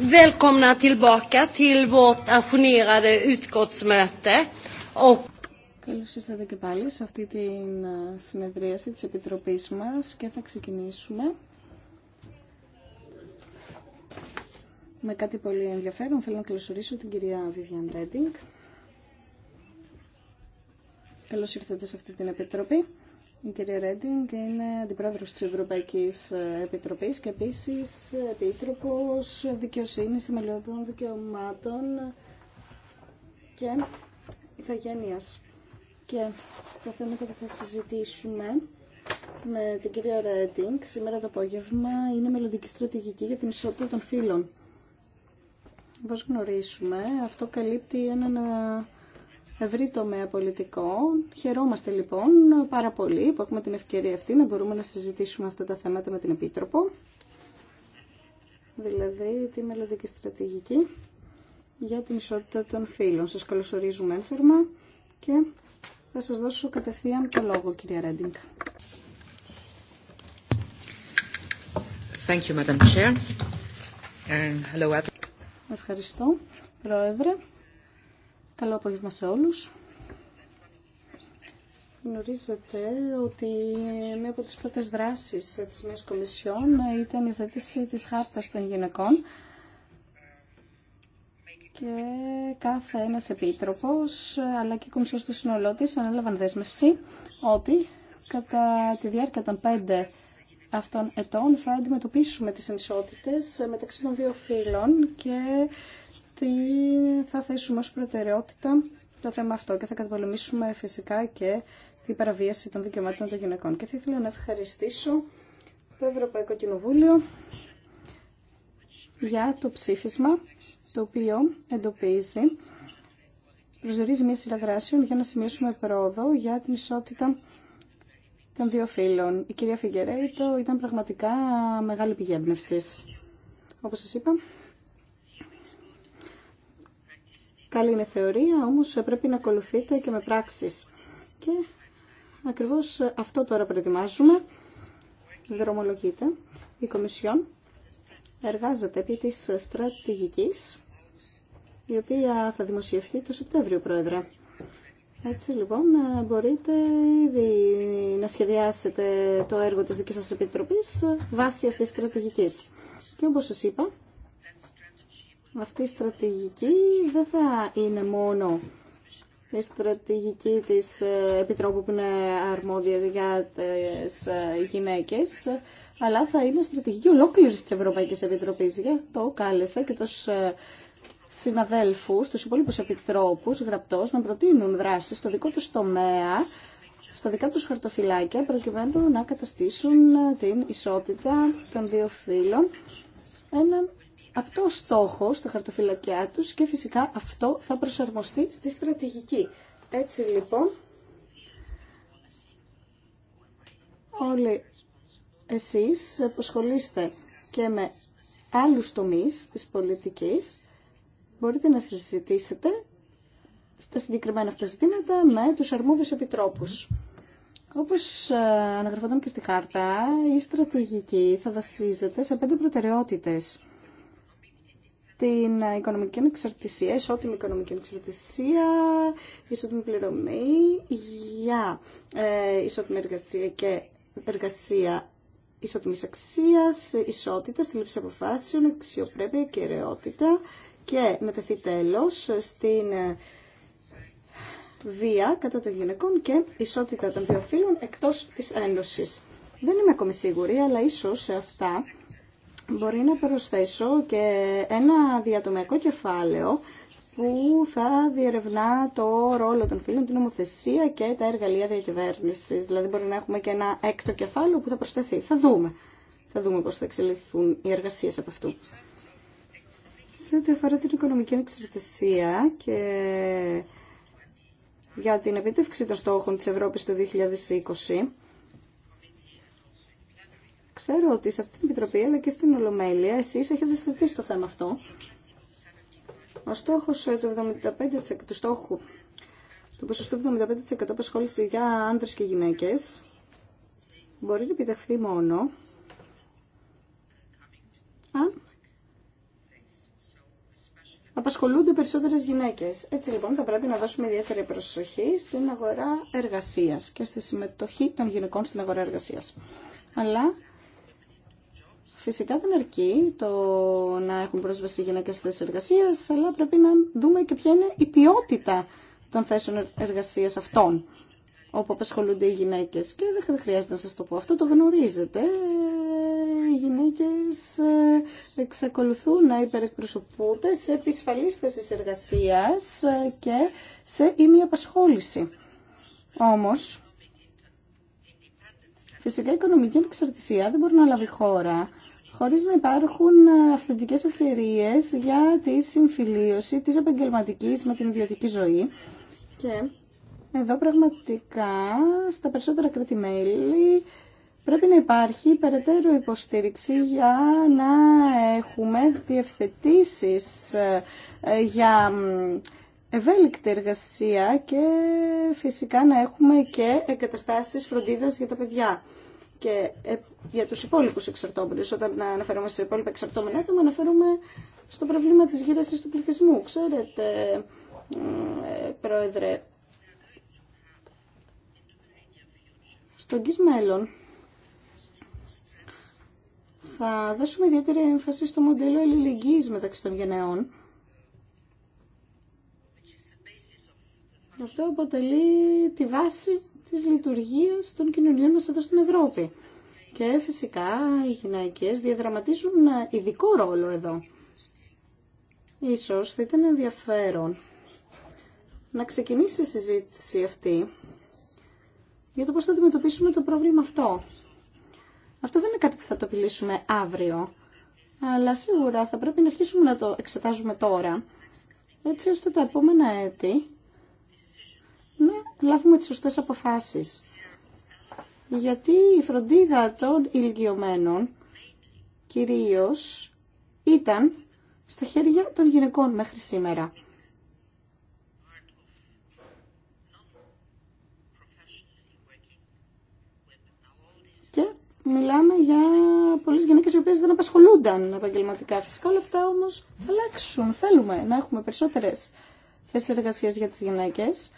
Välkomna Καλώς ήρθατε και πάλι σε αυτή τη ε, συνεδρίαση της Επιτροπής μας και θα ξεκινήσουμε με κάτι πολύ ενδιαφέρον. Θέλω να καλωσορίσω την κυρία Vivian Ρέντινγκ. Καλώς ήρθατε σε αυτή την Επιτροπή. Η κυρία Ρέντινγκ είναι αντιπρόεδρο τη Ευρωπαϊκή Επιτροπή και επίσης επίτροπο δικαιοσύνη θεμελιωδών δικαιωμάτων και ηθαγένεια. Και τα θέματα που θα συζητήσουμε με την κυρία Ρέντινγκ σήμερα το απόγευμα είναι μελλοντική στρατηγική για την ισότητα των φύλων. Όπω γνωρίσουμε αυτό καλύπτει έναν ευρύ τομέα πολιτικό. Χαιρόμαστε λοιπόν πάρα πολύ που έχουμε την ευκαιρία αυτή να μπορούμε να συζητήσουμε αυτά τα θέματα με την Επίτροπο. Δηλαδή τη μελλοντική στρατηγική για την ισότητα των Φίλων. Σας καλωσορίζουμε ένθερμα και θα σας δώσω κατευθείαν το λόγο, κυρία Ρέντινγκ. Thank you, Madam Chair. And hello, Ευχαριστώ, Πρόεδρε. Καλό απόγευμα σε όλους. Γνωρίζετε ότι μία από τις πρώτες δράσεις της νέας Κομισιόν ήταν η θέτηση της χάρτας των γυναικών και κάθε ένας επίτροπος αλλά και η Κομισιόν στο σύνολό της ανέλαβαν δέσμευση ότι κατά τη διάρκεια των πέντε αυτών ετών θα αντιμετωπίσουμε τις ανισότητες μεταξύ των δύο φύλων και ότι θα θέσουμε ως προτεραιότητα το θέμα αυτό και θα καταπολεμήσουμε φυσικά και την παραβίαση των δικαιωμάτων των γυναικών. Και θα ήθελα να ευχαριστήσω το Ευρωπαϊκό Κοινοβούλιο για το ψήφισμα το οποίο εντοπίζει προσδιορίζει μια σειρά δράσεων για να σημειώσουμε πρόοδο για την ισότητα των δύο φίλων. Η κυρία Φιγκερέιτο ήταν πραγματικά μεγάλη πηγή έμπνευση. Όπως σας είπα, Καλή είναι θεωρία, όμως πρέπει να ακολουθείτε και με πράξεις. Και ακριβώς αυτό τώρα προετοιμάζουμε. Δρομολογείται η Κομισιόν. Εργάζεται επί της στρατηγικής, η οποία θα δημοσιευτεί το Σεπτέμβριο, Πρόεδρε. Έτσι λοιπόν μπορείτε ήδη να σχεδιάσετε το έργο της δικής σας Επιτροπής βάσει αυτής της στρατηγικής. Και όπως σας είπα, αυτή η στρατηγική δεν θα είναι μόνο η στρατηγική της ε, Επιτρόπου που είναι αρμόδια για τις ε, γυναίκες, αλλά θα είναι στρατηγική ολόκληρης της Ευρωπαϊκής Επιτροπής. Γι' αυτό κάλεσα και τους ε, συναδέλφους, τους υπόλοιπους επιτρόπους γραπτός να προτείνουν δράσεις στο δικό τους τομέα, στα δικά τους χαρτοφυλάκια, προκειμένου να καταστήσουν την ισότητα των δύο φύλων αυτό στόχο στα χαρτοφυλακιά τους και φυσικά αυτό θα προσαρμοστεί στη στρατηγική. Έτσι λοιπόν, όλοι εσείς αποσχολείστε και με άλλους τομείς της πολιτικής, μπορείτε να συζητήσετε στα συγκεκριμένα αυτά ζητήματα με τους αρμόδιους επιτρόπους. Όπως ε, αναγραφόταν και στη χάρτα, η στρατηγική θα βασίζεται σε πέντε προτεραιότητες την οικονομική ανεξαρτησία, ισότιμη οικονομική ανεξαρτησία, ισότιμη πληρωμή για ε, ισότιμη εργασία και εργασία ισότιμη αξία, ισότητα, στη λήψη αποφάσεων, αξιοπρέπεια και αιρεότητα και τεθεί τέλο στην ε, βία κατά των γυναικών και ισότητα των δύο φύλων εκτός της Ένωσης. Δεν είμαι ακόμη σίγουρη, αλλά ίσως αυτά Μπορεί να προσθέσω και ένα διατομιακό κεφάλαιο που θα διερευνά το ρόλο των φίλων, την νομοθεσία και τα εργαλεία διακυβέρνηση. Δηλαδή μπορεί να έχουμε και ένα έκτο κεφάλαιο που θα προσθεθεί. Θα δούμε. Θα δούμε πώς θα εξελιχθούν οι εργασίες από αυτού. Σε ό,τι αφορά την οικονομική εξαρτησία και για την επίτευξη των στόχων της Ευρώπης το 2020, Ξέρω ότι σε αυτή την Επιτροπή αλλά και στην Ολομέλεια εσείς έχετε συζητήσει το θέμα αυτό. Ο στόχο ε, του 75% του στόχου του ποσοστού 75% απασχόληση για άντρες και γυναίκες μπορεί να επιτευχθεί μόνο αν απασχολούνται περισσότερες γυναίκες. Έτσι λοιπόν θα πρέπει να δώσουμε ιδιαίτερη προσοχή στην αγορά εργασίας και στη συμμετοχή των γυναικών στην αγορά εργασίας. Αλλά Φυσικά δεν αρκεί το να έχουν πρόσβαση οι γυναίκε στι θέσει εργασία, αλλά πρέπει να δούμε και ποια είναι η ποιότητα των θέσεων εργασία αυτών όπου απασχολούνται οι γυναίκε. Και δεν χρειάζεται να σα το πω αυτό, το γνωρίζετε. Οι γυναίκε ε, εξακολουθούν να υπερεκπροσωπούνται σε επισφαλεί θέσει εργασία ε, και σε ήμια απασχόληση. Όμω, Φυσικά η οικονομική ανεξαρτησία δεν μπορεί να λάβει χώρα χωρίς να υπάρχουν ε, αυθεντικές ευκαιρίες για τη συμφιλίωση της επαγγελματική με την ιδιωτική ζωή. Και εδώ πραγματικά στα περισσοτερα κρατημέλη πρέπει να υπάρχει περαιτέρω υποστήριξη για να έχουμε διευθετήσεις ε, για ευέλικτη εργασία και φυσικά να έχουμε και εγκαταστάσεις φροντίδας για τα παιδιά. Και ε, για τους υπόλοιπους εξαρτώμενους, όταν αναφέρομαι στους υπόλοιπα εξαρτώμενα άτομα, αναφέρομαι στο πρόβλημα της γύρασης του πληθυσμού. Ξέρετε, ε, Πρόεδρε, στο εγγύς μέλλον θα δώσουμε ιδιαίτερη έμφαση στο μοντέλο ελληνικής μεταξύ των γενναίων. Αυτό αποτελεί τη βάση της λειτουργίας των κοινωνιών μας εδώ στην Ευρώπη. Και φυσικά οι γυναίκες διαδραματίζουν ειδικό ρόλο εδώ. Ίσως θα ήταν ενδιαφέρον να ξεκινήσει η συζήτηση αυτή για το πώς θα αντιμετωπίσουμε το πρόβλημα αυτό. Αυτό δεν είναι κάτι που θα το επιλύσουμε αύριο, αλλά σίγουρα θα πρέπει να αρχίσουμε να το εξετάζουμε τώρα, έτσι ώστε τα επόμενα έτη να λάβουμε τις σωστές αποφάσεις. Γιατί η φροντίδα των ηλικιωμένων κυρίως ήταν στα χέρια των γυναικών μέχρι σήμερα. Και μιλάμε για πολλές γυναίκες οι οποίες δεν απασχολούνταν επαγγελματικά. Φυσικά όλα αυτά όμως θα αλλάξουν. Θέλουμε να έχουμε περισσότερες θέσεις εργασίας για τις γυναίκες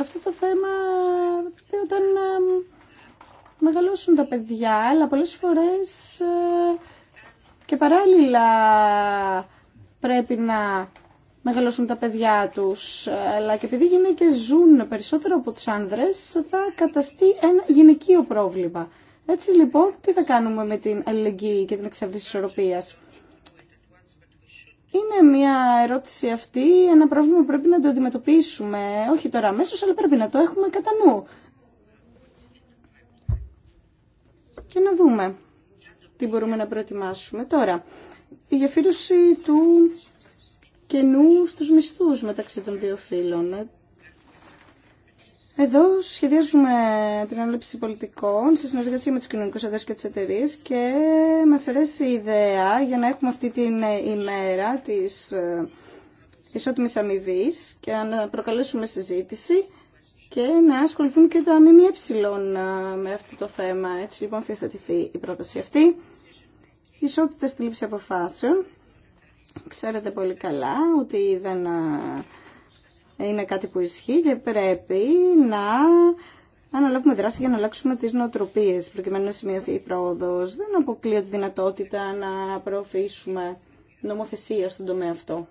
αυτό το θέμα όταν μεγαλώσουν τα παιδιά, αλλά πολλές φορές ε, και παράλληλα πρέπει να μεγαλώσουν τα παιδιά τους, αλλά και επειδή οι γυναίκες ζουν περισσότερο από τους άνδρες, θα καταστεί ένα γυναικείο πρόβλημα. Έτσι λοιπόν, τι θα κάνουμε με την αλληλεγγύη και την της ισορροπίας. Είναι μια ερώτηση αυτή, ένα πρόβλημα που πρέπει να το αντιμετωπίσουμε, όχι τώρα αμέσω, αλλά πρέπει να το έχουμε κατά νου. Και να δούμε τι μπορούμε να προετοιμάσουμε. Τώρα, η γεφύρωση του κενού στους μισθούς μεταξύ των δύο φύλων. Εδώ σχεδιάζουμε την ανάληψη πολιτικών σε συνεργασία με τους κοινωνικούς αδέρφους και τις εταιρείε και μας αρέσει η ιδέα για να έχουμε αυτή την ημέρα της ε, ισότιμης αμοιβή και να προκαλέσουμε συζήτηση και να ασχοληθούν και τα ΜΜΕ ε, με αυτό το θέμα. Έτσι λοιπόν θα η πρόταση αυτή. Ισότητα στη λήψη αποφάσεων. Ξέρετε πολύ καλά ότι δεν ε, είναι κάτι που ισχύει και πρέπει να αναλάβουμε δράση για να αλλάξουμε τις νοοτροπίες προκειμένου να σημειωθεί η πρόοδος. Δεν αποκλείω τη δυνατότητα να προωθήσουμε νομοθεσία στον τομέα αυτό.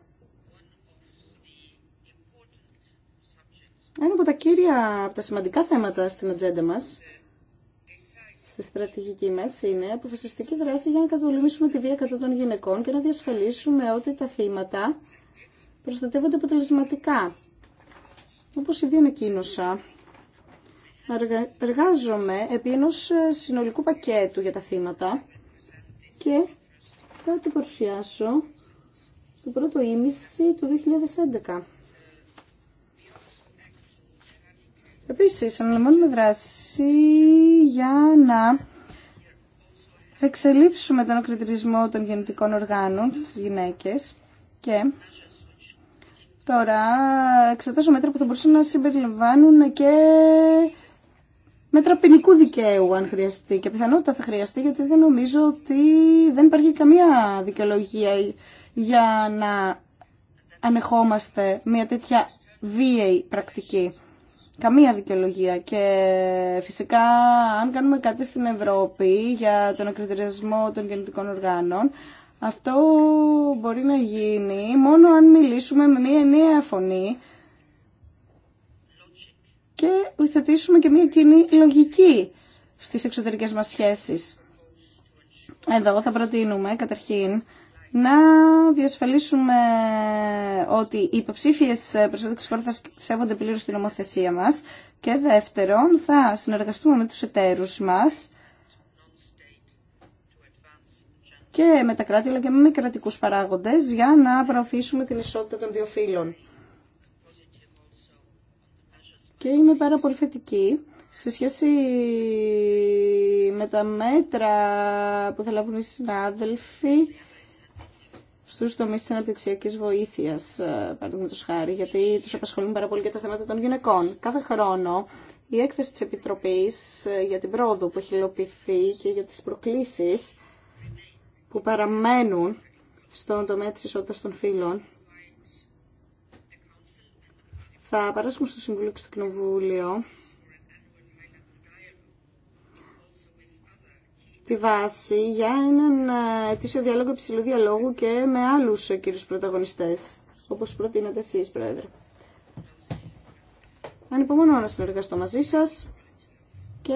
Ένα από τα κύρια, από τα σημαντικά θέματα στην ατζέντα μας, στη στρατηγική μας, είναι αποφασιστική δράση για να κατολμήσουμε τη βία κατά των γυναικών και να διασφαλίσουμε ότι τα θύματα προστατεύονται αποτελεσματικά όπως ήδη ανακοίνωσα, εργάζομαι επί ενός ε, συνολικού πακέτου για τα θύματα και θα το παρουσιάσω το πρώτο ήμιση του 2011. Επίσης, αναλαμβάνουμε δράση για να εξελίψουμε τον ακριτηρισμό των γεννητικών οργάνων στις γυναίκες και Τώρα εξετάζω μέτρα που θα μπορούσαν να συμπεριλαμβάνουν και μέτρα ποινικού δικαίου αν χρειαστεί και πιθανότητα θα χρειαστεί γιατί δεν νομίζω ότι δεν υπάρχει καμία δικαιολογία για να ανεχόμαστε μια τέτοια βίαιη πρακτική. Καμία δικαιολογία και φυσικά αν κάνουμε κάτι στην Ευρώπη για τον ακριτηρισμό των γεννητικών οργάνων αυτό μπορεί να γίνει μόνο αν μιλήσουμε με μια νέα φωνή και υιοθετήσουμε και μια κοινή λογική στις εξωτερικές μας σχέσεις. Εδώ θα προτείνουμε καταρχήν να διασφαλίσουμε ότι οι υποψήφιε προσέγγιση χώρα θα σέβονται πλήρω την ομοθεσία μα. Και δεύτερον, θα συνεργαστούμε με του εταίρου μα και με τα κράτη αλλά και με κρατικού παράγοντε για να προωθήσουμε την ισότητα των δύο φύλων. Και είμαι πάρα πολύ θετική σε σχέση με τα μέτρα που θα λάβουν οι συνάδελφοι στους τομείς της αναπτυξιακής βοήθειας, ε, παραδείγματος χάρη, γιατί τους απασχολούν πάρα πολύ και τα θέματα των γυναικών. Κάθε χρόνο η έκθεση της Επιτροπής ε, για την πρόοδο που έχει υλοποιηθεί και για τις προκλήσεις που παραμένουν στον τομέα της ισότητας των φύλων θα παράσχουν στο Συμβούλιο και στο Κοινοβούλιο τη βάση για έναν αιτήσιο ε, διάλογο υψηλού διαλόγου και με άλλους κύριους πρωταγωνιστές, όπως προτείνετε εσείς, Πρόεδρε. Ανυπομονώ να συνεργαστώ μαζί σας και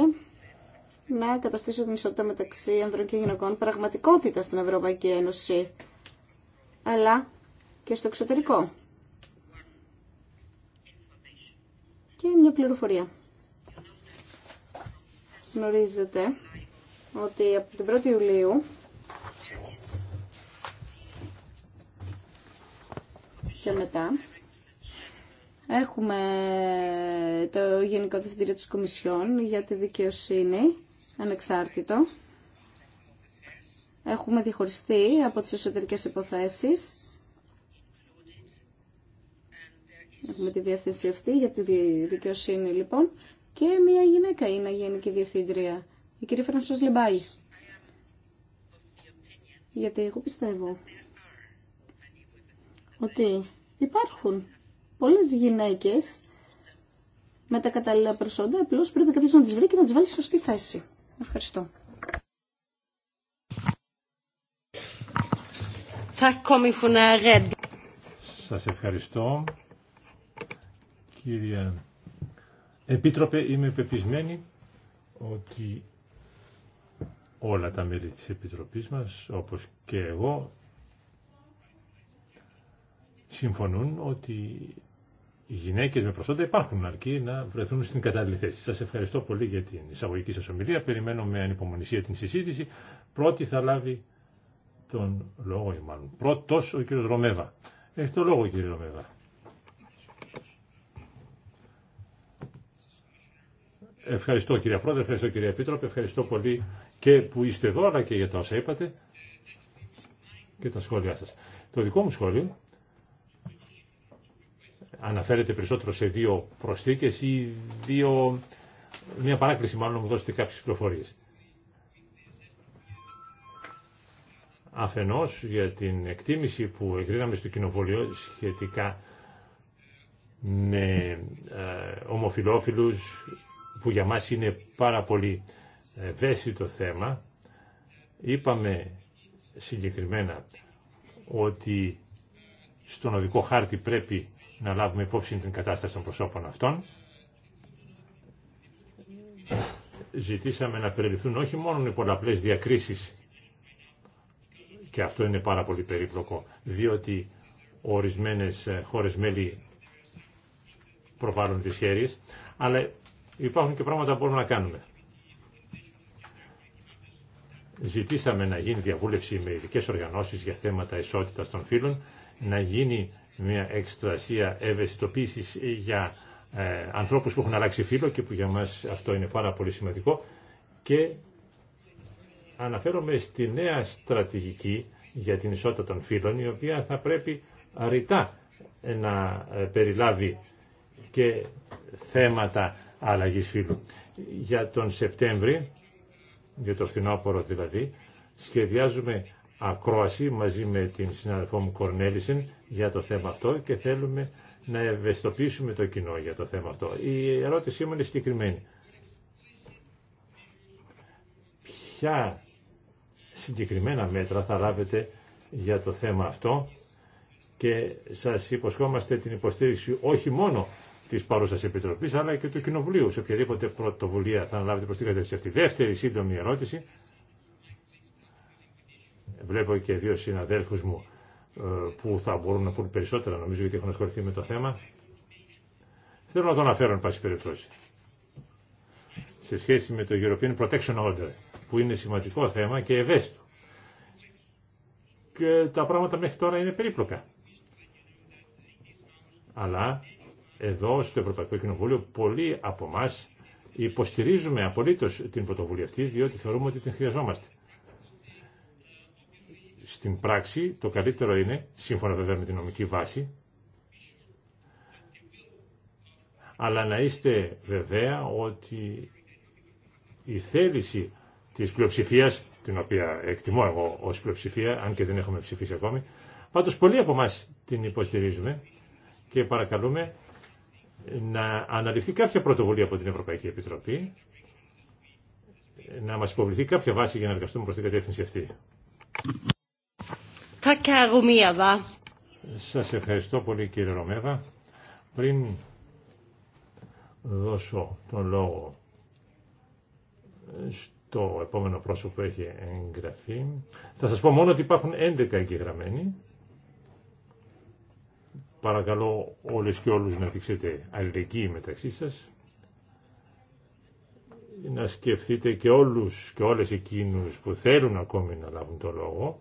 να καταστήσω την ισότητα μεταξύ ανδρών και γυναικών πραγματικότητα στην Ευρωπαϊκή Ένωση, αλλά και στο εξωτερικό. Και μια πληροφορία. Γνωρίζετε ότι από την 1η Ιουλίου και μετά έχουμε το Γενικό Διευθυντήριο της Κομισιόν για τη Δικαιοσύνη ανεξάρτητο. Έχουμε διχωριστεί από τις εσωτερικές υποθέσεις. Έχουμε τη διεύθυνση αυτή για τη δικαιοσύνη λοιπόν. Και μια γυναίκα είναι γενική διευθύντρια, η κυρία Φρανσός Λεμπάη. Γιατί εγώ πιστεύω ότι υπάρχουν πολλές γυναίκες με τα κατάλληλα προσόντα, απλώς πρέπει κάποιος να τις βρει και να τις βάλει σωστή θέση. Ευχαριστώ. Σας ευχαριστώ. Κύριε Επίτροπε, είμαι πεπισμένη ότι όλα τα μέλη της Επιτροπής μας, όπως και εγώ, συμφωνούν ότι οι γυναίκε με προσόντα υπάρχουν αρκεί να βρεθούν στην κατάλληλη θέση. Σας ευχαριστώ πολύ για την εισαγωγική σα ομιλία. Περιμένω με ανυπομονησία την συζήτηση. Πρώτη θα λάβει τον λόγο ή μάλλον Πρώτο, ο κύριο Ρωμέβα. Έχει το λόγο κύριε Ρωμέβα. Ευχαριστώ κύριε Πρόεδρε, ευχαριστώ κύριε Επίτροπε, ευχαριστώ πολύ και που είστε εδώ αλλά και για τα όσα είπατε και τα σχόλιά σας. Το δικό μου σχόλιο αναφέρεται περισσότερο σε δύο προσθήκες ή δύο, μια παράκληση μάλλον να μου δώσετε κάποιες πληροφορίες. Αφενός για την εκτίμηση που εγκρίναμε στο κοινοβολίο σχετικά με ε, ομοφιλόφιλους που για μας είναι πάρα πολύ το θέμα είπαμε συγκεκριμένα ότι στον οδικό χάρτη πρέπει να λάβουμε υπόψη την κατάσταση των προσώπων αυτών. Ζητήσαμε να περιληφθούν όχι μόνο οι πολλαπλές διακρίσεις και αυτό είναι πάρα πολύ περίπλοκο, διότι ορισμένες ε, χώρες μέλη προβάλλουν τις χέρειες, αλλά υπάρχουν και πράγματα που μπορούμε να κάνουμε. Ζητήσαμε να γίνει διαβούλευση με ειδικέ οργανώσεις για θέματα ισότητα των φύλων, να γίνει μια εκστρασία ευαισθητοποίηση ε, για ε, ανθρώπους που έχουν αλλάξει φύλλο και που για μας αυτό είναι πάρα πολύ σημαντικό και αναφέρομαι στη νέα στρατηγική για την ισότητα των φίλων, η οποία θα πρέπει αρρητά ε, να ε, περιλάβει και θέματα αλλαγής φύλου. Για τον Σεπτέμβρη, για το φθινόπωρο δηλαδή, σχεδιάζουμε ακρόαση μαζί με την συνάδελφό μου Κορνέλησεν για το θέμα αυτό και θέλουμε να ευαισθητοποιήσουμε το κοινό για το θέμα αυτό. Η ερώτησή μου είναι συγκεκριμένη. Ποια συγκεκριμένα μέτρα θα λάβετε για το θέμα αυτό και σας υποσχόμαστε την υποστήριξη όχι μόνο τη παρούσα επιτροπή αλλά και του Κοινοβουλίου σε οποιαδήποτε πρωτοβουλία θα αναλάβετε προ την κατεύθυνση αυτή. Δεύτερη σύντομη ερώτηση Βλέπω και δύο συναδέλφους μου ε, που θα μπορούν να πούν περισσότερα νομίζω γιατί έχουν ασχοληθεί με το θέμα. Θέλω να το αναφέρω εν πάση περιπτώσει. Σε σχέση με το European Protection Order που είναι σημαντικό θέμα και ευαίσθητο. Και τα πράγματα μέχρι τώρα είναι περίπλοκα. Αλλά εδώ στο Ευρωπαϊκό Κοινοβούλιο πολλοί από εμά υποστηρίζουμε απολύτως την πρωτοβουλία αυτή διότι θεωρούμε ότι την χρειαζόμαστε στην πράξη το καλύτερο είναι, σύμφωνα βέβαια με την νομική βάση, αλλά να είστε βεβαία ότι η θέληση της πλειοψηφίας, την οποία εκτιμώ εγώ ως πλειοψηφία, αν και δεν έχουμε ψηφίσει ακόμη, πάντως πολλοί από εμά την υποστηρίζουμε και παρακαλούμε να αναλυθεί κάποια πρωτοβουλία από την Ευρωπαϊκή Επιτροπή, να μας υποβληθεί κάποια βάση για να εργαστούμε προς την κατεύθυνση αυτή. Σας ευχαριστώ πολύ κύριε Ρωμέβα. Πριν δώσω τον λόγο στο επόμενο πρόσωπο που έχει εγγραφεί, θα σας πω μόνο ότι υπάρχουν 11 εγγεγραμμένοι. Παρακαλώ όλες και όλους να δείξετε αλληλεγγύη μεταξύ σας. Να σκεφτείτε και όλους και όλες εκείνους που θέλουν ακόμη να λάβουν το λόγο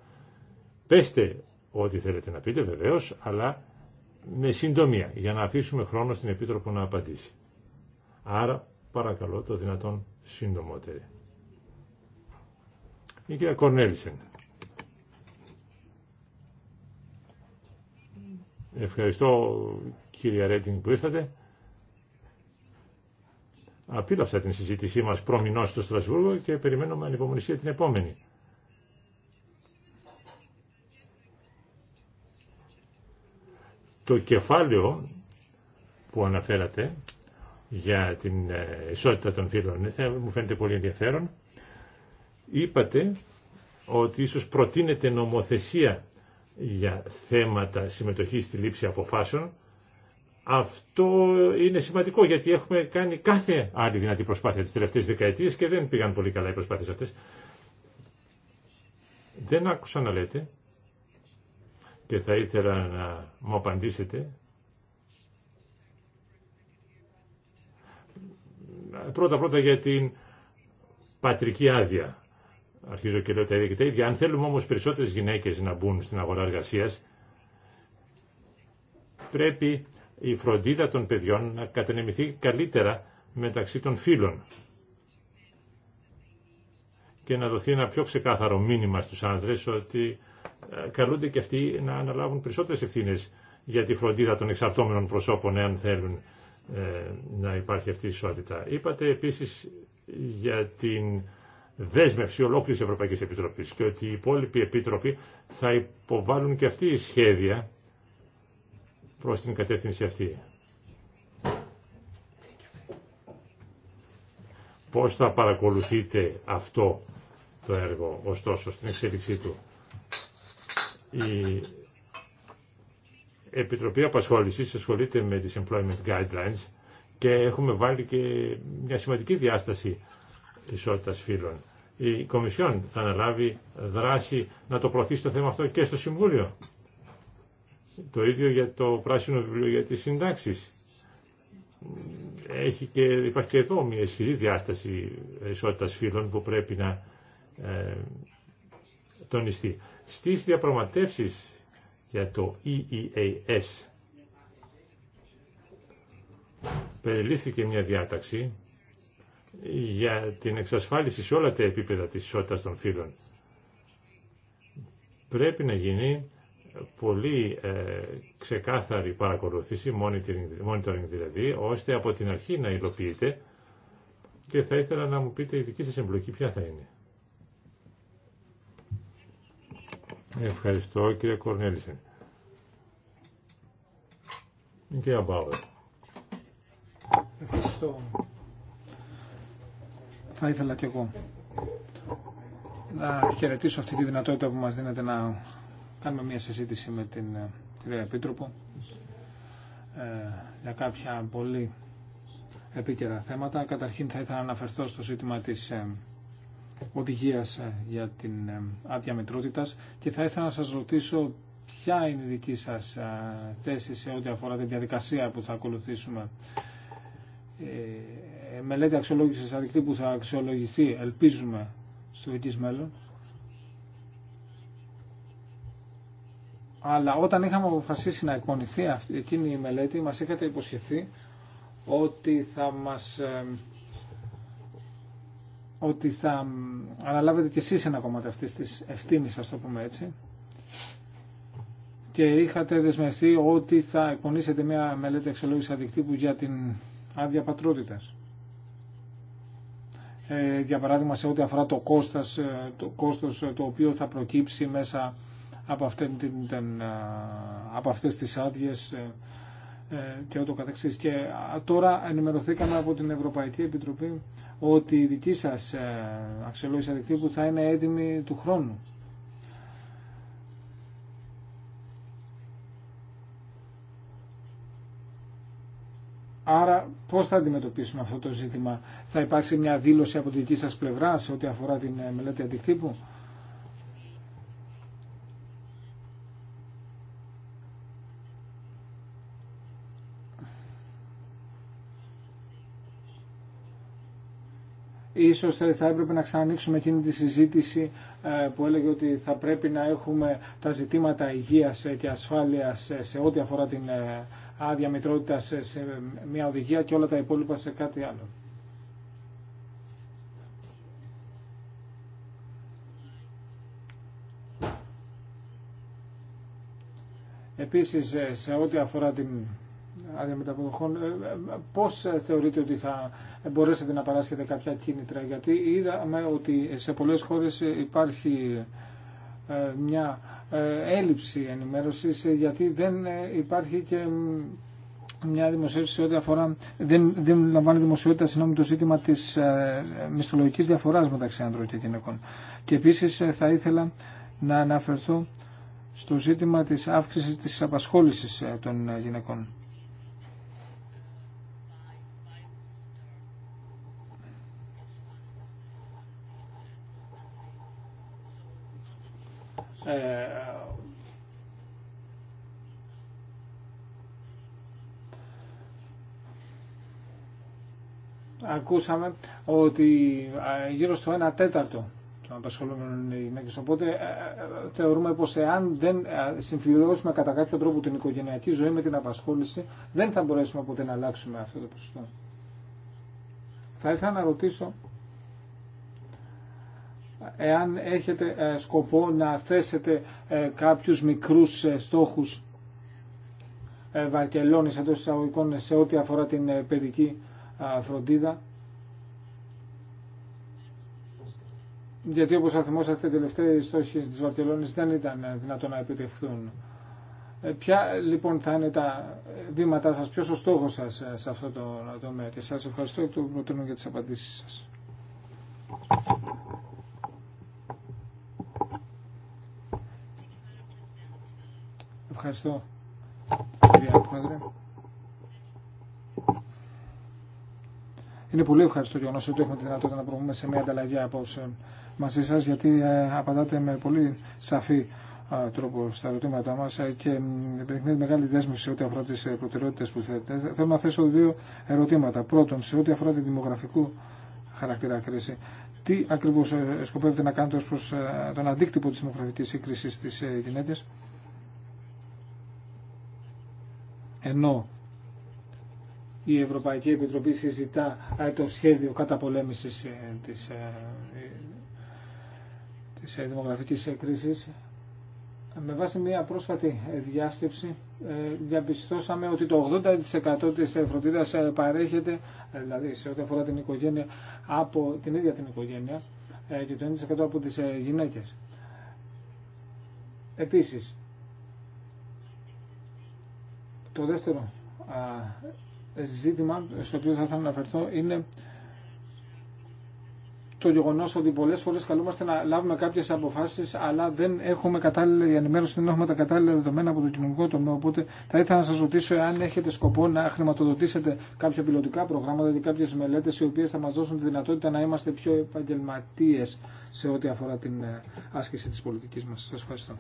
Πέστε ό,τι θέλετε να πείτε βεβαίως, αλλά με συντομία, για να αφήσουμε χρόνο στην Επίτροπο να απαντήσει. Άρα, παρακαλώ, το δυνατόν συντομότερη. Η κυρία Κορνέλισεν. Ευχαριστώ, κύριε Ρέτινγκ, που ήρθατε. Απίλαυσα την συζήτησή μας προμηνώς στο Στρασβούργο και περιμένουμε ανυπομονησία την επόμενη. Το κεφάλαιο που αναφέρατε για την ε, ισότητα των φύλων ε, μου φαίνεται πολύ ενδιαφέρον. Είπατε ότι ίσως προτείνεται νομοθεσία για θέματα συμμετοχής στη λήψη αποφάσεων. Αυτό είναι σημαντικό γιατί έχουμε κάνει κάθε άλλη δυνατή προσπάθεια τις τελευταίες δεκαετίες και δεν πήγαν πολύ καλά οι προσπάθειες αυτές. Δεν άκουσα να λέτε και θα ήθελα να μου απαντήσετε. Πρώτα-πρώτα για την πατρική άδεια. Αρχίζω και λέω τα ίδια και τα ίδια. Αν θέλουμε όμως περισσότερες γυναίκες να μπουν στην αγορά εργασίας, πρέπει η φροντίδα των παιδιών να κατανεμηθεί καλύτερα μεταξύ των φίλων και να δοθεί ένα πιο ξεκάθαρο μήνυμα στους άνδρες ότι ε, καλούνται και αυτοί να αναλάβουν περισσότερες ευθύνες για τη φροντίδα των εξαρτώμενων προσώπων, εάν θέλουν ε, να υπάρχει αυτή η ισότητα. Είπατε επίσης για την δέσμευση ολόκληρης Ευρωπαϊκής Επιτροπής και ότι οι υπόλοιποι επίτροποι θα υποβάλουν και αυτοί οι σχέδια προς την κατεύθυνση αυτή. Πώς θα παρακολουθείτε αυτό το έργο, ωστόσο, στην εξέλιξή του. Η Επιτροπή Απασχόλησης ασχολείται με τις Employment Guidelines και έχουμε βάλει και μια σημαντική διάσταση ισότητας φύλων. Η Κομισιόν θα αναλάβει δράση να το προωθήσει το θέμα αυτό και στο Συμβούλιο. Το ίδιο για το πράσινο βιβλίο για τις συντάξεις. Έχει και, υπάρχει και εδώ μια ισχυρή διάσταση ισότητας φύλων που πρέπει να ε, τονιστεί. Στις διαπραγματεύσεις για το EEAS περιλήφθηκε μια διάταξη για την εξασφάλιση σε όλα τα επίπεδα της ισότητας των φύλων. Πρέπει να γίνει πολύ ε, ξεκάθαρη παρακολούθηση, monitoring, monitoring δηλαδή, ώστε από την αρχή να υλοποιείται και θα ήθελα να μου πείτε η δική σας εμπλοκή ποια θα είναι. Ευχαριστώ κύριε Κορνέλισε. Κύριε Μπάουερ. Ευχαριστώ. Θα ήθελα κι εγώ να χαιρετήσω αυτή τη δυνατότητα που μας δίνεται να κάνουμε μια συζήτηση με την ε, κυρία Επίτροπο ε, για κάποια πολύ επίκαιρα θέματα. Καταρχήν θα ήθελα να αναφερθώ στο ζήτημα της ε, Οδηγία ε, για την ε, άδεια και θα ήθελα να σας ρωτήσω ποια είναι η δική σας ε, θέση σε ό,τι αφορά την διαδικασία που θα ακολουθήσουμε. Ε, μελέτη αξιολόγησης που θα αξιολογηθεί, ελπίζουμε, στο δικής μέλλον. Αλλά όταν είχαμε αποφασίσει να εκπονηθεί αυτή, εκείνη η μελέτη, μας είχατε υποσχεθεί ότι θα μας ότι θα αναλάβετε κι εσείς ένα κομμάτι αυτής της ευθύνης, ας το πούμε έτσι, και είχατε δεσμευτεί ότι θα εκπονήσετε μια μελέτη αξιολόγηση αντικτύπου για την άδεια πατρότητα. Ε, για παράδειγμα σε ό,τι αφορά το κόστος, ε, το κόστος ε, το οποίο θα προκύψει μέσα από, αυτή την, ε, από αυτές τις άδειες ε, και ούτω καθεξής. Και τώρα ενημερωθήκαμε από την Ευρωπαϊκή Επιτροπή ότι η δική σας ε, αξιολόγηση αδικτύπου θα είναι έτοιμη του χρόνου. Άρα πώς θα αντιμετωπίσουμε αυτό το ζήτημα. Θα υπάρξει μια δήλωση από τη δική σας πλευρά σε ό,τι αφορά την ε, μελέτη αντικτύπου. ίσως θα έπρεπε να ξανανοίξουμε εκείνη τη συζήτηση ε, που έλεγε ότι θα πρέπει να έχουμε τα ζητήματα υγείας και ασφάλειας σε ό,τι αφορά την ε, άδεια μητρότητα σε μια οδηγία και όλα τα υπόλοιπα σε κάτι άλλο. Επίσης, ε, σε ό,τι αφορά την άδεια μεταποδοχών, ε, ε, πώς ε, θεωρείτε ότι θα μπορέσετε να παράσχετε κάποια κίνητρα, γιατί είδαμε ότι σε πολλές χώρε υπάρχει μια έλλειψη ενημέρωση, γιατί δεν υπάρχει και μια δημοσίευση ό,τι αφορά, δεν, δεν λαμβάνει δημοσιότητα το ζήτημα τη ε, μισθολογικής διαφοράς μεταξύ άντρων και γυναικών. Και επίσης θα ήθελα να αναφερθώ στο ζήτημα της αύξησης της απασχόλησης των γυναικών. Ε, ακούσαμε ότι γύρω στο 1 τέταρτο των απασχολούμενων γυναίκες. Οπότε ε, ε, θεωρούμε πως εάν δεν συμφιλώσουμε κατά κάποιο τρόπο την οικογενειακή ζωή με την απασχόληση, δεν θα μπορέσουμε ποτέ να αλλάξουμε αυτό το ποσοστό. Θα ήθελα να ρωτήσω εάν έχετε ε, σκοπό να θέσετε ε, κάποιους μικρούς ε, στόχους βαρκελώνης εντό εισαγωγικών σε ό,τι αφορά την παιδική φροντίδα. Γιατί όπως θα θυμόσαστε οι τελευταίοι στόχοι της Βαρκελόνης δεν ήταν δυνατόν να επιτευχθούν. Ποια λοιπόν θα είναι τα βήματά σας, ποιος ο στόχος σας σε αυτό το τομέα και σας ευχαριστώ και το προτείνω για τις απαντήσεις σας. Ευχαριστώ, κυρία Πρόεδρε. Είναι πολύ ευχαριστώ γεγονό ότι έχουμε τη δυνατότητα να προβούμε σε μια ανταλλαγή απόψε μαζί σα, γιατί ε, απαντάτε με πολύ σαφή τρόπο στα ερωτήματά μα ε, και επιδεικνύεται μεγάλη δέσμευση ό,τι αφορά τι ε, προτεραιότητε που θέλετε. Θέλω να θέσω δύο ερωτήματα. Πρώτον, σε ό,τι αφορά τη δημογραφικού χαρακτήρα κρίση, τι ακριβώ σκοπεύετε να κάνετε ω προ τον αντίκτυπο τη δημογραφική σύγκριση στι γυναίκε ενώ η Ευρωπαϊκή Επιτροπή συζητά ε, το σχέδιο καταπολέμησης ε, της, ε, της δημογραφικής κρίσης, με βάση μια πρόσφατη διάσκεψη διαπιστώσαμε ότι το 80% της φροντίδας παρέχεται, δηλαδή σε ό,τι αφορά την οικογένεια, από την ίδια την οικογένεια και το 90% από τις γυναίκες. Επίσης, το δεύτερο ζήτημα στο οποίο θα ήθελα να αναφερθώ είναι το γεγονό ότι πολλέ φορέ καλούμαστε να λάβουμε κάποιε αποφάσει, αλλά δεν έχουμε κατάλληλη ενημέρωση, δεν έχουμε τα κατάλληλα δεδομένα από το κοινωνικό τομέα. Οπότε θα ήθελα να σα ρωτήσω εάν έχετε σκοπό να χρηματοδοτήσετε κάποια πιλωτικά προγράμματα ή κάποιε μελέτε οι οποίε θα μα δώσουν τη δυνατότητα να είμαστε πιο επαγγελματίε σε ό,τι αφορά την ε, άσκηση τη πολιτική μα. Σα ευχαριστώ.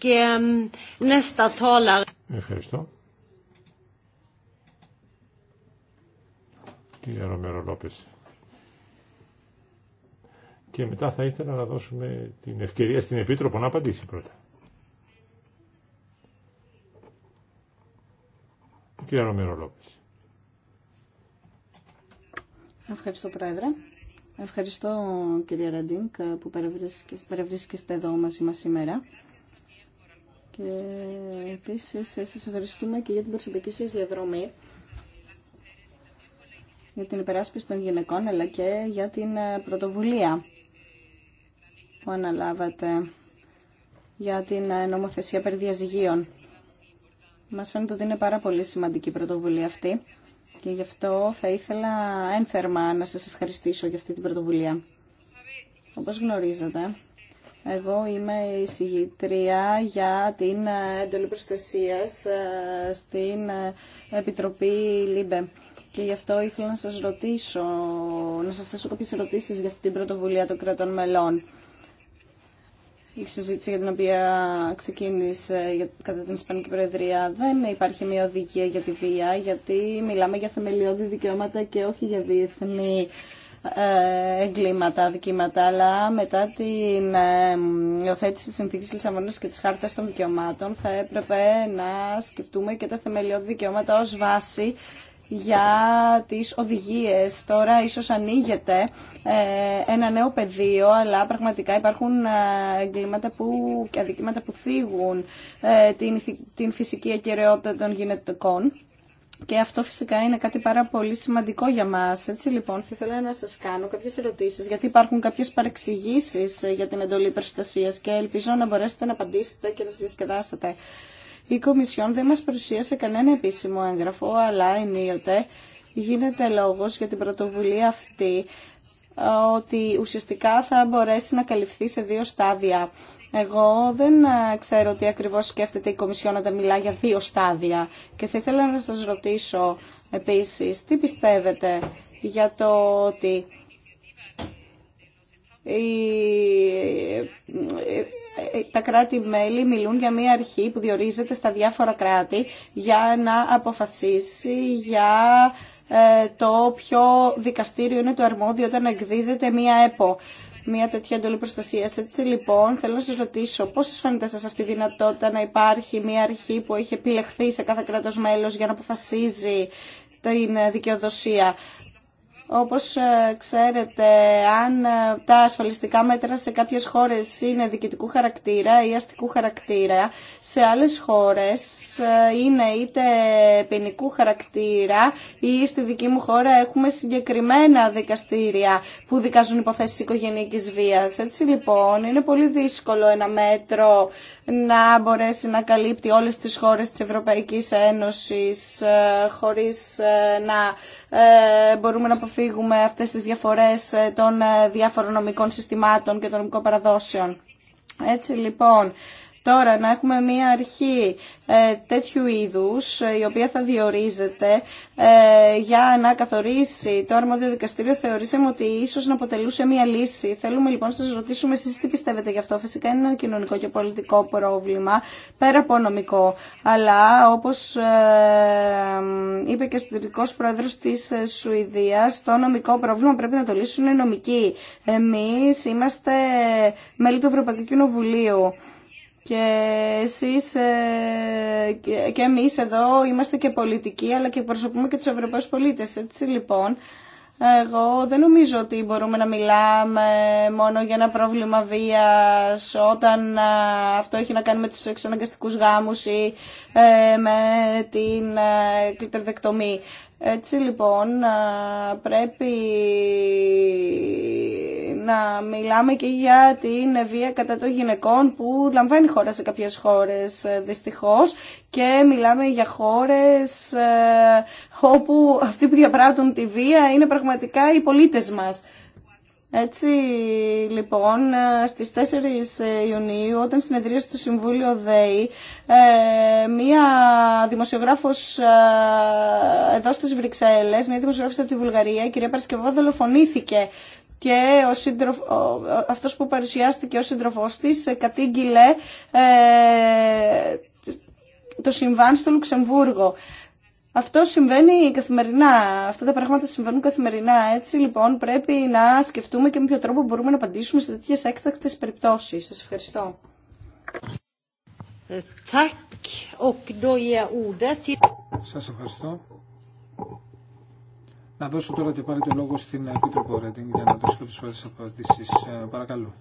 Ehm, ευχαριστώ. Κύριε Ρομέρο και μετά θα ήθελα να δώσουμε την ευκαιρία στην Επίτροπο να απαντήσει πρώτα. Κύριε Ρωμήρο Ευχαριστώ Πρόεδρε. Ευχαριστώ κύριε Ραντίνκ που παρευρίσκεστε εδώ μαζί μας σήμερα. Και επίσης ε, σας ευχαριστούμε και για την προσωπική σας διαδρομή για την υπεράσπιση των γυναικών αλλά και για την ε, πρωτοβουλία που αναλάβατε για την ε, νομοθεσία περί διαζυγίων. Μας φαίνεται ότι είναι πάρα πολύ σημαντική η πρωτοβουλία αυτή και γι' αυτό θα ήθελα ένθερμα να σας ευχαριστήσω για αυτή την πρωτοβουλία. Όπως γνωρίζετε, εγώ είμαι η συγγήτρια για την έντολη ε, προστασία ε, στην Επιτροπή ΛΥΜΠΕ. Και γι' αυτό ήθελα να σας ρωτήσω, να σας θέσω κάποιες ερωτήσεις για αυτή την πρωτοβουλία των κρατών μελών η συζήτηση για την οποία ξεκίνησε κατά την Ισπανική Προεδρία δεν υπάρχει μια οδηγία για τη βία, γιατί μιλάμε για θεμελιώδη δικαιώματα και όχι για διεθνή ε, εγκλήματα, αδικήματα, αλλά μετά την ε, υιοθέτηση της συνθήκης Λισαβόνας και της χάρτας των δικαιωμάτων θα έπρεπε να σκεφτούμε και τα θεμελιώδη δικαιώματα ως βάση για τις οδηγίες. Τώρα ίσως ανοίγεται ε, ένα νέο πεδίο, αλλά πραγματικά υπάρχουν ε, εγκλήματα που, και αδικήματα που θίγουν ε, την, την φυσική ακυρεότητα των γυναικών. Και αυτό φυσικά είναι κάτι πάρα πολύ σημαντικό για μας. Έτσι λοιπόν, θα ήθελα να σας κάνω κάποιες ερωτήσεις, γιατί υπάρχουν κάποιες παρεξηγήσεις για την εντολή προστασία και ελπίζω να μπορέσετε να απαντήσετε και να τις διασκεδάσετε. Η Κομισιόν δεν μας παρουσίασε κανένα επίσημο έγγραφο, αλλά ενίοτε γίνεται λόγος για την πρωτοβουλία αυτή ότι ουσιαστικά θα μπορέσει να καλυφθεί σε δύο στάδια. Εγώ δεν ξέρω τι ακριβώς σκέφτεται η Κομισιόν τα μιλά για δύο στάδια και θα ήθελα να σας ρωτήσω επίσης τι πιστεύετε για το ότι ε, τα κράτη-μέλη μιλούν για μια αρχή που διορίζεται στα διάφορα κράτη για να αποφασίσει για ε, το ποιο δικαστήριο είναι το αρμόδιο όταν εκδίδεται μια ΕΠΟ μια τέτοια εντολή προστασία. Έτσι λοιπόν, θέλω να σα ρωτήσω πώ σας φαίνεται σα αυτή η δυνατότητα να υπάρχει μια αρχή που έχει επιλεχθεί σε κάθε κράτο μέλο για να αποφασίζει την δικαιοδοσία. Όπως ε, ξέρετε, αν ε, τα ασφαλιστικά μέτρα σε κάποιες χώρες είναι διοικητικού χαρακτήρα ή αστικού χαρακτήρα, σε άλλες χώρες ε, είναι είτε ποινικού χαρακτήρα ή στη δική μου χώρα έχουμε συγκεκριμένα δικαστήρια που δικάζουν υποθέσεις οικογενειακής βίας. Έτσι λοιπόν, είναι πολύ δύσκολο ένα μέτρο να μπορέσει να καλύπτει όλες τις χώρες της Ευρωπαϊκής Ένωσης χωρίς να μπορούμε να αποφύγουμε αυτές τις διαφορές ε, των ε, διάφορων νομικών συστημάτων και των νομικών παραδόσεων. Έτσι λοιπόν, Τώρα να έχουμε μία αρχή ε, τέτοιου είδους ε, η οποία θα διορίζεται ε, για να καθορίσει το αρμόδιο δικαστήριο θεωρήσαμε ότι ίσως να αποτελούσε μία λύση. Θέλουμε λοιπόν να σας ρωτήσουμε εσείς τι πιστεύετε γι' αυτό. Φυσικά είναι ένα κοινωνικό και πολιτικό πρόβλημα πέρα από νομικό. Αλλά όπως είπε και ο συντηρητικός πρόεδρος της Σουηδίας το νομικό πρόβλημα πρέπει να το λύσουν οι νομικοί. Εμείς είμαστε μέλη του Ευρωπαϊκού Κοινοβουλίου. Και εσείς ε, και εμείς εδώ είμαστε και πολιτικοί αλλά και προσωπούμε και τους Ευρωπαίους πολίτες. Έτσι λοιπόν, εγώ δεν νομίζω ότι μπορούμε να μιλάμε μόνο για ένα πρόβλημα βίας όταν αυτό έχει να κάνει με τους εξαναγκαστικούς γάμους ή ε, με την ε, κλιτερδεκτομή. Έτσι λοιπόν πρέπει να μιλάμε και για την βία κατά των γυναικών που λαμβάνει χώρα σε κάποιες χώρες ε, δυστυχώς και μιλάμε για χώρες ε, όπου αυτοί που διαπράττουν τη βία είναι πραγματικά οι πολίτες μας. Έτσι λοιπόν ε, στις 4 ε, Ιουνίου όταν συνεδρίασε το Συμβούλιο ΔΕΗ ε, μία δημοσιογράφος εδώ στις Βρυξέλλες, μία δημοσιογράφος από τη Βουλγαρία, η κυρία Παρασκευό δολοφονήθηκε και ο σύντροφ, αυτός που παρουσιάστηκε ως σύντροφός της κατήγγειλε το συμβάν στο Λουξεμβούργο. Αυτό συμβαίνει καθημερινά. Αυτά τα πράγματα συμβαίνουν καθημερινά. Έτσι λοιπόν πρέπει να σκεφτούμε και με ποιο τρόπο μπορούμε να απαντήσουμε σε τέτοιες έκτακτες περιπτώσεις. Σας ευχαριστώ. Ε, Σας ευχαριστώ. Να δώσω τώρα και πάλι το λόγο στην Επίτροπο Ρέντινγκ για να δώσω κάποιες πρώτες ε, Παρακαλώ.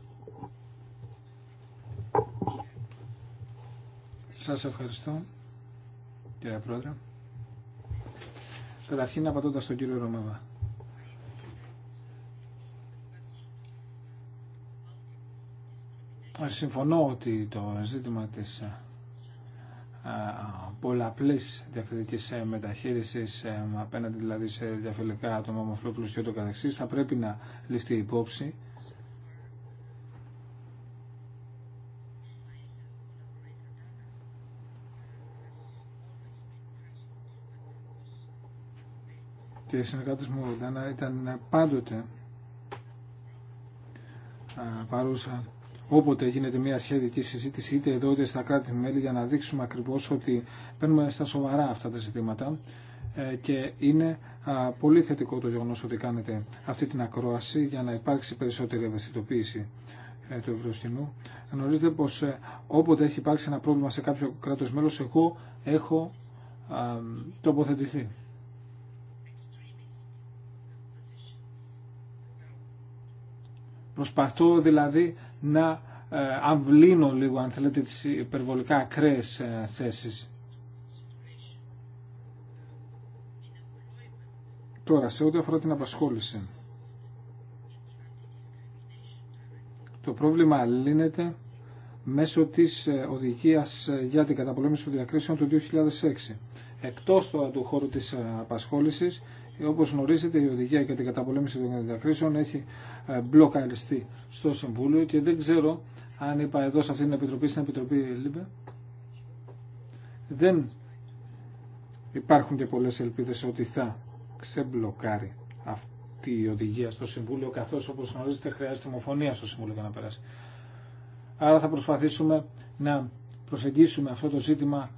Σας ευχαριστώ, κύριε Πρόεδρε. Καταρχήν απαντώντας τον κύριο Ρωμαβά. Ε, συμφωνώ ότι το ζήτημα της ε, πολλαπλής διακριτικής ε, μεταχείρισης απέναντι δηλαδή σε διαφελικά άτομα ομοφυλόφιλους και ούτω καθεξής θα πρέπει να ληφθεί υπόψη και οι συνεργάτες μου ήταν, ήταν πάντοτε παρούσα όποτε γίνεται μια σχετική συζήτηση είτε εδώ είτε στα κράτη-μέλη για να δείξουμε ακριβώς ότι παίρνουμε στα σοβαρά αυτά τα ζητήματα ε, και είναι πολύ θετικό το γεγονός ότι κάνετε αυτή την ακρόαση για να υπάρξει περισσότερη ευαισθητοποίηση ε, του ευρωστινού. Γνωρίζετε πως ε, όποτε έχει υπάρξει ένα πρόβλημα σε κάποιο κράτος μέλος εγώ έχω τοποθετηθεί. Προσπαθώ δηλαδή να ε, αμβλύνω λίγο αν θέλετε τις υπερβολικά ακραίες ε, θέσεις. Τώρα, σε ό,τι αφορά την απασχόληση. Το πρόβλημα λύνεται μέσω της ε, οδηγίας για την καταπολέμηση των διακρίσεων του 2006. Εκτός τώρα του χώρου της απασχόλησης Όπω γνωρίζετε η οδηγία για την καταπολέμηση των διακρίσεων έχει ε, μπλοκαριστεί στο Συμβούλιο και δεν ξέρω αν είπα εδώ σε αυτή την Επιτροπή, στην Επιτροπή ΛΥΜΠΕ, δεν υπάρχουν και πολλέ ελπίδε ότι θα ξεμπλοκάρει αυτή η οδηγία στο Συμβούλιο καθώ όπω γνωρίζετε χρειάζεται ομοφωνία στο Συμβούλιο για να περάσει. Άρα θα προσπαθήσουμε να προσεγγίσουμε αυτό το ζήτημα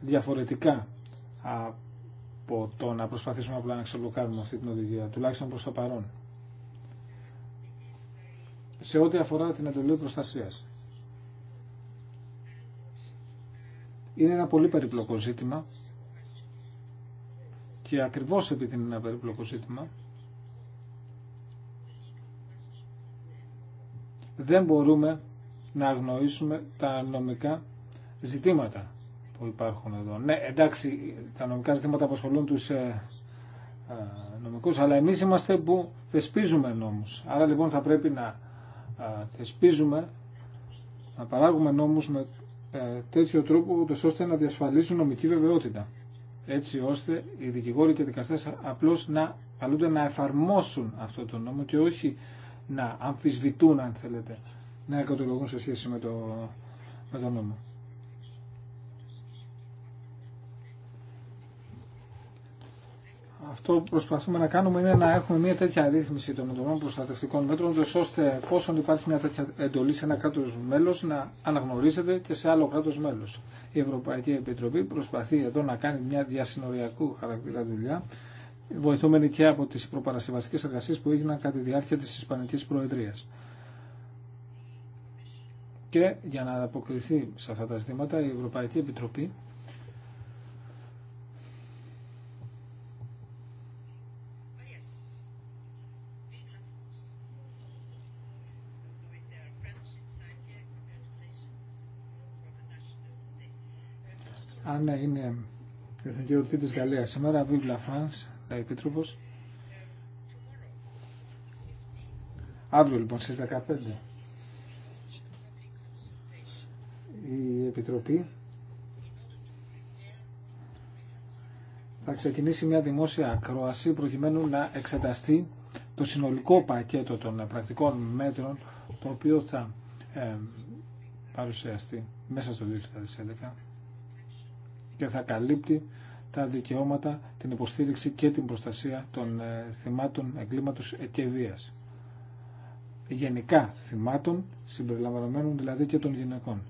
διαφορετικά από το να προσπαθήσουμε απλά να ξεμπλοκάρουμε αυτή την οδηγία, τουλάχιστον προς το παρόν. Σε ό,τι αφορά την εντολή προστασία. Είναι ένα πολύ περιπλοκό ζήτημα και ακριβώς επειδή είναι ένα περιπλοκό ζήτημα δεν μπορούμε να αγνοήσουμε τα νομικά ζητήματα που υπάρχουν εδώ. Ναι, εντάξει, τα νομικά ζητήματα απασχολούν τους ε, ε, νομικούς, αλλά εμείς είμαστε που θεσπίζουμε νόμους. Άρα λοιπόν θα πρέπει να ε, θεσπίζουμε, να παράγουμε νόμους με ε, τέτοιο τρόπο, ώστε να διασφαλίσουν νομική βεβαιότητα. Έτσι ώστε οι δικηγόροι και οι δικαστές απλώς να καλούνται να εφαρμόσουν αυτό το νόμο και όχι να αμφισβητούν, αν θέλετε, να εκατολογούν σε σχέση με το, με το νόμο. αυτό που προσπαθούμε να κάνουμε είναι να έχουμε μια τέτοια ρύθμιση των εντολών προστατευτικών μέτρων, ώστε εφόσον υπάρχει μια τέτοια εντολή σε ένα κράτο μέλο, να αναγνωρίζεται και σε άλλο κράτο μέλο. Η Ευρωπαϊκή Επιτροπή προσπαθεί εδώ να κάνει μια διασυνοριακού χαρακτήρα δουλειά, βοηθούμενη και από τι προπαρασκευαστικέ εργασίε που έγιναν κατά τη διάρκεια τη Ισπανική Προεδρία. Και για να αποκριθεί σε αυτά τα ζητήματα, η Ευρωπαϊκή Επιτροπή Άννα είναι η Εθνική Ορτή της Γαλλίας. Σήμερα βιβλα Φρανς, τα Επίτροπος. Αύριο λοιπόν στις 15. Η Επιτροπή θα ξεκινήσει μια δημόσια ακρόαση προκειμένου να εξεταστεί το συνολικό πακέτο των πρακτικών μέτρων το οποίο θα ε, παρουσιαστεί μέσα στο 2011 και θα καλύπτει τα δικαιώματα, την υποστήριξη και την προστασία των ε, θυμάτων εγκλήματος και βίας. Γενικά θυμάτων, συμπεριλαμβανομένων δηλαδή και των γυναικών.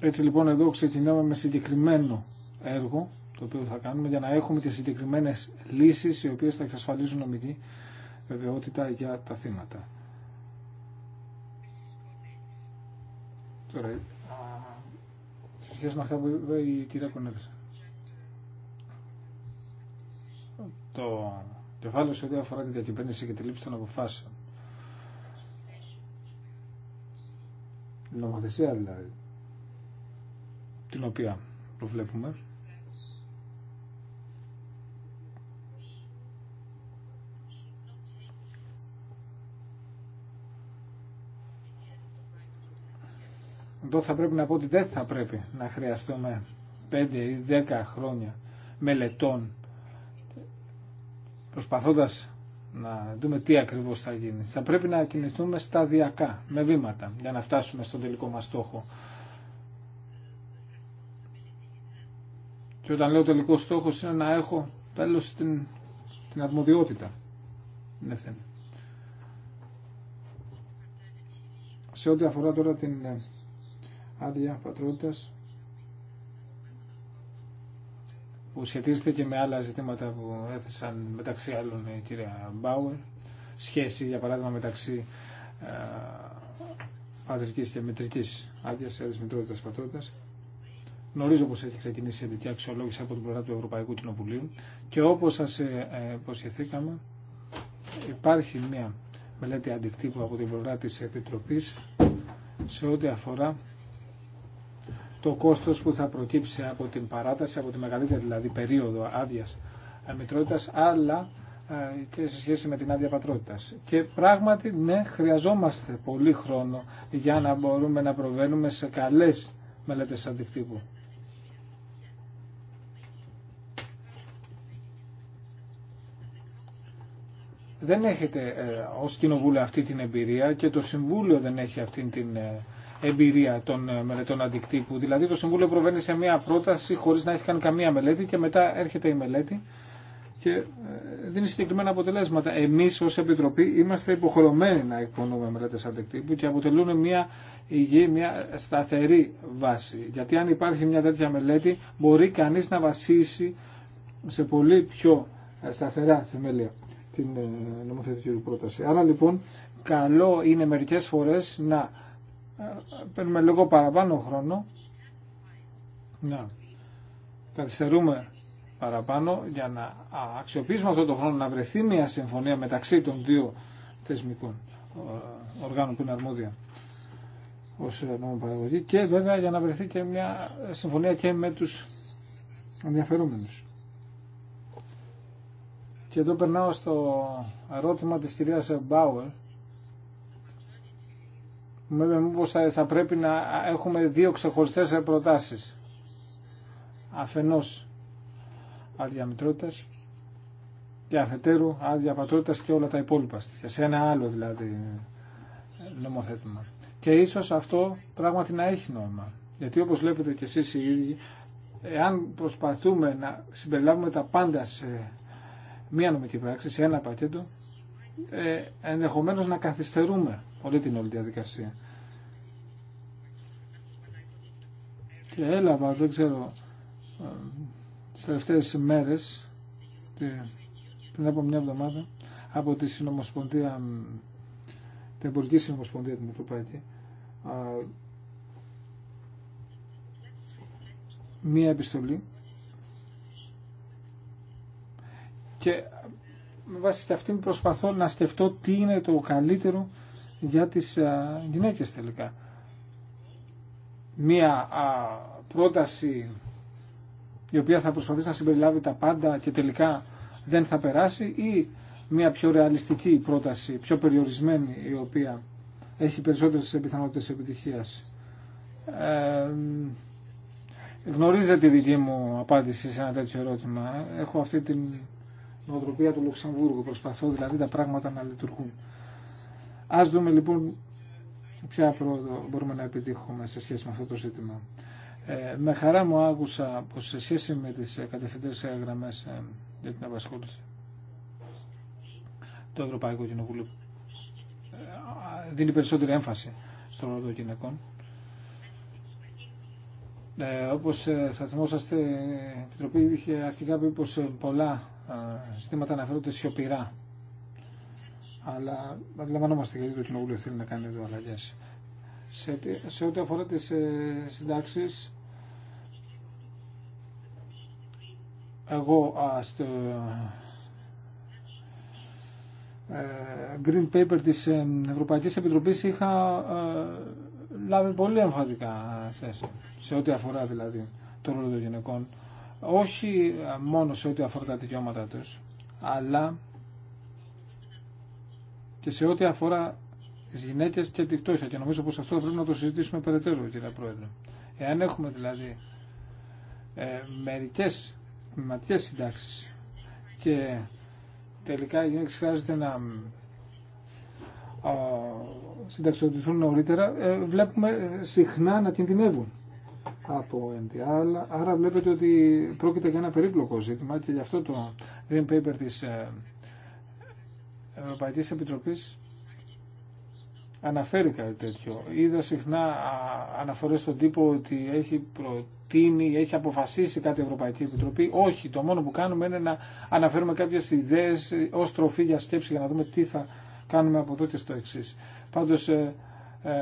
Έτσι λοιπόν εδώ ξεκινάμε με συγκεκριμένο έργο το οποίο θα κάνουμε για να έχουμε και συγκεκριμένες λύσεις οι οποίες θα εξασφαλίζουν νομική βεβαιότητα για τα θύματα. Τώρα, ε, σε σχέση με αυτά που είπε η κυρία Κονέλης. Το κεφάλαιο σε ό,τι αφορά τη διακυβέρνηση και τη λήψη των αποφάσεων. Η νομοθεσία δηλαδή, την οποία προβλέπουμε, εδώ θα πρέπει να πω ότι δεν θα πρέπει να χρειαστούμε 5 ή 10 χρόνια μελετών προσπαθώντας να δούμε τι ακριβώς θα γίνει. Θα πρέπει να κινηθούμε σταδιακά, με βήματα, για να φτάσουμε στον τελικό μας στόχο. Και όταν λέω τελικό στόχο, είναι να έχω τέλος την, την αρμοδιότητα. Ναι, ναι. σε ό,τι αφορά τώρα την άδεια πατρότητας που σχετίζεται και με άλλα ζητήματα που έθεσαν μεταξύ άλλων η κυρία Μπάουερ, σχέση για παράδειγμα μεταξύ πατρικής και μετρικής άδειας έδειας μητρότητας πατρότητας. Γνωρίζω πως έχει ξεκινήσει η ειδική αξιολόγηση από την πλευρά του Ευρωπαϊκού Κοινοβουλίου και όπως σας ε, ε, υποσχεθήκαμε υπάρχει μια μελέτη αντικτύπου από την πλευρά της Επιτροπής σε ό,τι αφορά το κόστος που θα προκύψει από την παράταση, από τη μεγαλύτερη δηλαδή περίοδο άδεια ε, μητρότητα, αλλά ε, και σε σχέση με την άδεια πατρότητας. Και πράγματι, ναι, χρειαζόμαστε πολύ χρόνο για να μπορούμε να προβαίνουμε σε καλές μελέτες αντικτύπου. Δεν έχετε ε, ως κοινοβούλιο αυτή την εμπειρία και το Συμβούλιο δεν έχει αυτή την ε, εμπειρία των ε, μελετών αντικτύπου. Δηλαδή το Συμβούλιο προβαίνει σε μία πρόταση χωρίς να έχει κάνει καμία μελέτη και μετά έρχεται η μελέτη και ε, δίνει συγκεκριμένα αποτελέσματα. Εμείς ως Επιτροπή είμαστε υποχρεωμένοι να εκπονούμε μελέτες αντικτύπου και αποτελούν μία υγιή, μία σταθερή βάση. Γιατί αν υπάρχει μία τέτοια μελέτη μπορεί κανείς να βασίσει σε πολύ πιο ε, σταθερά θεμέλια την νομοθετική πρόταση. Άρα λοιπόν καλό είναι μερικές φορές να παίρνουμε λίγο παραπάνω χρόνο να καθυστερούμε παραπάνω για να αξιοποιήσουμε αυτό το χρόνο να βρεθεί μια συμφωνία μεταξύ των δύο θεσμικών ε, οργάνων που είναι αρμόδια ως ε, νομοπαραγωγή και βέβαια για να βρεθεί και μια συμφωνία και με τους ενδιαφερόμενους. Και εδώ περνάω στο ερώτημα της κυρίας Μπάουερ Μήπω θα πρέπει να έχουμε δύο ξεχωριστές προτάσει. Αφενό άδεια και αφετέρου άδεια και όλα τα υπόλοιπα στοιχεία. Σε ένα άλλο δηλαδή νομοθέτημα. Και ίσως αυτό πράγματι να έχει νόημα. Γιατί όπως βλέπετε και εσεί οι ίδιοι, εάν προσπαθούμε να συμπεριλάβουμε τα πάντα σε μία νομική πράξη, σε ένα πακέτο, ε, ενδεχομένως να καθυστερούμε όλη την όλη διαδικασία. Και έλαβα, δεν ξέρω, ε, τις τελευταίες μέρες, πριν από μια εβδομάδα, από τη Συνομοσπονδία, την Εμπορική Συνομοσπονδία την Ευρωπαϊκή, μία επιστολή και με βάση και αυτήν προσπαθώ να σκεφτώ τι είναι το καλύτερο για τις γυναίκες τελικά. Μία πρόταση η οποία θα προσπαθήσει να συμπεριλάβει τα πάντα και τελικά δεν θα περάσει ή μια πιο ρεαλιστική πρόταση, πιο περιορισμένη η οποία έχει περισσότερες πιθανότητες επιτυχίας. γνωρίζετε τη δική μου απάντηση σε ένα τέτοιο ερώτημα. Έχω αυτή την νοοτροπία του Λουξεμβούργου. Προσπαθώ δηλαδή τα πράγματα να λειτουργούν. Ας δούμε λοιπόν ποια πρόοδο μπορούμε να επιτύχουμε σε σχέση με αυτό το ζήτημα. Ε, με χαρά μου άκουσα πως σε σχέση με τις ε, κατευθυντές γραμμές ε, για την απασχόληση το Ευρωπαϊκό Κοινοβούλιο ε, δίνει περισσότερη έμφαση στον ρόλο των γυναικών. Ε, όπως ε, θα θυμόσαστε, η Επιτροπή είχε αρχικά πει πως πολλά ζητήματα αναφέρονται σιωπηρά. Αλλά αντιλαμβανόμαστε γιατί το Κοινοβούλιο θέλει να κάνει εδώ αλλαγέ. Σε, σε ό,τι αφορά τι ε, συντάξει, εγώ α, στο ε, Green Paper της ε, Ευρωπαϊκής Επιτροπής είχα ε, λάβει πολύ εμφαντικά σε ό,τι αφορά δηλαδή το ρόλο των γυναικών όχι ε, μόνο σε ό,τι αφορά τα δικαιώματα τους, αλλά και σε ό,τι αφορά τις γυναίκες και τη φτώχεια. Και νομίζω πως αυτό πρέπει να το συζητήσουμε περαιτέρω, κύριε Πρόεδρε. Εάν έχουμε δηλαδή ε, μερικές ματιές συντάξεις και τελικά οι γυναίκες χρειάζεται να συνταξιδοτηθούν νωρίτερα, ε, βλέπουμε ε, συχνά να κινδυνεύουν από Άρα βλέπετε ότι πρόκειται για ένα περίπλοκο ζήτημα και γι' αυτό το Green Paper της ε, Ευρωπαϊκής Επιτροπής αναφέρει κάτι τέτοιο. Είδα συχνά αναφορές στον τύπο ότι έχει προτείνει, έχει αποφασίσει κάτι η Ευρωπαϊκή Επιτροπή. Όχι, το μόνο που κάνουμε είναι να αναφέρουμε κάποιες ιδέες ως τροφή για σκέψη για να δούμε τι θα κάνουμε από τότε στο εξή. Πάντως, ε, ε,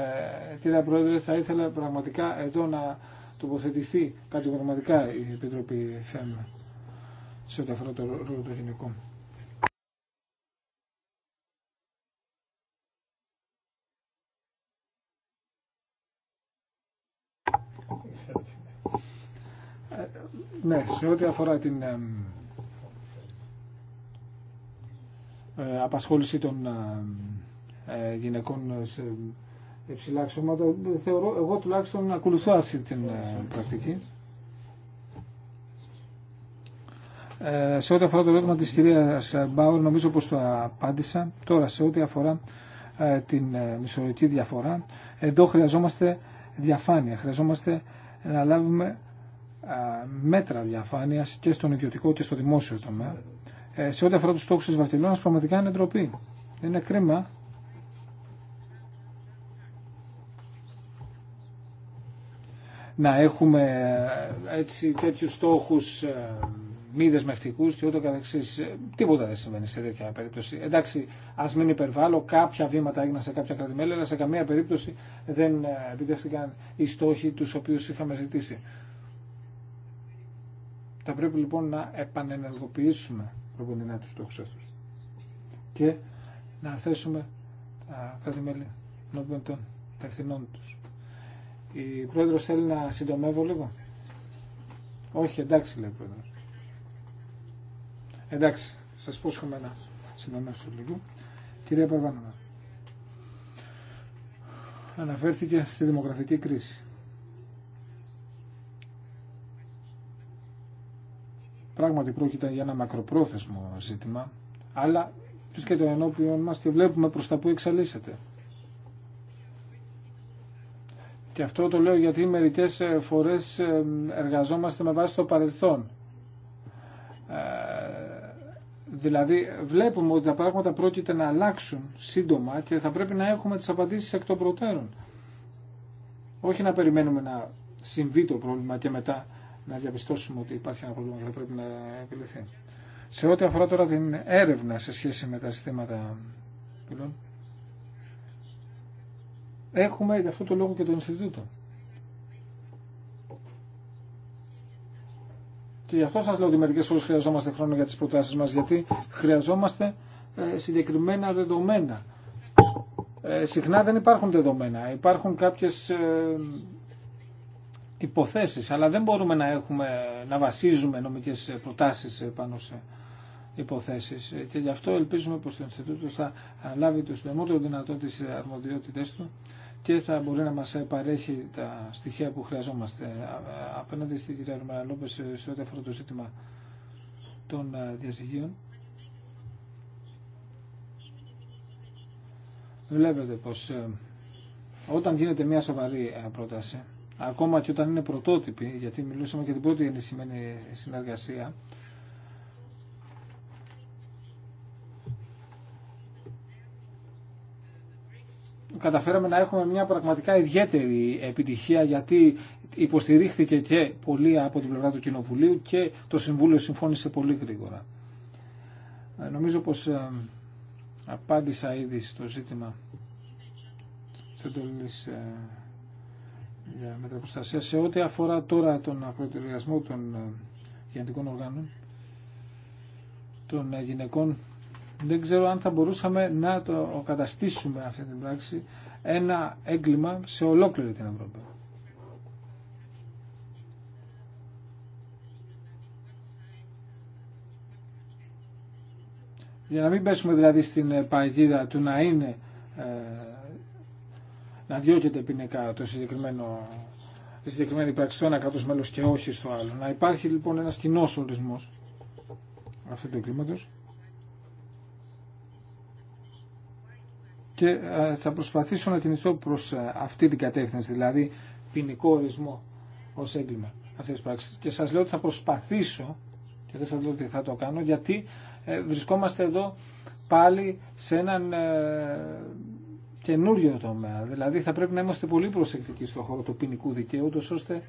κύριε Πρόεδρε, θα ήθελα πραγματικά εδώ να τοποθετηθεί κατηγορηματικά η Επιτροπή Θέμα σε ό,τι αφορά το ρόλο των γυναικών. Ε, ναι, σε ό,τι αφορά την ε, απασχόληση των ε, γυναικών σε υψηλά αξιώματα. Θεωρώ, εγώ τουλάχιστον ακολουθώ αυτή την ε, πρακτική. Ε, σε ό,τι αφορά το ερώτημα της κυρίας Μπάουρ, νομίζω πως το απάντησα. Τώρα, σε ό,τι αφορά ε, την ε, μισολογική διαφορά, εδώ χρειαζόμαστε διαφάνεια. Χρειαζόμαστε να λάβουμε ε, μέτρα διαφάνειας και στον ιδιωτικό και στο δημόσιο τομέα. σε ό,τι αφορά τους στόχους της Βαρτιλώνας, πραγματικά είναι ντροπή. Είναι κρίμα να έχουμε ε, έτσι, τέτοιους στόχους ε, μη δεσμευτικούς και ούτω καθεξή. Ε, τίποτα δεν συμβαίνει σε τέτοια περίπτωση. Εντάξει, ας μην υπερβάλλω, κάποια βήματα έγιναν σε κάποια κρατημέλη, αλλά σε καμία περίπτωση δεν επιτεύχθηκαν οι στόχοι τους οποίους είχαμε ζητήσει. Θα πρέπει λοιπόν να επανενεργοποιήσουμε προπονητικά του στόχους αυτούς και να θέσουμε τα κρατημέλη νόμιμα των ταξινών του. Η πρόεδρος θέλει να συντομεύω λίγο. Όχι, εντάξει λέει ο πρόεδρος. Εντάξει, σας πόσχομαι να συντομεύσω λίγο. Κυρία Παρβάνομα, αναφέρθηκε στη δημογραφική κρίση. Πράγματι πρόκειται για ένα μακροπρόθεσμο ζήτημα, αλλά βρίσκεται ενώπιον μας και βλέπουμε προς τα που εξελίσσεται. Και αυτό το λέω γιατί μερικές ε, φορές ε, εργαζόμαστε με βάση το παρελθόν. Ε, δηλαδή βλέπουμε ότι τα πράγματα πρόκειται να αλλάξουν σύντομα και θα πρέπει να έχουμε τις απαντήσεις εκ των προτέρων. Όχι να περιμένουμε να συμβεί το πρόβλημα και μετά να διαπιστώσουμε ότι υπάρχει ένα πρόβλημα που πρέπει να επιληθεί. Σε ό,τι αφορά τώρα την έρευνα σε σχέση με τα συστήματα πυλών, έχουμε γι' αυτό το λόγο και το Ινστιτούτο. Και γι' αυτό σας λέω ότι μερικές φορές χρειαζόμαστε χρόνο για τις προτάσεις μας, γιατί χρειαζόμαστε ε, συγκεκριμένα δεδομένα. Ε, συχνά δεν υπάρχουν δεδομένα. Υπάρχουν κάποιες ε, υποθέσεις, αλλά δεν μπορούμε να, έχουμε, να βασίζουμε νομικές προτάσεις πάνω σε υποθέσεις ε, και γι' αυτό ελπίζουμε πως το Ινστιτούτο θα αναλάβει το συντομότερο δυνατό τις αρμοδιότητες του και θα μπορεί να μας παρέχει τα στοιχεία που χρειαζόμαστε ε, απέναντι στην κυρία ε, σε ό,τι αφορά το ζήτημα των διαζυγίων. Βλέπετε πως όταν γίνεται μια σοβαρή πρόταση, ακόμα και όταν είναι πρωτότυπη, γιατί μιλούσαμε για την πρώτη ενισχυμένη συνεργασία, καταφέραμε να έχουμε μια πραγματικά ιδιαίτερη επιτυχία γιατί υποστηρίχθηκε και πολύ από την πλευρά του Κοινοβουλίου και το Συμβούλιο συμφώνησε πολύ γρήγορα. Ε, νομίζω πως ε, απάντησα ήδη στο ζήτημα της εντολής ε, για μεταπροστασία σε ό,τι αφορά τώρα τον ακροτηριασμό των γενικών οργάνων των γυναικών δεν ξέρω αν θα μπορούσαμε να το καταστήσουμε αυτή την πράξη ένα έγκλημα σε ολόκληρη την Ευρώπη. Για να μην πέσουμε δηλαδή στην παγίδα του να είναι ε, να διώκεται ποινικά το συγκεκριμένο τη συγκεκριμένη πράξη στο ένα κράτο μέλο και όχι στο άλλο. Να υπάρχει λοιπόν ένα κοινό ορισμό αυτού του εγκλήματο. και ε, θα προσπαθήσω να κινηθώ προς ε, αυτή την κατεύθυνση, δηλαδή ποινικό ορισμό ως έγκλημα αυτής της πράξης. Και σας λέω ότι θα προσπαθήσω και δεν σας λέω ότι θα το κάνω γιατί ε, βρισκόμαστε εδώ πάλι σε έναν καινούριο τομέα. Δηλαδή θα πρέπει να είμαστε πολύ προσεκτικοί στον χώρο του ποινικού δικαίου, ώστε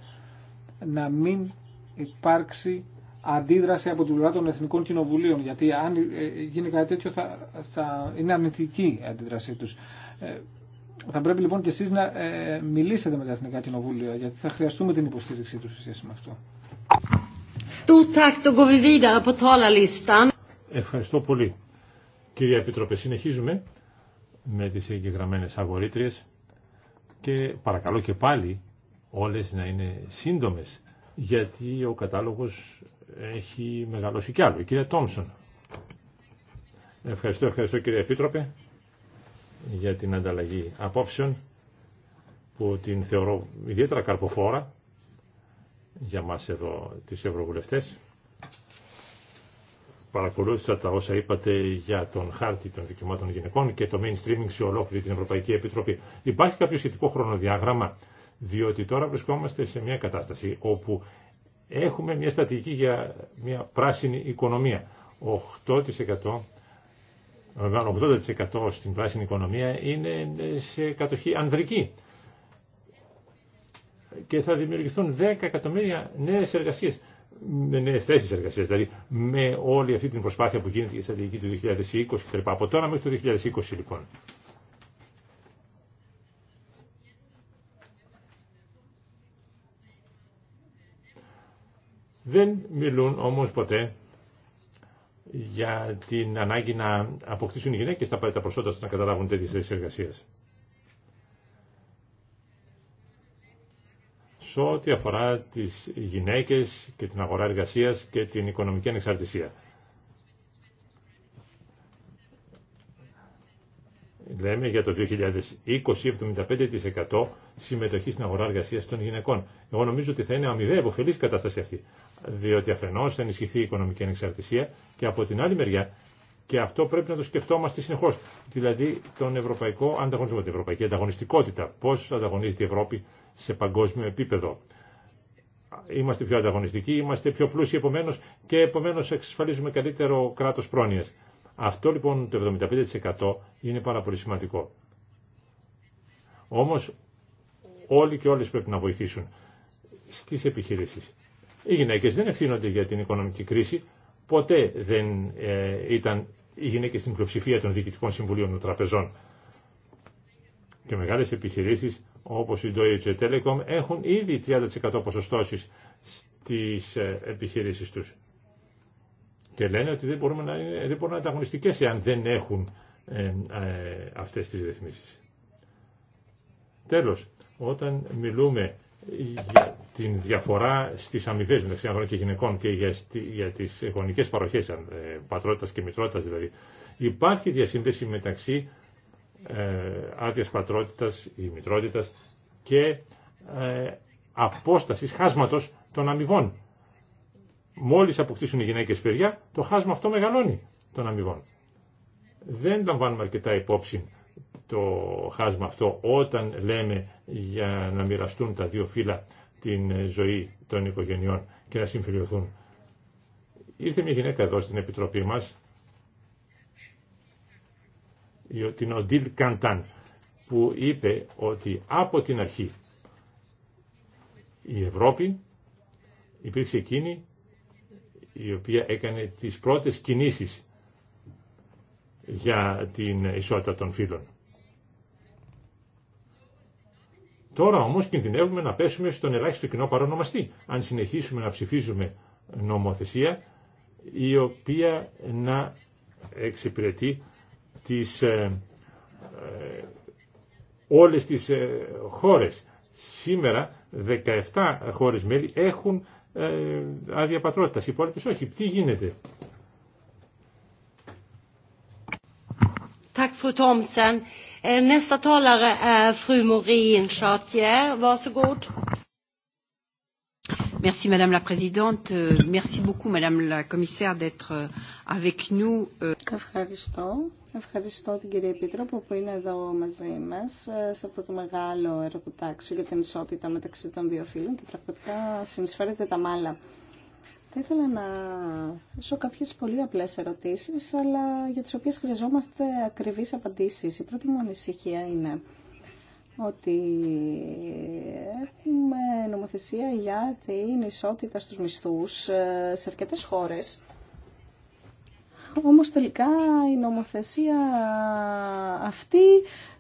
να μην υπάρξει αντίδραση από την πλευρά των Εθνικών Κοινοβουλίων. Γιατί αν ε, γίνει κάτι τέτοιο θα, θα είναι αρνητική η αντίδρασή του. Ε, θα πρέπει λοιπόν και εσεί να ε, μιλήσετε με τα Εθνικά Κοινοβούλια γιατί θα χρειαστούμε την υποστήριξή του σε σχέση με αυτό. Ευχαριστώ πολύ. Κυρία Επιτροπέ, συνεχίζουμε με τις εγγεγραμμένες αγορήτριες και παρακαλώ και πάλι όλες να είναι σύντομες γιατί ο κατάλογος έχει μεγαλώσει κι άλλο. Η κυρία Τόμσον. Ευχαριστώ, ευχαριστώ κύριε Επίτροπε για την ανταλλαγή απόψεων που την θεωρώ ιδιαίτερα καρποφόρα για μας εδώ τις Ευρωβουλευτές. Παρακολούθησα τα όσα είπατε για τον χάρτη των δικαιωμάτων γυναικών και το mainstreaming σε ολόκληρη την Ευρωπαϊκή Επιτροπή. Υπάρχει κάποιο σχετικό χρονοδιάγραμμα, διότι τώρα βρισκόμαστε σε μια κατάσταση όπου έχουμε μια στατική για μια πράσινη οικονομία. 8% 80% στην πράσινη οικονομία είναι σε κατοχή ανδρική. Και θα δημιουργηθούν 10 εκατομμύρια νέες εργασίες, νέες θέσεις εργασίας, δηλαδή με όλη αυτή την προσπάθεια που γίνεται η στρατηγική του 2020 κτλ. Από τώρα μέχρι το 2020 λοιπόν. Δεν μιλούν όμως ποτέ για την ανάγκη να αποκτήσουν οι γυναίκες τα προσόντα ώστε να καταλάβουν τέτοιες θέσεις εργασίας. Σε ό,τι αφορά τις γυναίκες και την αγορά εργασίας και την οικονομική ανεξαρτησία. Λέμε για το 2020 75% συμμετοχή στην αγορά εργασία των γυναικών. Εγώ νομίζω ότι θα είναι αμοιβαία υποφελή κατάσταση αυτή διότι αφενό θα ενισχυθεί η οικονομική ανεξαρτησία και από την άλλη μεριά και αυτό πρέπει να το σκεφτόμαστε συνεχώ. Δηλαδή τον ευρωπαϊκό ανταγωνισμό, την ευρωπαϊκή ανταγωνιστικότητα. Πώ ανταγωνίζεται η Ευρώπη σε παγκόσμιο επίπεδο. Είμαστε πιο ανταγωνιστικοί, είμαστε πιο πλούσιοι επομένω και επομένω εξασφαλίζουμε καλύτερο κράτο πρόνοια. Αυτό λοιπόν το 75% είναι πάρα πολύ σημαντικό. Όμω όλοι και όλε πρέπει να βοηθήσουν στι επιχειρήσει. Οι γυναίκες δεν ευθύνονται για την οικονομική κρίση. Ποτέ δεν ε, ήταν οι γυναίκες στην πλειοψηφία των διοικητικών συμβουλίων των τραπεζών. Και μεγάλες επιχειρήσεις όπως η Deutsche Telekom έχουν ήδη 30% ποσοστώσεις στις ε, επιχειρήσεις τους. Και λένε ότι δεν, μπορούμε να είναι, δεν μπορούν να είναι ανταγωνιστικές εάν δεν έχουν ε, ε, αυτές τις ρυθμίσεις. Τέλος, όταν μιλούμε για την διαφορά στις αμοιβέ μεταξύ ανδρών και γυναικών και για, για τις γονικές παροχές ε, πατρότητας και μητρότητας δηλαδή. Υπάρχει διασύνδεση μεταξύ ε, άδεια πατρότητας ή μητρότητας και ε, απόστασης χάσματος των αμοιβών. Μόλις αποκτήσουν οι γυναίκες παιδιά, το χάσμα αυτό μεγαλώνει των αμοιβών. Δεν λαμβάνουμε αρκετά υπόψη το χάσμα αυτό όταν λέμε για να μοιραστούν τα δύο φύλλα την ζωή των οικογενειών και να συμφιλειωθούν. Ήρθε μια γυναίκα εδώ στην Επιτροπή μας, την Οντίλ Καντάν, που είπε ότι από την αρχή η Ευρώπη υπήρξε εκείνη η οποία έκανε τις πρώτες κινήσεις για την ισότητα των φύλων. Τώρα όμως κινδυνεύουμε να πέσουμε στον ελάχιστο κοινό παρονομαστή, αν συνεχίσουμε να ψηφίζουμε νομοθεσία η οποία να εξυπηρετεί τις, ε, ε, όλες τις ε, χώρες. Σήμερα 17 χώρες μέλη έχουν ε, άδεια πατρότητας, οι υπόλοιπες όχι. Τι γίνεται. fru Thomsen. Eh, nästa talare är fru Morin Chartier. Varsågod. Merci Madame la Présidente. Euh, merci beaucoup Madame la Commissaire d'être euh, avec nous. Euh, Ευχαριστώ. Ευχαριστώ την κυρία Επίτροπο που είναι εδώ μαζί μας ε, σε αυτό το μεγάλο ερωτοτάξιο για την ισότητα μεταξύ των δύο φίλων και πραγματικά συνεισφέρεται τα μάλα. Θα ήθελα να θέσω κάποιε πολύ απλές ερωτήσεις, αλλά για τις οποίες χρειαζόμαστε ακριβείς απαντήσεις. Η πρώτη μου ανησυχία είναι ότι έχουμε νομοθεσία για την ισότητα στους μισθούς ε, σε αρκετέ χώρες. Όμως τελικά η νομοθεσία αυτή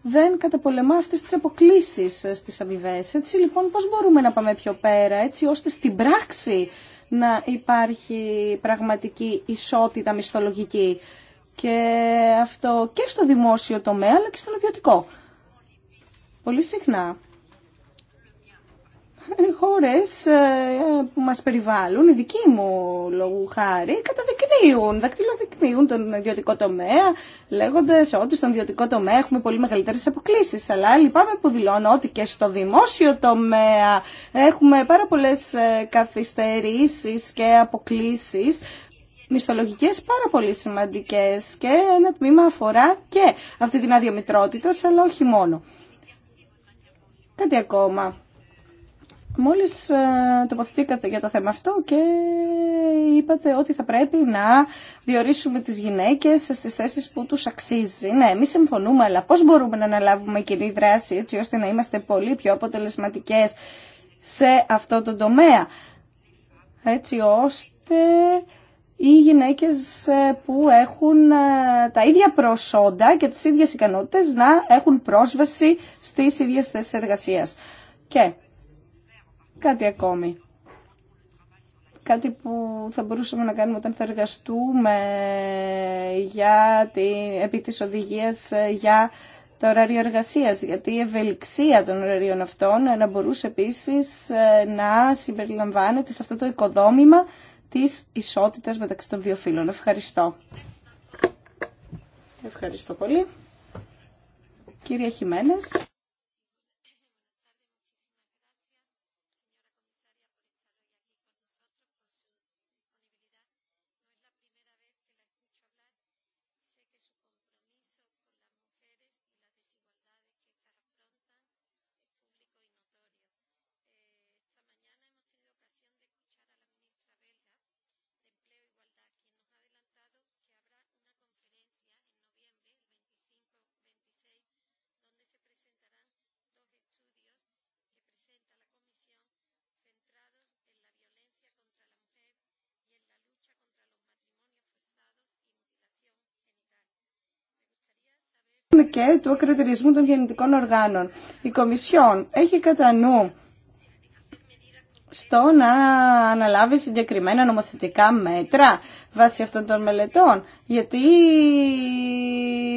δεν καταπολεμά αυτές τις αποκλίσεις στις αμοιβέ. Έτσι λοιπόν πώς μπορούμε να πάμε πιο πέρα έτσι ώστε στην πράξη να υπάρχει πραγματική ισότητα μισθολογική. Και αυτό και στο δημόσιο τομέα αλλά και στον ιδιωτικό. Πολύ συχνά οι χώρες ε, που μας περιβάλλουν, οι δικοί μου λόγου χάρη, καταδεικνύουν, δακτυλοδεικνύουν τον ιδιωτικό τομέα, λέγοντας ότι στον ιδιωτικό τομέα έχουμε πολύ μεγαλύτερες αποκλήσεις. Αλλά λυπάμαι που δηλώνω ότι και στο δημόσιο τομέα έχουμε πάρα πολλές ε, καθυστερήσεις και αποκλήσεις μισθολογικές πάρα πολύ σημαντικές και ένα τμήμα αφορά και αυτή την άδεια αλλά όχι μόνο. Κάτι ακόμα Μόλις ε, τοποθετήκατε για το θέμα αυτό και είπατε ότι θα πρέπει να διορίσουμε τις γυναίκες στις θέσεις που τους αξίζει. Ναι, εμείς συμφωνούμε, αλλά πώς μπορούμε να αναλάβουμε κοινή δράση έτσι ώστε να είμαστε πολύ πιο αποτελεσματικές σε αυτό το τομέα. Έτσι ώστε οι γυναίκες ε, που έχουν ε, τα ίδια προσόντα και τις ίδιες ικανότητες να έχουν πρόσβαση στις ίδιες θέσεις εργασίας. Και Κάτι ακόμη. Κάτι που θα μπορούσαμε να κάνουμε όταν θα εργαστούμε για την, επί της οδηγίας ε, για το ωράρια εργασίας, γιατί η ευελιξία των ωραρίων αυτών ε, να μπορούσε επίσης ε, να συμπεριλαμβάνεται σε αυτό το οικοδόμημα της ισότητας μεταξύ των δύο φύλων. Ευχαριστώ. Ευχαριστώ πολύ. Κύριε Χιμένες. και του ακροτηρισμού των γεννητικών οργάνων. Η Κομισιόν έχει κατά νου στο να αναλάβει συγκεκριμένα νομοθετικά μέτρα βάσει αυτών των μελετών. Γιατί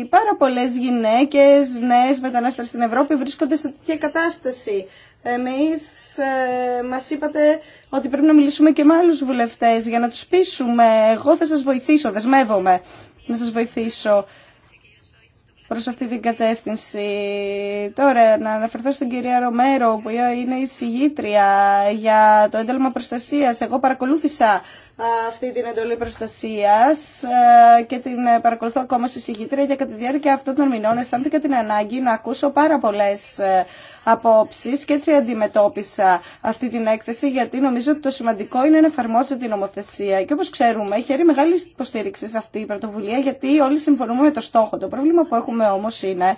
πάρα πολλές γυναίκες, νέες μετανάστες στην Ευρώπη βρίσκονται σε τέτοια κατάσταση. Εμείς ε, μας είπατε ότι πρέπει να μιλήσουμε και με άλλους βουλευτές για να τους πείσουμε. Εγώ θα σας βοηθήσω, δεσμεύομαι να σας βοηθήσω προς αυτή την κατεύθυνση. Τώρα να αναφερθώ στην κυρία Ρομέρο που είναι η συγγήτρια για το ένταλμα προστασίας. Εγώ παρακολούθησα αυτή την εντολή προστασίας και την παρακολουθώ ακόμα στη συγγήτρια για κατά τη διάρκεια αυτών των μηνών αισθάνθηκα την ανάγκη να ακούσω πάρα πολλέ ε, απόψεις και έτσι αντιμετώπισα αυτή την έκθεση γιατί νομίζω ότι το σημαντικό είναι να εφαρμόζεται την νομοθεσία και όπως ξέρουμε χαίρει μεγάλη υποστήριξη σε αυτή η πρωτοβουλία γιατί όλοι συμφωνούμε με το στόχο. Το πρόβλημα που έχουμε θέλουμε όμως είναι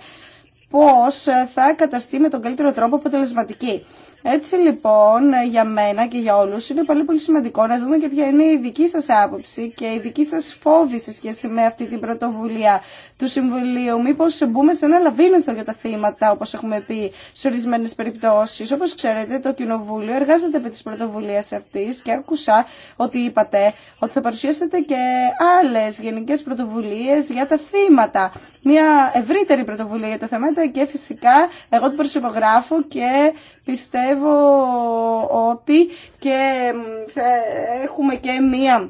πώς θα καταστεί με τον καλύτερο τρόπο αποτελεσματική. Έτσι λοιπόν για μένα και για όλους είναι πολύ πολύ σημαντικό να δούμε και ποια είναι η δική σας άποψη και η δική σας φόβη σε σχέση με αυτή την πρωτοβουλία του Συμβουλίου. Μήπως μπούμε σε ένα λαβύρινθο για τα θύματα όπως έχουμε πει σε ορισμένε περιπτώσεις. Όπως ξέρετε το Κοινοβούλιο εργάζεται επί της πρωτοβουλίας αυτής και άκουσα ότι είπατε ότι θα παρουσιάσετε και άλλες γενικές πρωτοβουλίες για τα θύματα. Μια ευρύτερη πρωτοβουλία για το θέμα και φυσικά εγώ το προσυπογράφω και πιστεύω ότι και έχουμε και μία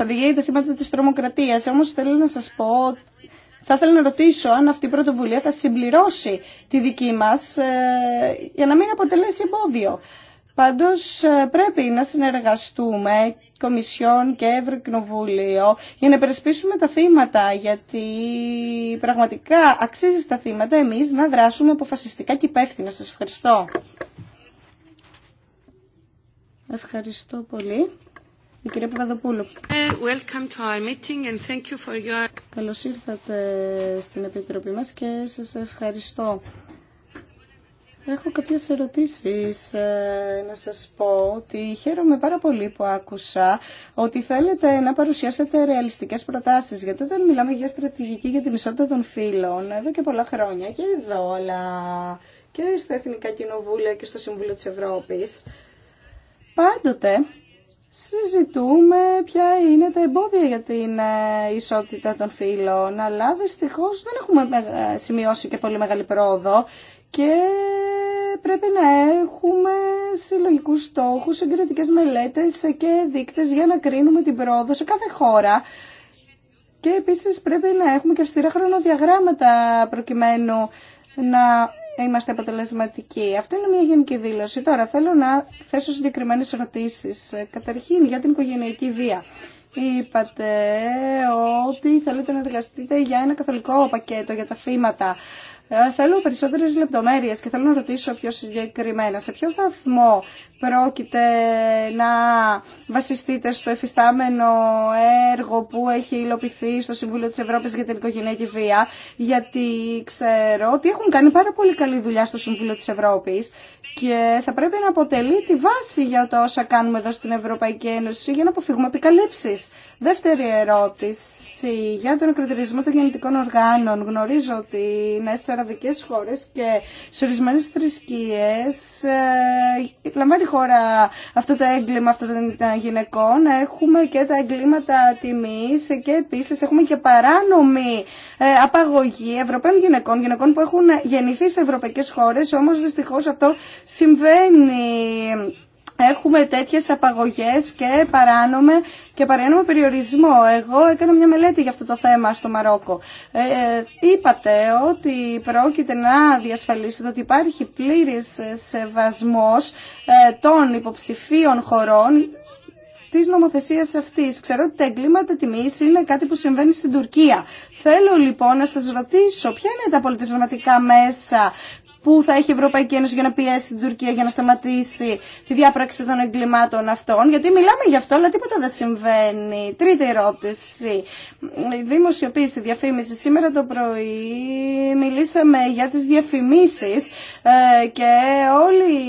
οδηγία θύματα της τρομοκρατίας. Όμως θέλω να σας πω θα ήθελα να ρωτήσω αν αυτή η πρωτοβουλία θα συμπληρώσει τη δική μας ε, για να μην αποτελέσει εμπόδιο. Πάντως ε, πρέπει να συνεργαστούμε Κομισιόν και Ευρωκοινοβούλιο για να υπερασπίσουμε τα θύματα γιατί πραγματικά αξίζει στα θύματα εμείς να δράσουμε αποφασιστικά και υπεύθυνα. Σας ευχαριστώ. Ευχαριστώ πολύ. Η κυρία Παπαδοπούλου. Ε, welcome to meeting and thank you for your... Καλώς ήρθατε στην Επιτροπή μας και σας ευχαριστώ Έχω κάποιες ερωτήσεις ε, να σας πω ότι χαίρομαι πάρα πολύ που άκουσα ότι θέλετε να παρουσιάσετε ρεαλιστικές προτάσεις γιατί όταν μιλάμε για στρατηγική για την ισότητα των φύλων εδώ και πολλά χρόνια και εδώ αλλά και στα Εθνικά Κοινοβούλια και στο Συμβούλιο της Ευρώπης πάντοτε συζητούμε ποια είναι τα εμπόδια για την ε, ισότητα των φύλων αλλά δυστυχώς δεν έχουμε ε, σημειώσει και πολύ μεγάλη πρόοδο και πρέπει να έχουμε συλλογικούς στόχους, συγκριτικές μελέτες και δείκτες για να κρίνουμε την πρόοδο σε κάθε χώρα. Και επίσης πρέπει να έχουμε και αυστηρά χρονοδιαγράμματα προκειμένου να είμαστε αποτελεσματικοί. Αυτή είναι μια γενική δήλωση. Τώρα θέλω να θέσω συγκεκριμένες ερωτήσεις. Καταρχήν για την οικογενειακή βία. Είπατε ότι θέλετε να εργαστείτε για ένα καθολικό πακέτο για τα θύματα ε, θέλω περισσότερες λεπτομέρειες και θέλω να ρωτήσω πιο συγκεκριμένα σε ποιο βαθμό πρόκειται να βασιστείτε στο εφιστάμενο έργο που έχει υλοποιηθεί στο Συμβούλιο της Ευρώπης για την οικογενειακή βία, γιατί ξέρω ότι έχουν κάνει πάρα πολύ καλή δουλειά στο Συμβούλιο της Ευρώπης και θα πρέπει να αποτελεί τη βάση για το όσα κάνουμε εδώ στην Ευρωπαϊκή Ένωση για να αποφύγουμε επικαλύψεις. Δεύτερη ερώτηση για τον ακροτηρισμό των γεννητικών οργάνων. Γνωρίζω ότι είναι στις αραβικές χώρες και σε ορισμένες θρησκείες ε, λαμβάνει χώρα αυτό το έγκλημα αυτών των γυναικών, έχουμε και τα εγκλήματα τιμής και επίσης έχουμε και παράνομη ε, απαγωγή Ευρωπαίων γυναικών, γυναικών που έχουν γεννηθεί σε ευρωπαϊκές χώρες, όμως δυστυχώς αυτό συμβαίνει έχουμε τέτοιες απαγωγές και παράνομε και παράνομο περιορισμό. Εγώ έκανα μια μελέτη για αυτό το θέμα στο Μαρόκο. Ε, ε είπατε ότι πρόκειται να διασφαλίσετε ότι υπάρχει πλήρης σεβασμός ε, των υποψηφίων χωρών τη νομοθεσία αυτή. Ξέρω ότι τα εγκλήματα τιμή είναι κάτι που συμβαίνει στην Τουρκία. Θέλω λοιπόν να σα ρωτήσω ποια είναι τα πολιτισματικά μέσα που θα έχει η Ευρωπαϊκή Ένωση για να πιέσει την Τουρκία για να σταματήσει τη διάπραξη των εγκλημάτων αυτών. Γιατί μιλάμε γι' αυτό, αλλά τίποτα δεν συμβαίνει. Τρίτη ερώτηση. Η δημοσιοποίηση, διαφήμιση. Σήμερα το πρωί μιλήσαμε για τις διαφημίσεις ε, και όλοι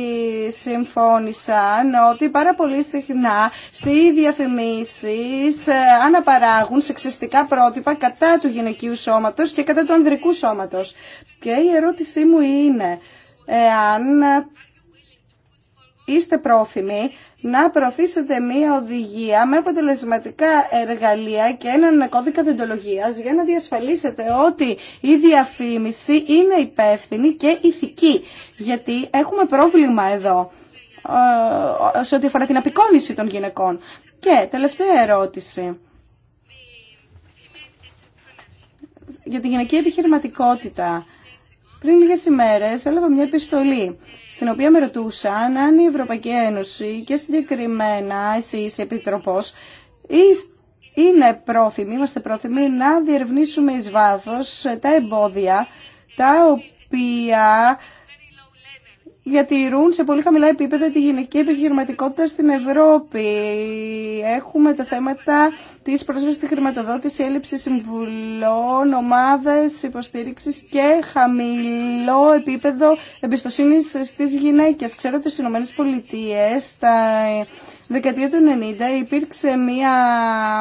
συμφώνησαν ότι πάρα πολύ συχνά στη διαφημίσεις ε, αναπαράγουν σεξιστικά πρότυπα κατά του γυναικείου σώματος και κατά του ανδρικού σώματος. Και η ερώτησή μου είναι είναι εάν είστε πρόθυμοι να προωθήσετε μία οδηγία με αποτελεσματικά εργαλεία και έναν κώδικα δεντολογίας για να διασφαλίσετε ότι η διαφήμιση είναι υπεύθυνη και ηθική. Γιατί έχουμε πρόβλημα εδώ ε, σε ό,τι αφορά την απεικόνιση των γυναικών. Και τελευταία ερώτηση. Για τη γυναική επιχειρηματικότητα. Πριν λίγες ημέρες έλαβα μια επιστολή στην οποία με ρωτούσαν αν η Ευρωπαϊκή Ένωση και συγκεκριμένα εσείς Επιτροπός είναι πρόθυμοι, είμαστε πρόθυμοι να διερευνήσουμε εις τα εμπόδια τα οποία διατηρούν σε πολύ χαμηλά επίπεδα τη γυναική επιχειρηματικότητα στην Ευρώπη. Έχουμε τα θέματα της πρόσβασης στη χρηματοδότηση, έλλειψη συμβουλών, ομάδες υποστήριξης και χαμηλό επίπεδο εμπιστοσύνη στις γυναίκες. Ξέρω ότι στι Ηνωμένες τα δεκαετία του 90 υπήρξε μία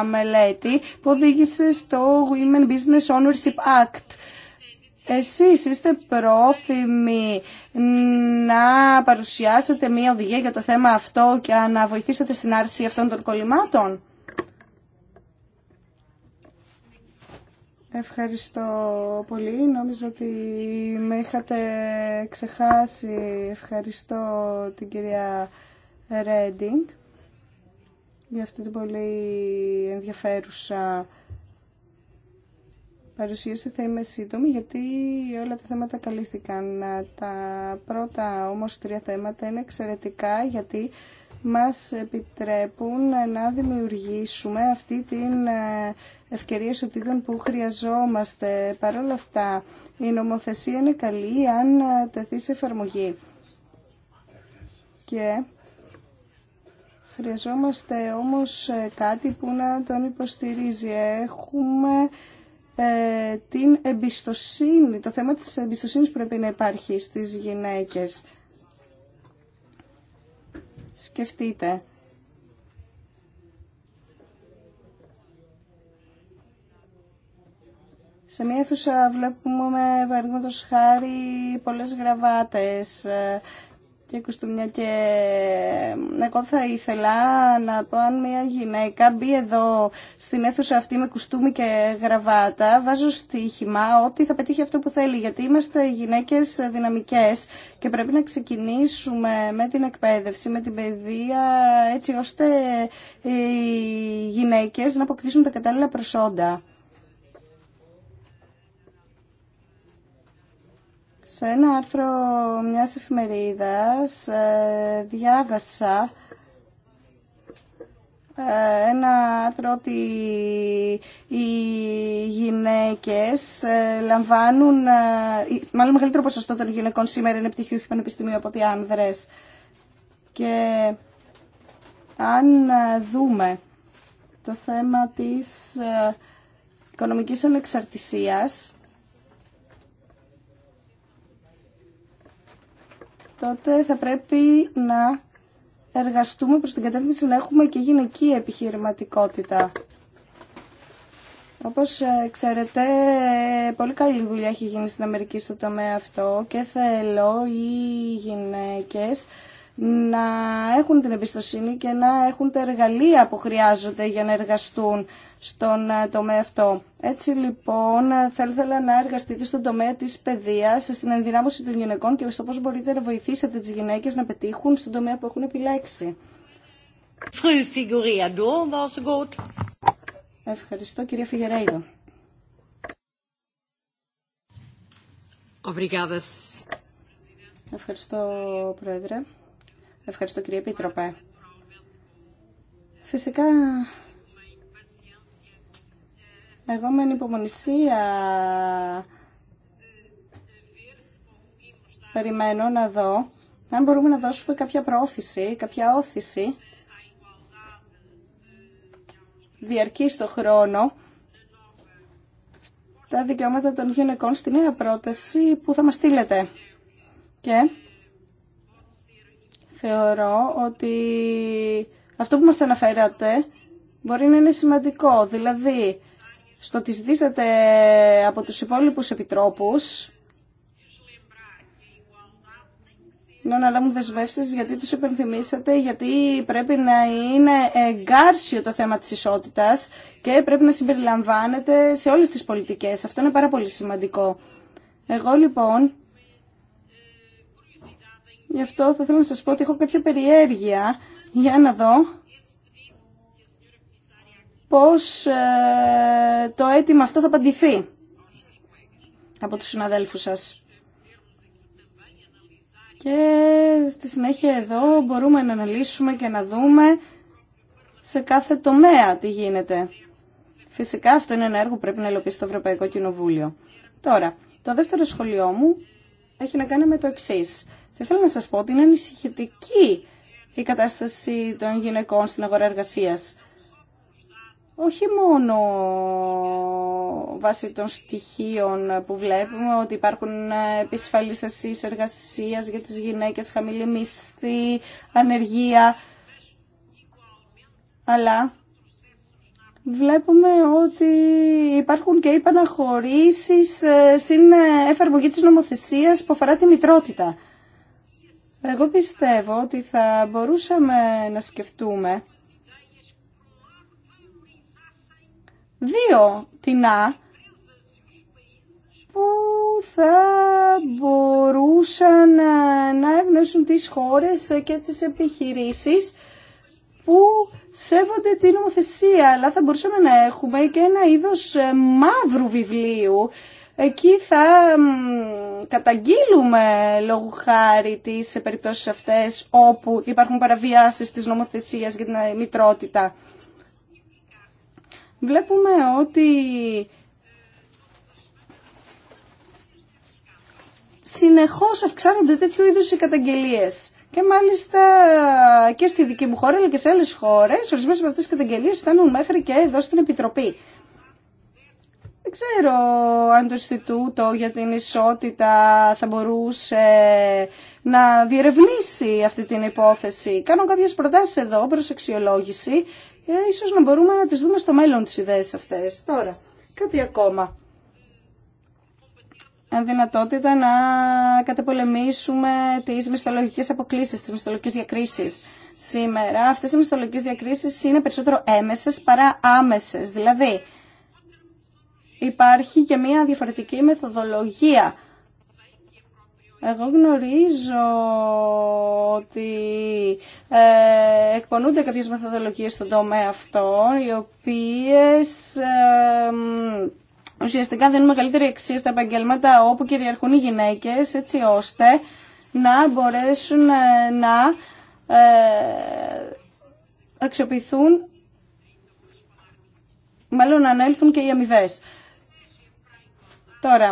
μελέτη που οδήγησε στο Women Business Ownership Act εσείς είστε πρόθυμοι να παρουσιάσετε μία οδηγία για το θέμα αυτό και να βοηθήσετε στην άρση αυτών των κολλημάτων. Ευχαριστώ πολύ. Νόμιζα ότι με είχατε ξεχάσει. Ευχαριστώ την κυρία Ρέντινγκ για αυτή την πολύ ενδιαφέρουσα παρουσίαση θα είμαι σύντομη γιατί όλα τα θέματα καλύφθηκαν. Τα πρώτα όμως τρία θέματα είναι εξαιρετικά γιατί μας επιτρέπουν να δημιουργήσουμε αυτή την ε, ευκαιρία ισοτήτων που χρειαζόμαστε. Παρ' όλα αυτά, η νομοθεσία είναι καλή αν ε, τεθεί σε εφαρμογή. Και χρειαζόμαστε όμως ε, κάτι που να τον υποστηρίζει. Έχουμε ε, την εμπιστοσύνη, το θέμα της εμπιστοσύνης πρέπει να υπάρχει στις γυναίκες. Σκεφτείτε. Σε μία αίθουσα βλέπουμε, παραδείγματο χάρη, πολλές γραβάτες ε, και κουστούμια και εγώ θα ήθελα να πω αν μια γυναίκα μπει εδώ στην αίθουσα αυτή με κουστούμι και γραβάτα βάζω στοίχημα ότι θα πετύχει αυτό που θέλει γιατί είμαστε γυναίκες δυναμικές και πρέπει να ξεκινήσουμε με την εκπαίδευση, με την παιδεία έτσι ώστε οι γυναίκες να αποκτήσουν τα κατάλληλα προσόντα. Σε ένα άρθρο μιας εφημερίδας ε, διάβασα ε, ένα άρθρο ότι οι γυναίκες ε, λαμβάνουν, μάλλον μεγαλύτερο ποσοστό των γυναικών σήμερα είναι πτυχιούχοι πανεπιστημίου από ότι άνδρες. Και αν δούμε το θέμα της οικονομικής ανεξαρτησίας, τότε θα πρέπει να εργαστούμε προς την κατεύθυνση να έχουμε και γυναική επιχειρηματικότητα. Όπως ε, ξέρετε, πολύ καλή δουλειά έχει γίνει στην Αμερική στο τομέα αυτό και θέλω οι γυναίκες να έχουν την εμπιστοσύνη και να έχουν τα εργαλεία που χρειάζονται για να εργαστούν στον ε, τομέα αυτό. Έτσι λοιπόν θα ήθελα να εργαστείτε στον τομέα της παιδείας, στην ενδυνάμωση των γυναικών και στο πώς μπορείτε να βοηθήσετε τις γυναίκες να πετύχουν στον τομέα που έχουν επιλέξει. Ευχαριστώ κυρία Φιγερέιδο. Ευχαριστώ, Πρόεδρε. Ευχαριστώ κύριε Επίτροπε. Φυσικά, εγώ με ανυπομονησία περιμένω να δω αν μπορούμε να δώσουμε κάποια προώθηση, κάποια όθηση διαρκεί στο χρόνο τα δικαιώματα των γυναικών στη νέα πρόταση που θα μας στείλετε. Και θεωρώ ότι αυτό που μας αναφέρατε μπορεί να είναι σημαντικό. Δηλαδή, στο ότι ζητήσατε από τους υπόλοιπους επιτρόπους να αναλάβουν δεσμεύσεις γιατί τους υπενθυμίσατε, γιατί πρέπει να είναι εγκάρσιο το θέμα της ισότητας και πρέπει να συμπεριλαμβάνεται σε όλες τις πολιτικές. Αυτό είναι πάρα πολύ σημαντικό. Εγώ λοιπόν Γι' αυτό θα ήθελα να σας πω ότι έχω κάποια περιέργεια για να δω πώς ε, το αίτημα αυτό θα απαντηθεί από τους συναδέλφους σας. Και στη συνέχεια εδώ μπορούμε να αναλύσουμε και να δούμε σε κάθε τομέα τι γίνεται. Φυσικά αυτό είναι ένα έργο που πρέπει να υλοποιήσει το Ευρωπαϊκό Κοινοβούλιο. Τώρα, το δεύτερο σχολείο μου έχει να κάνει με το εξής. Θα ήθελα να σας πω ότι είναι ανησυχητική η κατάσταση των γυναικών στην αγορά εργασίας. Όχι μόνο βάσει των στοιχείων που βλέπουμε ότι υπάρχουν επισφαλείς εργασίας για τις γυναίκες, χαμηλή μισθή, ανεργία, αλλά βλέπουμε ότι υπάρχουν και οι ε, στην ε, εφαρμογή της νομοθεσίας που αφορά τη μητρότητα. Εγώ πιστεύω ότι θα μπορούσαμε να σκεφτούμε δύο τεινά που θα μπορούσαν να ευνοήσουν τις χώρες και τις επιχειρήσεις που σέβονται την νομοθεσία, αλλά θα μπορούσαμε να έχουμε και ένα είδος μαύρου βιβλίου εκεί θα καταγγείλουμε λόγου χάρη τις περιπτώσεις αυτές όπου υπάρχουν παραβιάσεις της νομοθεσίας για την μητρότητα. Βλέπουμε ότι συνεχώς αυξάνονται τέτοιου είδους οι καταγγελίες. Και μάλιστα και στη δική μου χώρα αλλά και σε άλλες χώρες, ορισμένες από αυτές τις καταγγελίες φτάνουν μέχρι και εδώ στην Επιτροπή. Δεν ξέρω αν το Ινστιτούτο για την Ισότητα θα μπορούσε να διερευνήσει αυτή την υπόθεση. Κάνω κάποιες προτάσεις εδώ προς αξιολόγηση ε, ίσως να μπορούμε να τις δούμε στο μέλλον τις ιδέες αυτές. Τώρα, κάτι ακόμα. Αν Δυνατότητα να καταπολεμήσουμε τις μισθολογικές αποκλήσεις, τις μισθολογικές διακρίσεις σήμερα. Αυτές οι μισθολογικές διακρίσεις είναι περισσότερο έμεσες παρά άμεσες. Δηλαδή, υπάρχει και μια διαφορετική μεθοδολογία. Εγώ γνωρίζω ότι ε, εκπονούνται κάποιες μεθοδολογίες στον τομέα αυτό, οι οποίες ε, ουσιαστικά δίνουν μεγαλύτερη αξία στα επαγγέλματα όπου κυριαρχούν οι γυναίκες, έτσι ώστε να μπορέσουν ε, να ε, αξιοποιηθούν, μάλλον να ανέλθουν και οι αμοιβέ. Τώρα,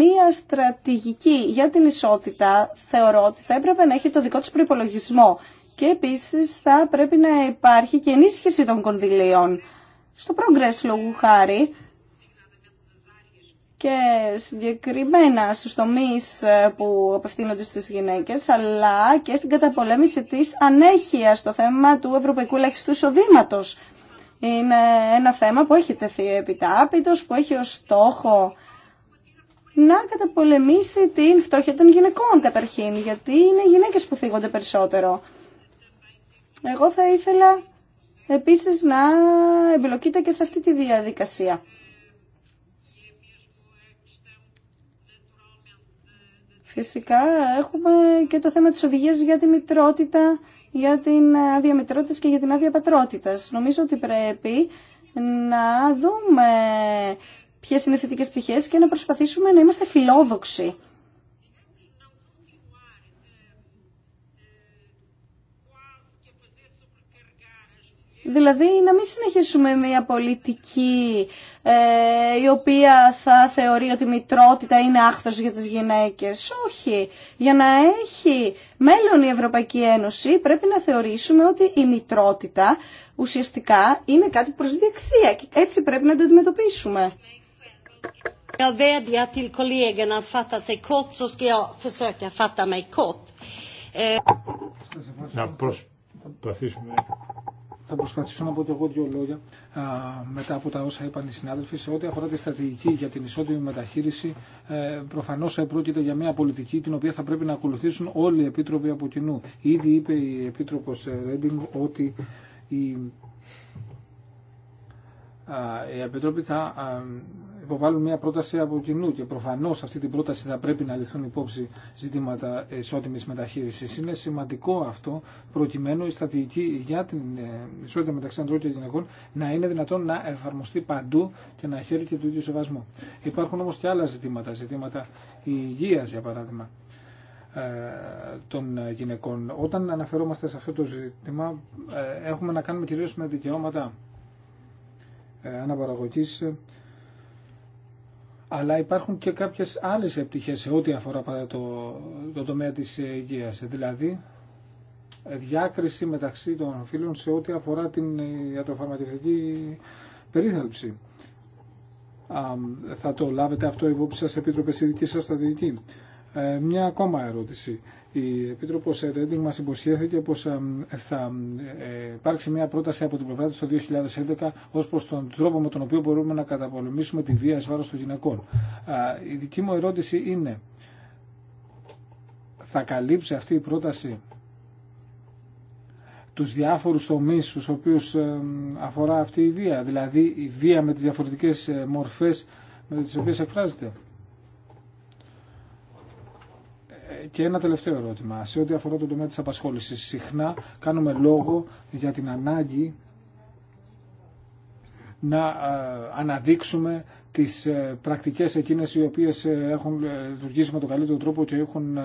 μία στρατηγική για την ισότητα θεωρώ ότι θα έπρεπε να έχει το δικό της προϋπολογισμό και επίσης θα πρέπει να υπάρχει και ενίσχυση των κονδυλίων. Στο Progress λόγου χάρη και συγκεκριμένα στους τομείς ε, που απευθύνονται στις γυναίκες αλλά και στην καταπολέμηση της ανέχειας στο θέμα του ευρωπαϊκού ελαχιστού εισοδήματος είναι ένα θέμα που έχει τεθεί επιτάπητος, που έχει ως στόχο να καταπολεμήσει την φτώχεια των γυναικών καταρχήν, γιατί είναι γυναίκες που θίγονται περισσότερο. Εγώ θα ήθελα επίσης να εμπλοκείτε και σε αυτή τη διαδικασία. Φυσικά έχουμε και το θέμα της οδηγίας για τη μητρότητα για την άδεια και για την άδεια Νομίζω ότι πρέπει να δούμε ποιες είναι οι θετικές πτυχές και να προσπαθήσουμε να είμαστε φιλόδοξοι Δηλαδή να μην συνεχίσουμε μια πολιτική ε, η οποία θα θεωρεί ότι η μητρότητα είναι άχθος για τις γυναίκες. Όχι. Για να έχει μέλλον η Ευρωπαϊκή Ένωση πρέπει να θεωρήσουμε ότι η μητρότητα ουσιαστικά είναι κάτι προς διεξία και έτσι πρέπει να το αντιμετωπίσουμε θα προσπαθήσω να πω και εγώ δύο λόγια μετά από τα όσα είπαν οι συνάδελφοι. Σε ό,τι αφορά τη στρατηγική για την ισότιμη μεταχείριση, ε, προφανώ πρόκειται για μια πολιτική την οποία θα πρέπει να ακολουθήσουν όλοι οι επίτροποι από κοινού. Ήδη είπε η επίτροπο Ρέντινγκ ότι η οι επιτρόποι θα υποβάλουν μια πρόταση από κοινού και προφανώ αυτή την πρόταση θα πρέπει να ληφθούν υπόψη ζητήματα ισότιμη μεταχείριση. Είναι σημαντικό αυτό προκειμένου η στρατηγική για την ε, ισότητα μεταξύ ανδρών και γυναικών να είναι δυνατόν να εφαρμοστεί παντού και να χαίρει και του ίδιου σεβασμό. Υπάρχουν όμω και άλλα ζητήματα, ζητήματα υγεία για παράδειγμα ε, των γυναικών. Όταν αναφερόμαστε σε αυτό το ζήτημα ε, έχουμε να κάνουμε κυρίω με δικαιώματα αναπαραγωγή αλλά υπάρχουν και κάποιες άλλες επιτυχίες σε ό,τι αφορά το, το τομέα της υγείας. Δηλαδή, διάκριση μεταξύ των φίλων σε ό,τι αφορά την ιατροφαρμακευτική περίθαλψη. θα το λάβετε αυτό υπόψη σας, Επίτροπε, στη δική σας ε, μια ακόμα ερώτηση. Η Επίτροπο Ρέντινγκ μας υποσχέθηκε πως ε, θα ε, υπάρξει μια πρόταση από την πλευρά τη το 2011 ως προς τον τρόπο με τον οποίο μπορούμε να καταπολεμήσουμε τη βία ει βάρος των γυναικών. Η δική μου ερώτηση είναι, θα καλύψει αυτή η πρόταση τους διάφορους τομείς στους οποίους ε, αφορά αυτή η βία, δηλαδή η βία με τις διαφορετικές μορφές με τις οποίες εκφράζεται. Και ένα τελευταίο ερώτημα. Σε ό,τι αφορά το τομέα της απασχόλησης, συχνά κάνουμε λόγο για την ανάγκη να ε, αναδείξουμε τις ε, πρακτικές εκείνες οι οποίες ε, έχουν λειτουργήσει με τον καλύτερο τρόπο και έχουν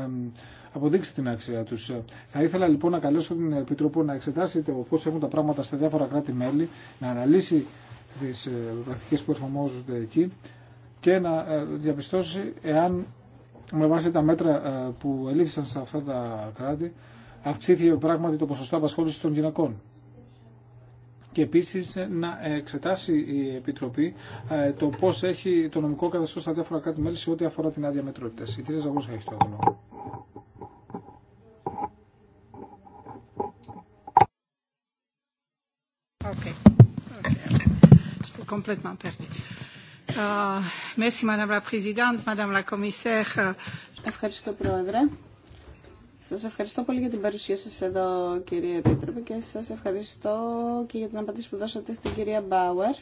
αποδείξει την αξία τους. Θα ήθελα λοιπόν να καλέσω την Επιτροπή να εξετάσει το πώς έχουν τα πράγματα στα διάφορα κράτη-μέλη, να αναλύσει τις πρακτικές που εφαρμόζονται εκεί και να διαπιστώσει εάν με βάση τα μέτρα ε, που ελήφθησαν σε αυτά τα κράτη, αυξήθηκε πράγματι το ποσοστό απασχόλησης των γυναικών. Και επίσης ε, να εξετάσει η Επιτροπή ε, το πώς έχει το νομικό καθεστώ στα διάφορα κράτη μέλη σε ό,τι αφορά την άδεια μετρότητα. Η κυρία Ζαγούσα έχει το λόγο. Okay. okay. Ε, ευχαριστώ, Πρόεδρε. Σας ευχαριστώ πολύ για την παρουσία σας εδώ, κύριε Επίτροπε, και σας ευχαριστώ και για την απαντήση που δώσατε στην κυρία Μπάουερ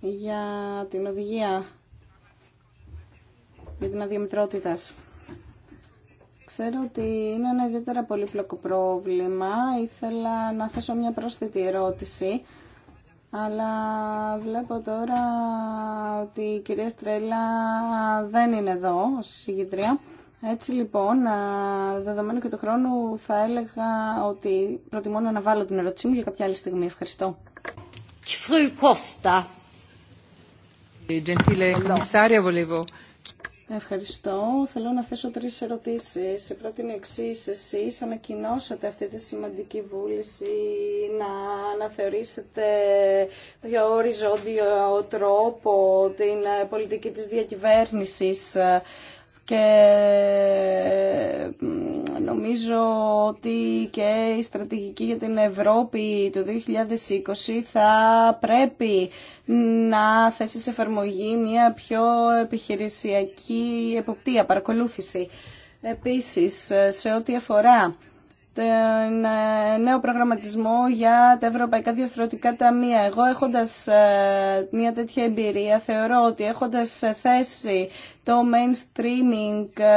για την οδηγία για την αδιαμητρότητα. Ξέρω ότι είναι ένα ιδιαίτερα πολύπλοκο πρόβλημα. Ήθελα να θέσω μια πρόσθετη ερώτηση αλλά βλέπω τώρα ότι η κυρία Στρέλα δεν είναι εδώ ως συγκεντρία. Έτσι λοιπόν, δεδομένου και του χρόνου, θα έλεγα ότι προτιμώ να αναβάλω την ερώτησή μου για κάποια άλλη στιγμή. Ευχαριστώ. Κώστα. Ε, gentile commissaria, Ευχαριστώ. Θέλω να θέσω τρεις ερωτήσεις. Η πρώτη είναι εξή Εσείς ανακοινώσατε αυτή τη σημαντική βούληση να αναθεωρήσετε πιο οριζόντιο τρόπο την πολιτική της διακυβέρνησης και νομίζω ότι και η στρατηγική για την Ευρώπη το 2020 θα πρέπει να θέσει σε εφαρμογή μια πιο επιχειρησιακή εποπτεία, παρακολούθηση. Επίσης, σε ό,τι αφορά τον ε, νέο προγραμματισμό για τα Ευρωπαϊκά Διαθροτικά Ταμεία. Εγώ έχοντας ε, μια τέτοια εμπειρία θεωρώ ότι έχοντας ε, θέσει το mainstreaming ε,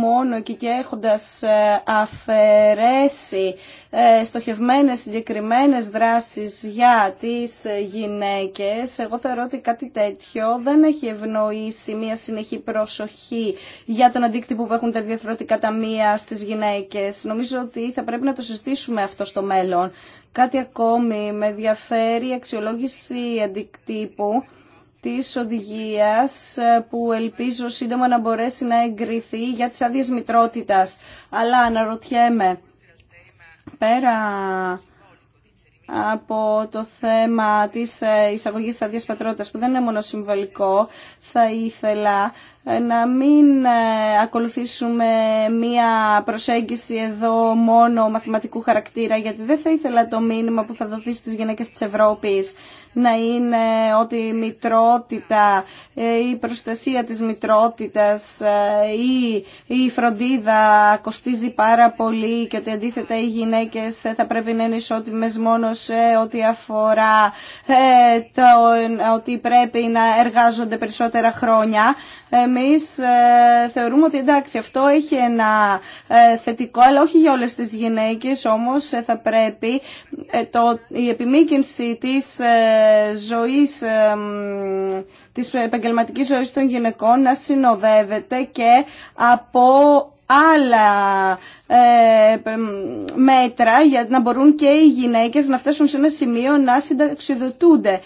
μόνο και και έχοντας ε, αφαιρέσει ε, στοχευμένες συγκεκριμένε δράσεις για τις γυναίκες, εγώ θεωρώ ότι κάτι τέτοιο δεν έχει ευνοήσει μια συνεχή προσοχή για τον αντίκτυπο που έχουν τα διαφορετικά ταμεία στις γυναίκες. Νομίζω ότι θα πρέπει να το συζητήσουμε αυτό στο μέλλον. Κάτι ακόμη με ενδιαφέρει η αξιολόγηση αντικτύπου της οδηγίας ε, που ελπίζω σύντομα να μπορέσει να εγκριθεί για τις άδειες μητρότητας. Αλλά αναρωτιέμαι, πέρα από το θέμα της ε, εισαγωγής της άδειας πατρότητας που δεν είναι μόνο συμβολικό, θα ήθελα ε, να μην ακολουθήσουμε μία προσέγγιση εδώ μόνο μαθηματικού χαρακτήρα, γιατί δεν θα ήθελα το μήνυμα που θα δοθεί στις γυναίκες της Ευρώπης να είναι ότι η μητρότητα, ε, η προστασία της μητρότητας ή ε, η φροντίδα κοστίζει πάρα πολύ και ότι αντίθετα οι γυναίκες ε, θα πρέπει να είναι ισότιμες μόνο σε ό,τι αφορά το ότι πρέπει να εργάζονται περισσότερα χρόνια. Εμείς ε, θεωρούμε ότι εντάξει αυτό έχει ένα ε, θετικό, αλλά όχι για όλες τις γυναίκες, όμως ε, θα πρέπει το, η επιμήκυνση της ζωής, της επαγγελματικής ζωής των γυναικών να συνοδεύεται και από άλλα μέτρα για να μπορούν και οι γυναίκες να φτάσουν σε ένα σημείο να συνταξιδοτούνται.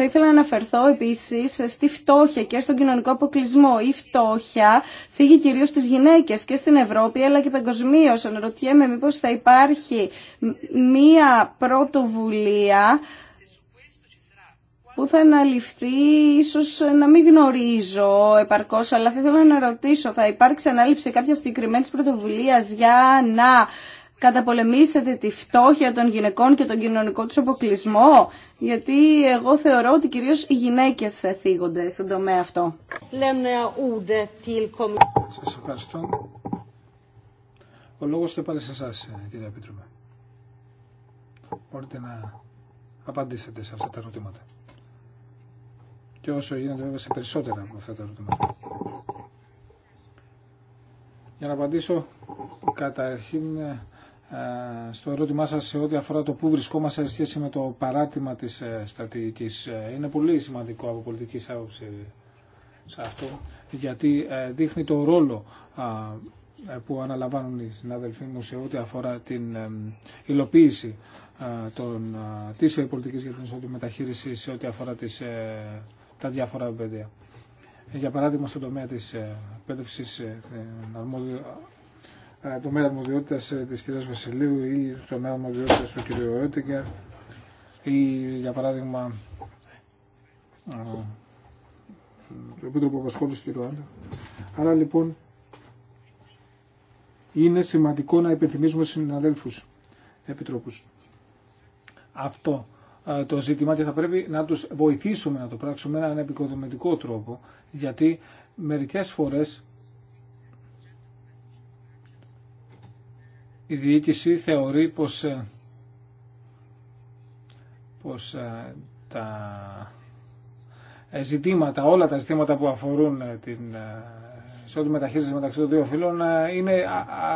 Θα ήθελα να αναφερθώ επίση στη φτώχεια και στον κοινωνικό αποκλεισμό. Η φτώχεια θίγει κυρίως στι γυναίκες και στην Ευρώπη αλλά και παγκοσμίω. Αναρωτιέμαι μήπως θα υπάρχει μία πρωτοβουλία που θα αναλυφθεί, ίσως να μην γνωρίζω επαρκώς, αλλά θα ήθελα να ρωτήσω, θα υπάρξει ανάληψη κάποια συγκεκριμένη πρωτοβουλία για να καταπολεμήσετε τη φτώχεια των γυναικών και τον κοινωνικό τους αποκλεισμό, γιατί εγώ θεωρώ ότι κυρίως οι γυναίκες θίγονται στον τομέα αυτό. Σας ευχαριστώ. Ο λόγος το πάλι σε εσάς, ε, κύριε Επίτροπε. Μπορείτε να απαντήσετε σε αυτά τα ερωτήματα. Και όσο γίνεται βέβαια σε περισσότερα από αυτά τα ερωτήματα. Για να απαντήσω καταρχήν ε, ε, στο ερώτημά σας σε ό,τι αφορά το πού βρισκόμαστε σε σχέση με το παράτημα της ε, στρατηγικής. Ε, είναι πολύ σημαντικό από πολιτική άποψη σε αυτό, γιατί δείχνει το ρόλο που αναλαμβάνουν οι συνάδελφοί μου σε ό,τι αφορά την υλοποίηση των, της πολιτικής για την ισότητα μεταχείριση σε ό,τι αφορά τις, τα διάφορα παιδεία. Για παράδειγμα, στον τομέα της εκπαίδευση, ε, το μέρα αρμοδιότητας ε, τη κυρία Βασιλείου ή το τομέα αρμοδιότητας του κ. Ότιγκερ ή για παράδειγμα το ε, Επίτροπο Απασχόληση στη Ρουάντα. Άρα λοιπόν είναι σημαντικό να υπενθυμίζουμε στου συναδέλφους επιτρόπους αυτό το ζήτημα και θα πρέπει να τους βοηθήσουμε να το πράξουμε με έναν επικοδομητικό τρόπο γιατί μερικές φορές η διοίκηση θεωρεί πως, ε, πως ε, τα ε, ζητήματα, όλα τα ζητήματα που αφορούν την ό,τι μεταχείριζε μεταξύ των δύο φίλων είναι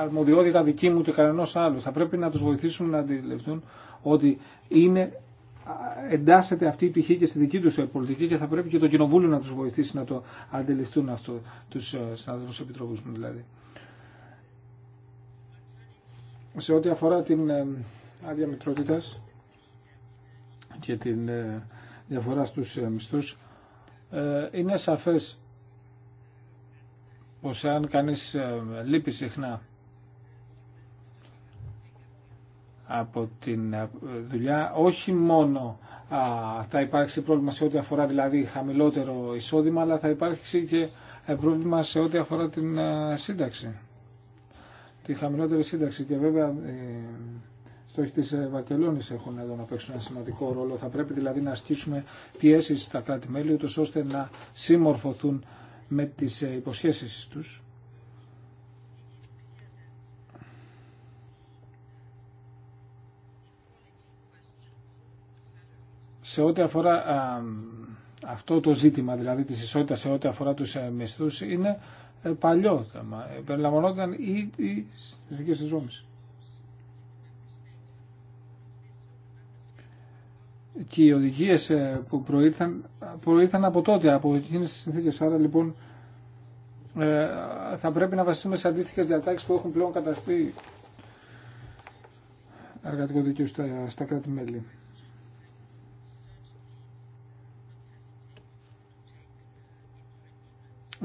αρμοδιότητα δική μου και κανένα άλλου. Θα πρέπει να τους βοηθήσουμε να αντιληφθούν ότι είναι, εντάσσεται αυτή η πτυχή και στη δική τους πολιτική και θα πρέπει και το Κοινοβούλιο να τους βοηθήσει να το αντιληφθούν αυτό, του συναδέλφου μου δηλαδή σε ό,τι αφορά την ε, άδεια μητρότητας και την ε, διαφορά στους ε, μισθούς, είναι σαφές πως αν κανείς λείπει συχνά από την δουλειά, όχι μόνο θα υπάρξει πρόβλημα σε ό,τι αφορά δηλαδή χαμηλότερο εισόδημα, αλλά θα υπάρξει και πρόβλημα σε ό,τι αφορά την σύνταξη τη χαμηλότερη σύνταξη. Και βέβαια οι ε, στόχοι της ε, Βαρκελόνη έχουν εδώ να παίξουν ένα σημαντικό ρόλο. Θα πρέπει δηλαδή να ασκήσουμε πιέσεις στα κράτη-μέλη, ώστε να συμμορφωθούν με τις ε, υποσχέσεις τους. σε ό,τι αφορά α, αυτό το ζήτημα, δηλαδή της ισότητας σε ό,τι αφορά τους μισθούς, είναι ε, παλιό θέμα. Ε, περιλαμβανόταν ήδη στις δικές της Και οι οδηγίες ε, που προήρθαν, προήρθαν από τότε, από εκείνες τις συνθήκες. Άρα λοιπόν θα πρέπει να βασίσουμε σε αντίστοιχε διατάξεις που έχουν πλέον καταστεί εργατικό δικαίωμα στα, στα κράτη-μέλη.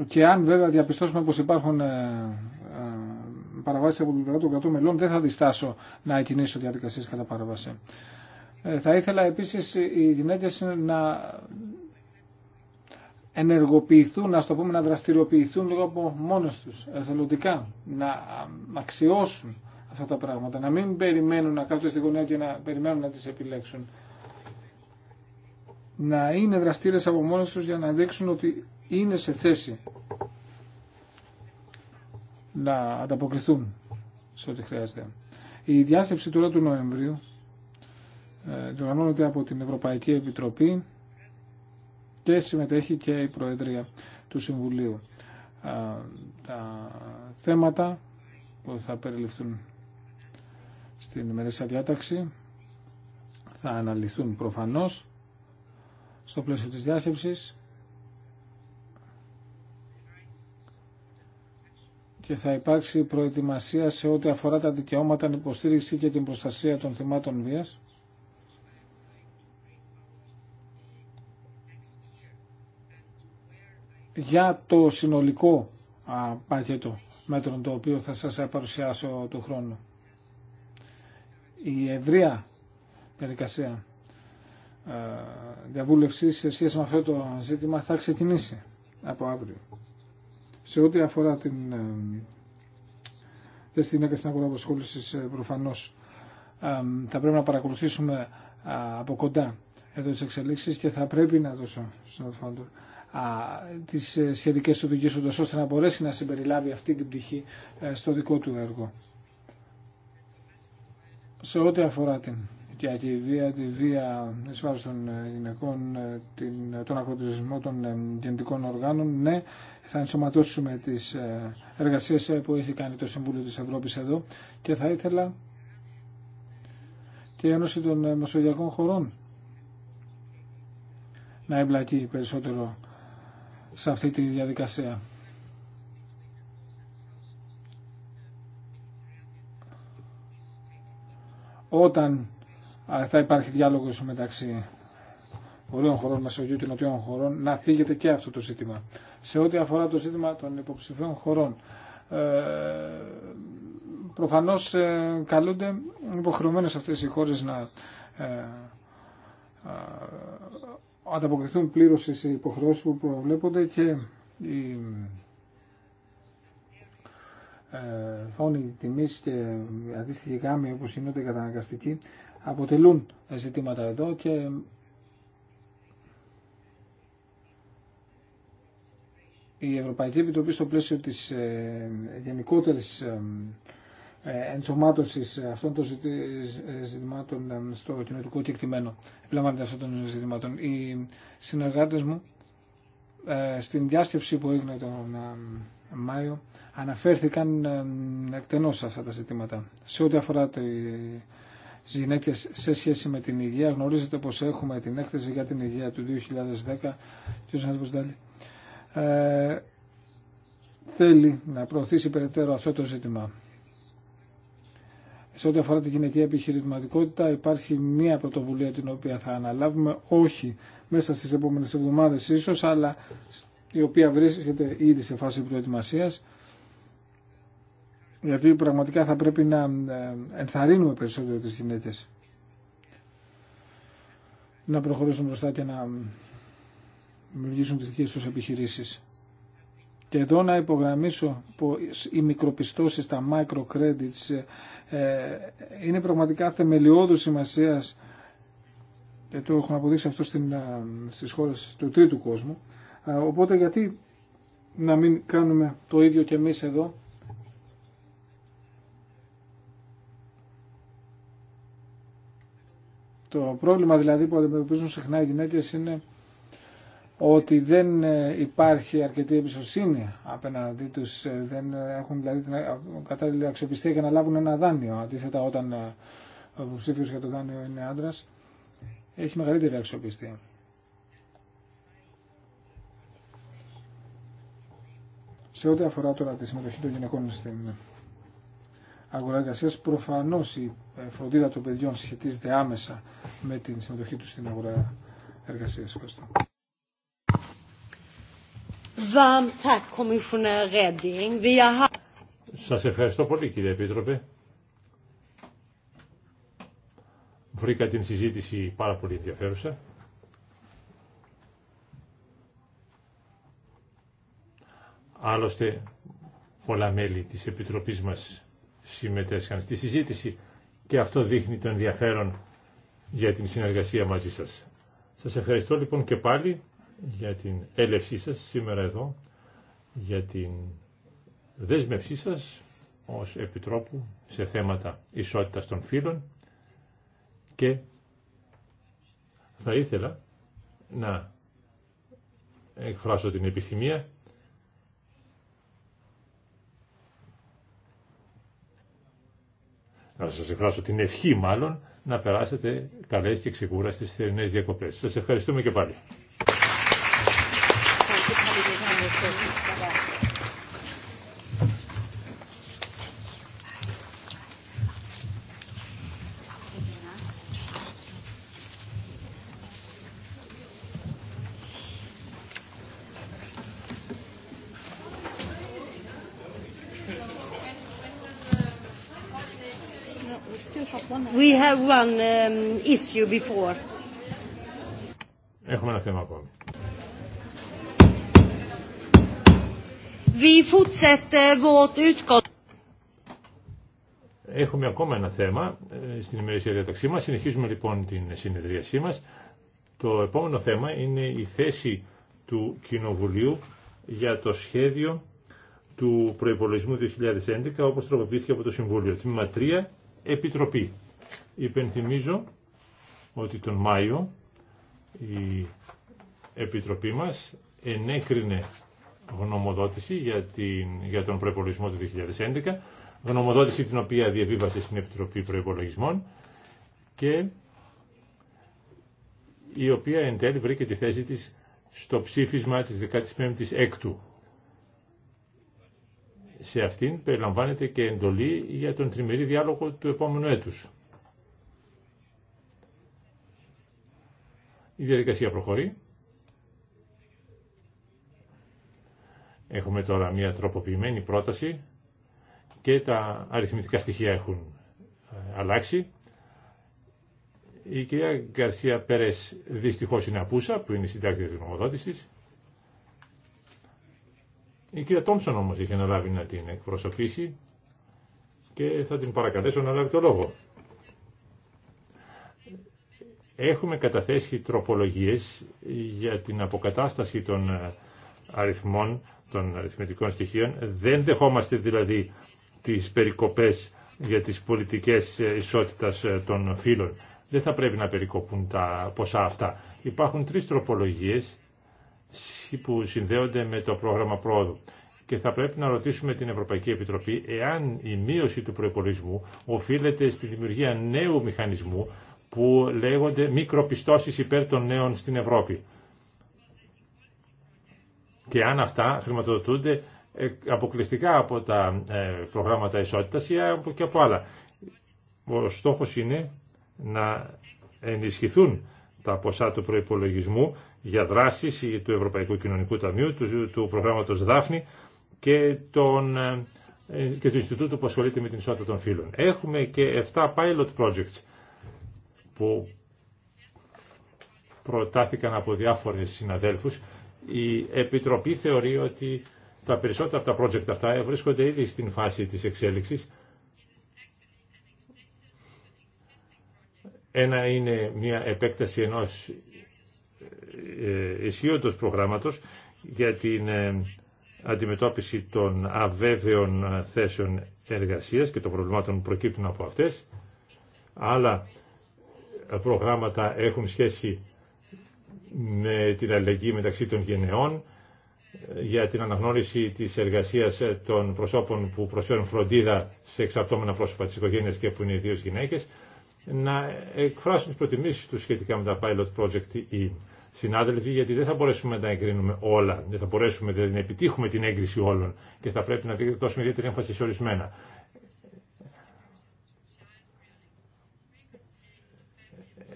Και αν βέβαια διαπιστώσουμε πως υπάρχουν ε, ε, παραβάσεις από την πλευρά των κρατών μελών, δεν θα διστάσω να εκινήσω διαδικασίες κατά παραβάση. Ε, θα ήθελα επίσης οι γυναίκες να ενεργοποιηθούν, να το πούμε, να δραστηριοποιηθούν λίγο από μόνες τους, εθελοντικά, να αξιώσουν αυτά τα πράγματα, να μην περιμένουν να κάθονται στη γωνία και να περιμένουν να τις επιλέξουν. Να είναι δραστήρες από μόνες τους για να δείξουν ότι είναι σε θέση να ανταποκριθούν σε ό,τι χρειάζεται. Η διάσκεψη τώρα του Νοεμβρίου διοργανώνεται ε, από την Ευρωπαϊκή Επιτροπή και συμμετέχει και η Προεδρία του Συμβουλίου. Τα θέματα που θα περιληφθούν στην ημερήσια διάταξη θα αναλυθούν προφανώς στο πλαίσιο της διάσκεψης και θα υπάρξει προετοιμασία σε ό,τι αφορά τα δικαιώματα, την υποστήριξη και την προστασία των θυμάτων βίας. για το συνολικό πακέτο μέτρων το οποίο θα σας παρουσιάσω του χρόνου. Η ευρεία διαδικασία ε, διαβούλευση σε σχέση με αυτό το ζήτημα θα ξεκινήσει από αύριο. Σε ό,τι αφορά την θέση και στην αγορά ε, προφανώ θα πρέπει να παρακολουθήσουμε από κοντά εδώ τι εξελίξει και θα πρέπει να δώσω στον τις τι ε, σχετικέ οδηγίε, ώστε να μπορέσει να συμπεριλάβει αυτή την πτυχή ε, στο δικό του έργο. Σε ό,τι αφορά την για τη βία, τη βία εις των ε, γυναικών, ε, την, ε, τον ακροτηρισμό των γεννητικών οργάνων. Ναι, θα ενσωματώσουμε τις εργασίες που έχει κάνει το Συμβούλιο της Ευρώπης εδώ και θα ήθελα και η Ένωση των Μεσογειακών Χωρών να εμπλακεί περισσότερο σε αυτή τη διαδικασία. Όταν θα υπάρχει διάλογος μεταξύ ορίων χωρών Μεσογείου και Νοτιών χωρών να θίγεται και αυτό το ζήτημα. Σε ό,τι αφορά το ζήτημα των υποψηφίων χωρών, ε, προφανώς ε, καλούνται υποχρεωμένε αυτές οι χώρες να ε, ανταποκριθούν πλήρω στι υποχρεώσει που προβλέπονται και η ε, φόνη τιμής και αντίστοιχη γάμοι όπω γίνονται καταναγκαστικοί αποτελούν ζητήματα εδώ και η Ευρωπαϊκή Επιτροπή στο πλαίσιο της ε, γενικότερης ε, ε, ενσωμάτωσης αυτών των ε, ζητημάτων στο κοινωτικό κεκτημένο επιλαμβάνεται αυτών των ζητημάτων. Οι συνεργάτες μου στην διάσκεψη που έγινε τον Μάιο αναφέρθηκαν εκτενώς σε αυτά τα ζητήματα. Σε ό,τι αφορά σε σχέση με την υγεία. Γνωρίζετε πως έχουμε την έκθεση για την υγεία του 2010 και ο ε, θέλει να προωθήσει περαιτέρω αυτό το ζήτημα. Σε ό,τι αφορά τη γυναική επιχειρηματικότητα υπάρχει μία πρωτοβουλία την οποία θα αναλάβουμε, όχι μέσα στις επόμενες εβδομάδες ίσως, αλλά η οποία βρίσκεται ήδη σε φάση προετοιμασίας γιατί πραγματικά θα πρέπει να ε, ενθαρρύνουμε περισσότερο τις γυναίκες να προχωρήσουν μπροστά και να δημιουργήσουν τις δικές τους επιχειρήσεις. Και εδώ να υπογραμμίσω πως οι μικροπιστώσεις, τα micro-credits ε, ε, είναι πραγματικά θεμελιώδους σημασία και το έχουν αποδείξει αυτό στην, στις χώρες του τρίτου κόσμου. Οπότε γιατί να μην κάνουμε το ίδιο και εμείς εδώ Το πρόβλημα δηλαδή που αντιμετωπίζουν συχνά οι γυναίκε είναι ότι δεν ε, υπάρχει αρκετή εμπιστοσύνη απέναντί τους, ε, δεν έχουν δηλαδή την κατάλληλη αξιοπιστία για να λάβουν ένα δάνειο. Αντίθετα όταν ε, ο υποψήφιο για το δάνειο είναι άντρα, έχει μεγαλύτερη αξιοπιστία. Σε ό,τι αφορά τώρα τη συμμετοχή των γυναικών στην αγορά εργασία. Προφανώ η ε, φροντίδα των παιδιών σχετίζεται άμεσα με την συμμετοχή του στην αγορά εργασία. Ευχαριστώ. Σας ευχαριστώ πολύ κύριε Επίτροπε. Βρήκα την συζήτηση πάρα πολύ ενδιαφέρουσα. Άλλωστε πολλά μέλη της Επιτροπής μας συμμετέσχαν στη συζήτηση και αυτό δείχνει το ενδιαφέρον για την συνεργασία μαζί σας. Σας ευχαριστώ λοιπόν και πάλι για την έλευσή σας σήμερα εδώ, για την δέσμευσή σας ως Επιτρόπου σε θέματα ισότητας των φύλων και θα ήθελα να εκφράσω την επιθυμία να σας εκφράσω την ευχή μάλλον, να περάσετε καλές και στι θερινές διακοπές. Σας ευχαριστούμε και πάλι. you before. Έχουμε ένα θέμα ακόμη. Έχουμε ακόμα ένα θέμα ε, στην ημερήσια διαταξή μας. Συνεχίζουμε λοιπόν την συνεδρίασή μας. Το επόμενο θέμα είναι η θέση του Κοινοβουλίου για το σχέδιο του προϋπολογισμού 2011 όπως τροποποιήθηκε από το Συμβούλιο. Τμήμα 3, Επιτροπή. Υπενθυμίζω ότι τον Μάιο η Επιτροπή μας ενέκρινε γνωμοδότηση για, την, για τον προπολογισμό του 2011, γνωμοδότηση την οποία διαβίβασε στην Επιτροπή Προπολογισμών και η οποία εν τέλει βρήκε τη θέση της στο ψήφισμα της 15ης Έκτου. Σε αυτήν περιλαμβάνεται και εντολή για τον τριμερή διάλογο του επόμενου έτους. Η διαδικασία προχωρεί. Έχουμε τώρα μια τροποποιημένη πρόταση και τα αριθμητικά στοιχεία έχουν ε, αλλάξει. Η κυρία Γκαρσία Πέρες δυστυχώς είναι απούσα, που είναι η συντάκτη της γνωμοδότησης. Η κυρία Τόμσον όμως είχε αναλάβει να την εκπροσωπήσει και θα την παρακαλέσω να λάβει το λόγο. Έχουμε καταθέσει τροπολογίες για την αποκατάσταση των ε, αριθμών, των αριθμητικών στοιχείων. Δεν δεχόμαστε δηλαδή τις περικοπές για τις πολιτικές ε, ισότητας ε, των φύλων. Δεν θα πρέπει να περικοπούν τα ποσά αυτά. Υπάρχουν τρεις τροπολογίες που συνδέονται με το πρόγραμμα πρόοδου. Και θα πρέπει να ρωτήσουμε την Ευρωπαϊκή Επιτροπή εάν η μείωση του προπολογισμού οφείλεται στη δημιουργία νέου μηχανισμού που λέγονται μικροπιστώσεις υπέρ των νέων στην Ευρώπη. Και αν αυτά χρηματοδοτούνται ε, αποκλειστικά από τα ε, προγράμματα ισότητας ή και από άλλα. Ο στόχος είναι να ενισχυθούν τα ποσά του προϋπολογισμού για δράσεις του Ευρωπαϊκού Κοινωνικού Ταμείου, του, του προγράμματος Δάφνη και, τον, ε, και του Ινστιτούτου που ασχολείται με την ισότητα των φύλων. Έχουμε και 7 pilot projects που προτάθηκαν από διάφορες συναδέλφους, η Επιτροπή θεωρεί ότι τα περισσότερα από τα project αυτά βρίσκονται ήδη στην φάση της εξέλιξης. Ένα είναι μια επέκταση ενός ε, ισχύοντος προγράμματος για την ε, αντιμετώπιση των αβέβαιων θέσεων εργασίας και των προβλημάτων που προκύπτουν από αυτές. Άλλα προγράμματα έχουν σχέση με την αλληλεγγύη μεταξύ των γενεών, ε, για την αναγνώριση της εργασίας ε, των προσώπων που προσφέρουν φροντίδα σε εξαρτώμενα πρόσωπα της οικογένειας και που είναι ιδίω γυναίκες, να εκφράσουν τις προτιμήσεις τους σχετικά με τα pilot project οι συνάδελφοι, γιατί δεν θα μπορέσουμε να εγκρίνουμε όλα, δεν θα μπορέσουμε δηλαδή να επιτύχουμε την έγκριση όλων και θα πρέπει να δώσουμε ιδιαίτερη έμφαση σε ορισμένα.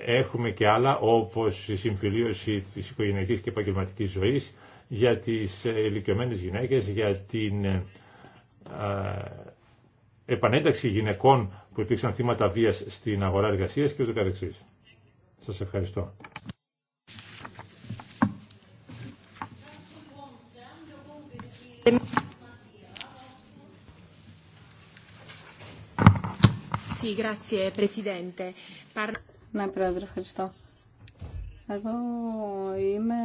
Έχουμε και άλλα όπως η συμφιλίωση της οικογενειακής και επαγγελματικής ζωής για τις ε, ηλικιωμένες γυναίκες, για την ε, επανένταξη γυναικών που υπήρξαν θύματα βίας στην αγορά εργασίας και ούτω καθεξής. Σας ευχαριστώ. Ναι, Πρόεδρε, ευχαριστώ. Εγώ είμαι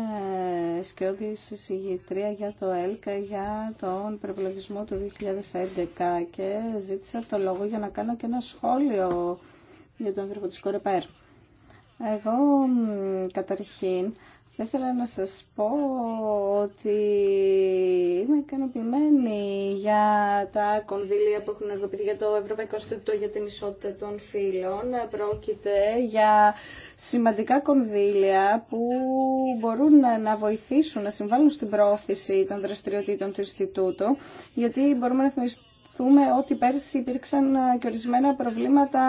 σκιώδη συγγητρία για το ΕΛΚΑ για τον προπολογισμό του 2011 και ζήτησα το λόγο για να κάνω και ένα σχόλιο για τον ευρωβουλευτικό της Εγώ καταρχήν θα ήθελα να σας πω ότι είμαι ικανοποιημένη για τα κονδύλια που έχουν εργοποιηθεί για το Ευρωπαϊκό Ινστιτούτο για την Ισότητα των Φύλων. Πρόκειται για σημαντικά κονδύλια που μπορούν να βοηθήσουν να συμβάλλουν στην πρόθεση των δραστηριοτήτων του Ινστιτούτου, γιατί μπορούμε να θυμηθούμε ότι πέρσι υπήρξαν και ορισμένα προβλήματα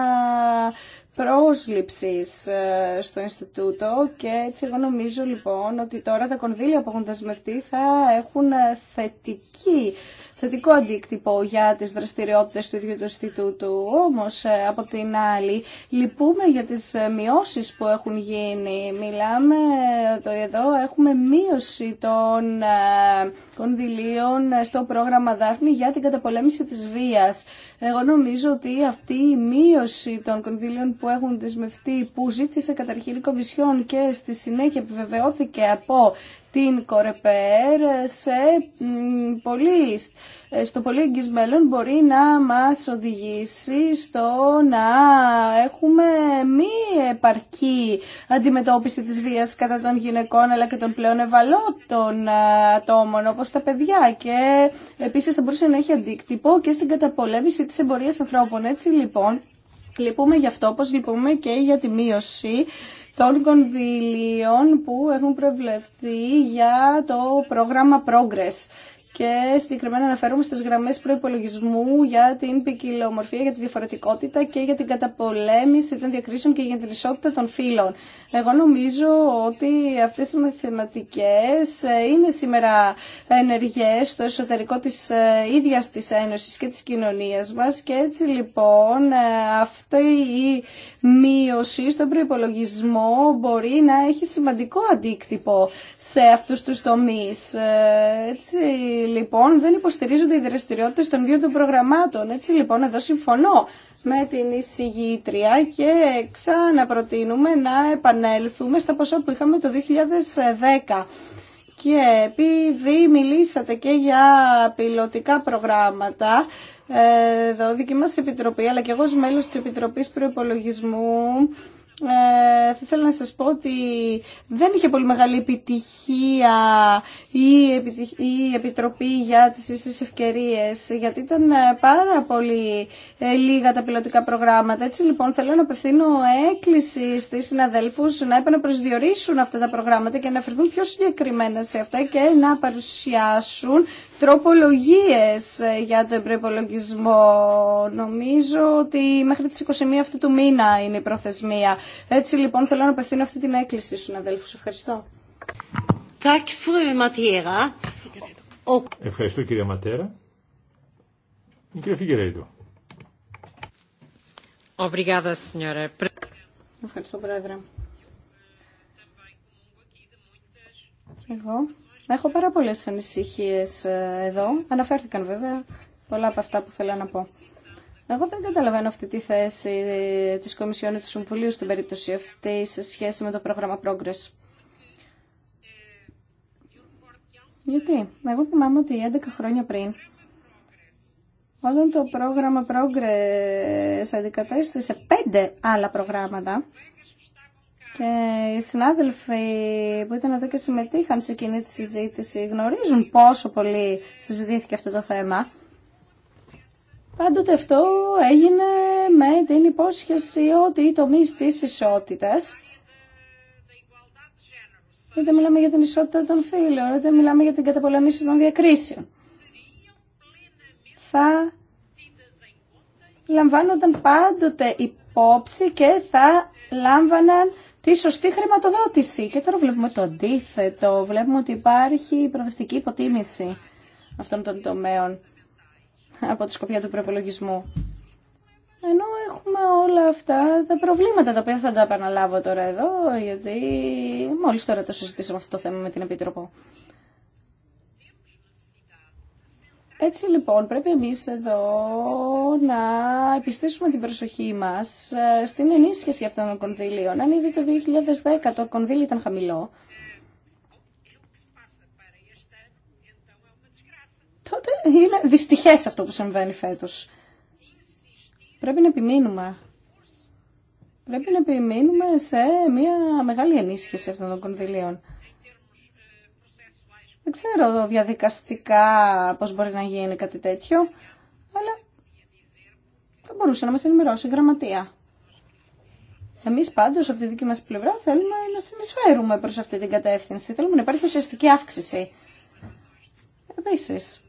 πρόσληψης ε, στο Ινστιτούτο και έτσι εγώ νομίζω λοιπόν ότι τώρα τα κονδύλια που έχουν δεσμευτεί θα έχουν ε, θετική θετικό αντίκτυπο για τις δραστηριότητες του ίδιου του Ινστιτούτου. Όμως, ε, από την άλλη, λυπούμε για τις ε, μειώσεις που έχουν γίνει. Μιλάμε, ε, το εδώ έχουμε μείωση των κονδυλίων στο πρόγραμμα Δάφνη για την καταπολέμηση της βίας. Εγώ νομίζω ότι αυτή η μείωση των κονδυλίων που έχουν δεσμευτεί, που ζήτησε καταρχήν η Κομισιόν και στη συνέχεια επιβεβαιώθηκε από την Κορεπέρ σε πολύ, ε, στο πολύ εγγύς μπορεί να μας οδηγήσει στο να έχουμε μη επαρκή αντιμετώπιση της βίας κατά των γυναικών αλλά και των πλέον ευαλώτων ατόμων όπως τα παιδιά και επίσης θα μπορούσε να έχει αντίκτυπο και στην καταπολέμηση της εμπορίας ανθρώπων. Έτσι λοιπόν Λυπούμε γι' αυτό, όπως λυπούμε και για τη μείωση των κονδυλίων που έχουν προβλεφθεί για το πρόγραμμα Progress και συγκεκριμένα αναφέρομαι στις γραμμές προϋπολογισμού για την ποικιλομορφία, για τη διαφορετικότητα και για την καταπολέμηση των διακρίσεων και για την ισότητα των φύλων. Εγώ νομίζω ότι αυτές οι μαθηματικές ε, είναι σήμερα ενεργές στο εσωτερικό της ε, ίδιας της Ένωσης και της κοινωνίας μας και έτσι λοιπόν ε, αυτή η μείωση στον προπολογισμό μπορεί να έχει σημαντικό αντίκτυπο σε αυτούς τους τομείς. Ε, έτσι λοιπόν δεν υποστηρίζονται οι δραστηριότητε των δύο των προγραμμάτων. Έτσι λοιπόν εδώ συμφωνώ με την εισηγήτρια και ξαναπροτείνουμε να επανέλθουμε στα ποσά που είχαμε το 2010. Και επειδή μιλήσατε και για πιλωτικά προγράμματα, εδώ δική μας Επιτροπή, αλλά και εγώ ως μέλος της Επιτροπής Προϋπολογισμού, ε, θα ήθελα να σας πω ότι δεν είχε πολύ μεγάλη επιτυχία η, Επιτροπή για τις ίσες ευκαιρίες γιατί ήταν ε, πάρα πολύ ε, λίγα τα πιλωτικά προγράμματα. Έτσι λοιπόν θέλω να απευθύνω έκκληση στις συναδέλφους να επαναπροσδιορίσουν αυτά τα προγράμματα και να φερθούν πιο συγκεκριμένα σε αυτά και να παρουσιάσουν τροπολογίες ε, για τον προπολογισμό. Νομίζω ότι μέχρι τις 21 αυτού του μήνα είναι η προθεσμία. Έτσι λοιπόν θέλω να απευθύνω αυτή την έκκληση στους συναδέλφους. Ευχαριστώ. Ευχαριστώ κύριε Ματέρα. Κύριε Φιγκερέιντο. Ευχαριστώ πρόεδρε. Εγώ Έχω πάρα πολλέ ανησυχίε ε, εδώ. Αναφέρθηκαν βέβαια πολλά από αυτά που θέλω να πω. Εγώ δεν καταλαβαίνω αυτή τη θέση ε, της Κομισιόν του Συμβουλίου στην περίπτωση αυτή σε σχέση με το πρόγραμμα Progress. Γιατί, εγώ θυμάμαι ότι 11 χρόνια πριν, όταν το πρόγραμμα Progress αντικατέστησε 5 άλλα προγράμματα, και ε, οι συνάδελφοι που ήταν εδώ και συμμετείχαν σε εκείνη τη συζήτηση γνωρίζουν πόσο πολύ συζητήθηκε αυτό το θέμα. Πάντοτε αυτό έγινε με την υπόσχεση ότι οι τομεί τη ισότητα. δεν μιλάμε για την ισότητα των φίλων, δεν μιλάμε για την καταπολέμηση των διακρίσεων. Θα λαμβάνονταν πάντοτε υπόψη και θα λάμβαναν τη σωστή χρηματοδότηση. Και τώρα βλέπουμε το αντίθετο. Βλέπουμε ότι υπάρχει προοδευτική υποτίμηση αυτών των τομέων από τη σκοπιά του προπολογισμού. Ενώ έχουμε όλα αυτά τα προβλήματα τα οποία θα τα επαναλάβω τώρα εδώ, γιατί μόλις τώρα το συζητήσαμε αυτό το θέμα με την Επίτροπο. Έτσι λοιπόν πρέπει εμείς εδώ να επιστήσουμε την προσοχή μας ε, στην ενίσχυση αυτών των κονδύλιων. Αν ήδη το 2010 το κονδύλι ήταν χαμηλό, τότε είναι δυστυχές αυτό που συμβαίνει φέτος. Πρέπει να επιμείνουμε. Πρέπει να επιμείνουμε σε μια μεγάλη ενίσχυση αυτών των κονδυλίων. Δεν ξέρω διαδικαστικά πώς μπορεί να γίνει κάτι τέτοιο, αλλά θα μπορούσε να μας ενημερώσει η γραμματεία. Εμείς πάντως από τη δική μας πλευρά θέλουμε να συνεισφέρουμε προς αυτή την κατεύθυνση. Θέλουμε να υπάρχει ουσιαστική αύξηση. Επίσης,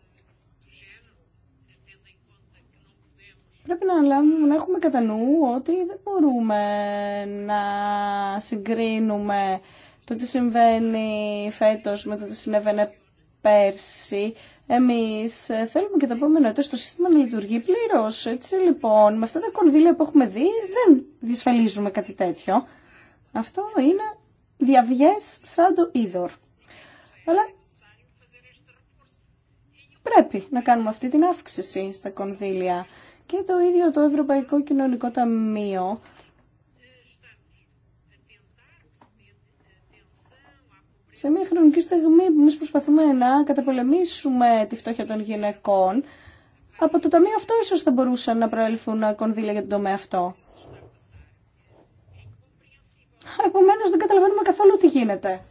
πρέπει να, λάβουμε, να έχουμε κατά νου ότι δεν μπορούμε να συγκρίνουμε το τι συμβαίνει φέτος με το τι συνέβαινε πέρσι, εμείς θέλουμε και το επόμενο έτος το σύστημα να λειτουργεί πλήρως. Έτσι λοιπόν, με αυτά τα κονδύλια που έχουμε δει δεν διασφαλίζουμε κάτι τέτοιο. Αυτό είναι διαβιές σαν το είδωρ. Αλλά πρέπει να κάνουμε αυτή την αύξηση στα κονδύλια. Και το ίδιο το Ευρωπαϊκό Κοινωνικό Ταμείο σε μια χρονική στιγμή που εμεί προσπαθούμε να καταπολεμήσουμε τη φτώχεια των γυναικών, από το ταμείο αυτό ίσω θα μπορούσαν να προέλθουν κονδύλια για τον τομέα αυτό. Επομένω δεν καταλαβαίνουμε καθόλου τι γίνεται.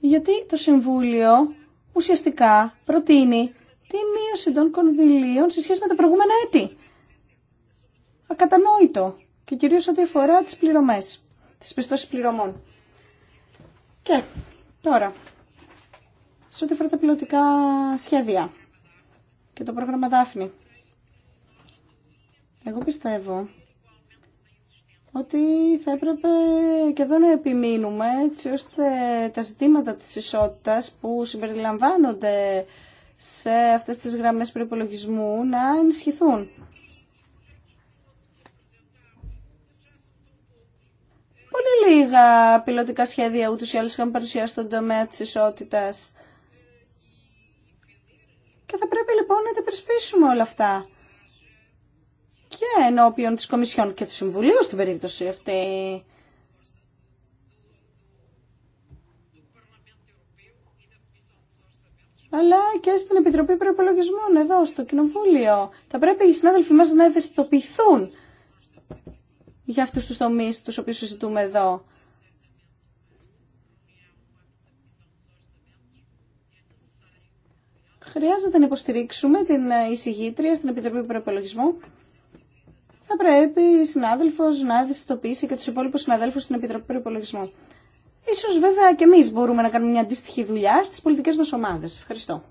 Γιατί το Συμβούλιο ουσιαστικά προτείνει τη μείωση των κονδυλίων σε σχέση με τα προηγούμενα έτη. Ακατανόητο και κυρίως ό,τι αφορά τις πληρωμές, τις πιστώσεις πληρωμών. Και τώρα, σε ό,τι αφορά τα πιλωτικά σχέδια και το πρόγραμμα Δάφνη. Εγώ πιστεύω ότι θα έπρεπε και εδώ να επιμείνουμε έτσι ώστε τα ζητήματα της ισότητας που συμπεριλαμβάνονται σε αυτές τις γραμμές προϋπολογισμού να ενισχυθούν. λίγα πιλωτικά σχέδια ούτως ή άλλως είχαμε παρουσιάσει στον τομέα της ισότητας. Και θα πρέπει λοιπόν να τα περισπίσουμε όλα αυτά. Και ενώπιον της Κομισιόν και του Συμβουλίου στην περίπτωση αυτή. αλλά και στην Επιτροπή Προπολογισμών εδώ στο Κοινοβούλιο. Θα πρέπει οι συνάδελφοι μας να ευαισθητοποιηθούν για αυτούς τους τομείς τους οποίους συζητούμε εδώ. Χρειάζεται να υποστηρίξουμε την εισηγήτρια στην Επιτροπή Προπολογισμού. Θα πρέπει η συνάδελφο να ευαισθητοποιήσει και του υπόλοιπου συναδέλφου στην Επιτροπή Προπολογισμού. Ίσως βέβαια και εμείς μπορούμε να κάνουμε μια αντίστοιχη δουλειά στις πολιτικές μας ομάδες. Ευχαριστώ.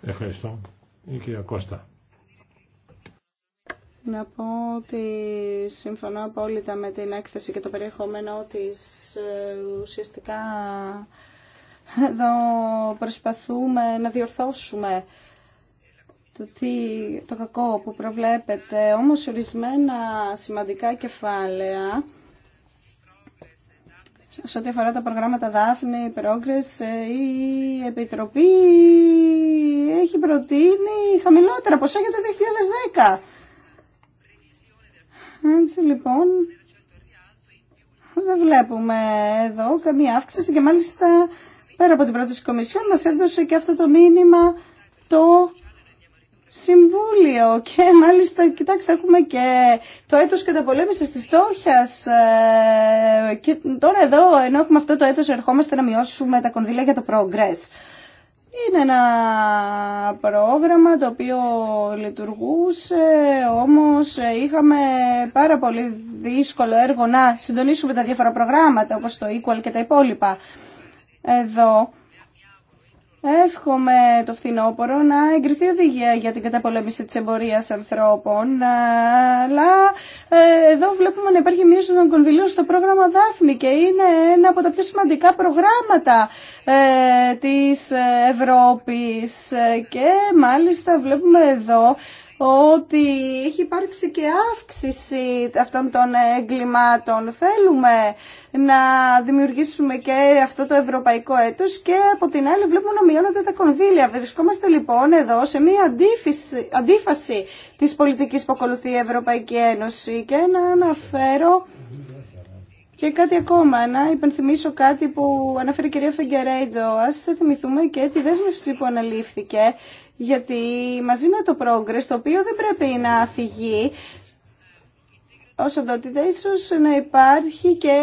Ευχαριστώ. Να πω ότι συμφωνώ απόλυτα με την έκθεση και το περιεχόμενό της. Ε, ουσιαστικά εδώ προσπαθούμε να διορθώσουμε το, τι, το κακό που προβλέπεται. Όμως ορισμένα σημαντικά κεφάλαια σε ό,τι αφορά τα προγράμματα Δάφνη, Progress, ε, η Επιτροπή έχει προτείνει χαμηλότερα ποσά για το 2010. Έτσι λοιπόν, δεν βλέπουμε εδώ καμία αύξηση και μάλιστα πέρα από την πρόταση της Κομισιόν μας έδωσε και αυτό το μήνυμα το Συμβούλιο και μάλιστα, κοιτάξτε, έχουμε και το έτος καταπολέμησης της στόχιας ε, και τώρα εδώ, ενώ έχουμε αυτό το έτος, ερχόμαστε να μειώσουμε τα κονδύλια για το Progress. Είναι ένα πρόγραμμα το οποίο λειτουργούσε, όμως ε, είχαμε πάρα πολύ δύσκολο έργο να συντονίσουμε τα διάφορα προγράμματα, όπως το Equal και τα υπόλοιπα. Εδώ Εύχομαι το φθινόπωρο να εγκριθεί οδηγία για την καταπολέμηση της εμπορίας ανθρώπων, αλλά ε, εδώ βλέπουμε να υπάρχει μείωση των κονδυλίων στο πρόγραμμα Δάφνη και είναι ένα από τα πιο σημαντικά προγράμματα ε, της Ευρώπης ε, και μάλιστα βλέπουμε εδώ ότι έχει υπάρξει και αύξηση αυτών των εγκλημάτων. Θέλουμε να δημιουργήσουμε και αυτό το ευρωπαϊκό έτος και από την άλλη βλέπουμε να μειώνονται τα κονδύλια. Βρισκόμαστε λοιπόν εδώ σε μια αντίφαση, αντίφαση της πολιτικής που ακολουθεί η Ευρωπαϊκή Ένωση και να αναφέρω και κάτι ακόμα, να υπενθυμίσω κάτι που αναφέρει η κυρία Φεγκερέιντο. Ας θυμηθούμε και τη δέσμευση που αναλήφθηκε γιατί μαζί με το progress, το οποίο δεν πρέπει να αφηγεί, όσο οντότητα ίσως να, υπάρχει και,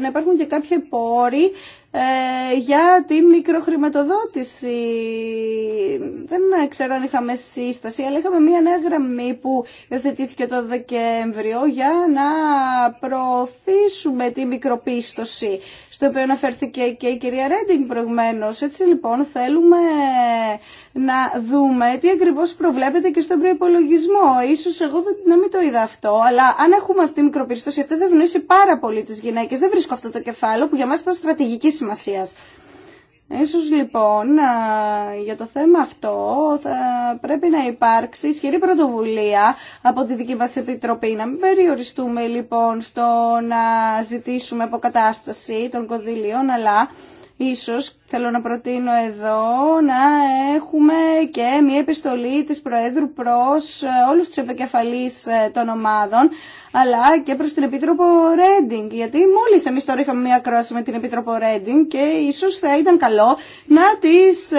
να υπάρχουν και κάποιοι πόροι ε, για την μικροχρηματοδότηση. Δεν ξέρω αν είχαμε σύσταση, αλλά είχαμε μία νέα γραμμή που υιοθετήθηκε το Δεκέμβριο για να προωθήσουμε τη μικροπίστοση, στο οποίο αναφέρθηκε και η κυρία Ρέντινγκ προηγουμένως. Έτσι λοιπόν θέλουμε να δούμε τι ακριβώς προβλέπεται και στον προϋπολογισμό. Ίσως εγώ να μην το είδα αυτό, αλλά αν έχουμε αυτή την μικροπιστώση, αυτό δεν ευνοήσει πάρα πολύ τις γυναίκες. Δεν βρίσκω αυτό το κεφάλαιο που για μας ήταν στρατηγική σημασία. Ίσως λοιπόν για το θέμα αυτό θα πρέπει να υπάρξει ισχυρή πρωτοβουλία από τη δική μας Επιτροπή. Να μην περιοριστούμε λοιπόν στο να ζητήσουμε αποκατάσταση των κονδυλίων αλλά Ίσως θέλω να προτείνω εδώ να έχουμε και μια επιστολή της Προέδρου προς ε, όλους τους επικεφαλείς ε, των ομάδων αλλά και προς την Επίτροπο Ρέντινγκ γιατί μόλις εμείς τώρα είχαμε μια κρόση με την Επίτροπο Ρέντινγκ και ίσως θα ήταν καλό να τις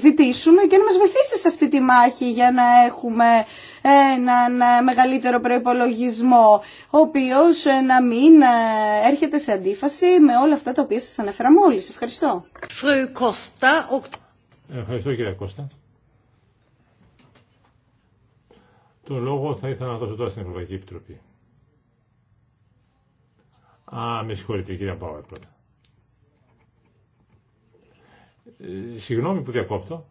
ζητήσουμε και να μας βοηθήσει σε αυτή τη μάχη για να έχουμε έναν ε, μεγαλύτερο προπολογισμό, ο οποίο ε, να μην ε, έρχεται σε αντίφαση με όλα αυτά τα οποία σα ανέφερα μόλι. Ευχαριστώ. Ευχαριστώ κύριε Κώστα. Το λόγο θα ήθελα να δώσω τώρα στην Ευρωπαϊκή Επιτροπή. Α, με συγχωρείτε κυρία Πάουερ πρώτα. συγγνώμη που διακόπτω.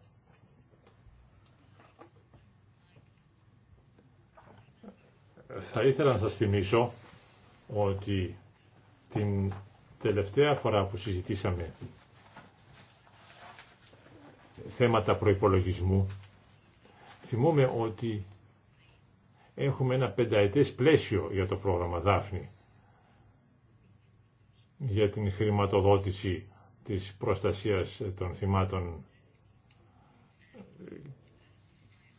θα ήθελα να σας θυμίσω ότι την τελευταία φορά που συζητήσαμε θέματα προϋπολογισμού θυμούμε ότι έχουμε ένα πενταετές πλαίσιο για το πρόγραμμα Δάφνη για την χρηματοδότηση της προστασίας των θυμάτων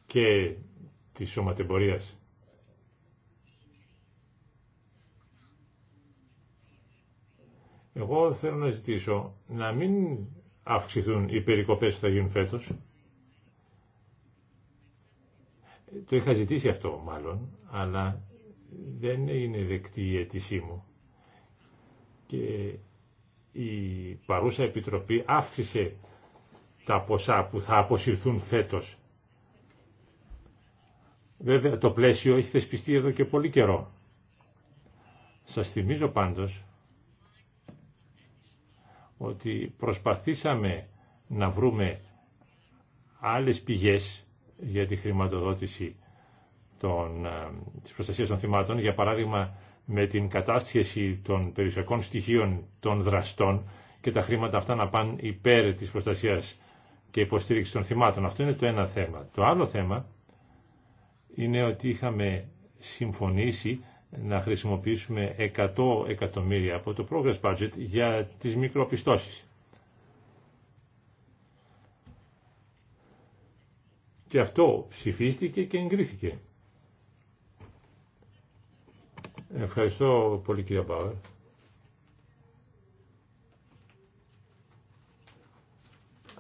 και της σωματεμπορίας. Εγώ θέλω να ζητήσω να μην αυξηθούν οι περικοπές που θα γίνουν φέτος. Το είχα ζητήσει αυτό μάλλον, αλλά δεν είναι δεκτή η αίτησή μου. Και η παρούσα επιτροπή αύξησε τα ποσά που θα αποσυρθούν φέτος. Βέβαια το πλαίσιο έχει θεσπιστεί εδώ και πολύ καιρό. Σας θυμίζω πάντως ότι προσπαθήσαμε να βρούμε άλλες πηγές για τη χρηματοδότηση των, ε, της προστασίας των θυμάτων, για παράδειγμα με την κατάσχεση των περιουσιακών στοιχείων των δραστών και τα χρήματα αυτά να πάνε υπέρ της προστασίας και υποστήριξης των θυμάτων. Αυτό είναι το ένα θέμα. Το άλλο θέμα είναι ότι είχαμε συμφωνήσει να χρησιμοποιήσουμε 100 εκατομμύρια από το Progress Budget για τις μικροπιστώσεις. Και αυτό ψηφίστηκε και εγκρίθηκε. Ευχαριστώ πολύ κύριε Μπάουερ.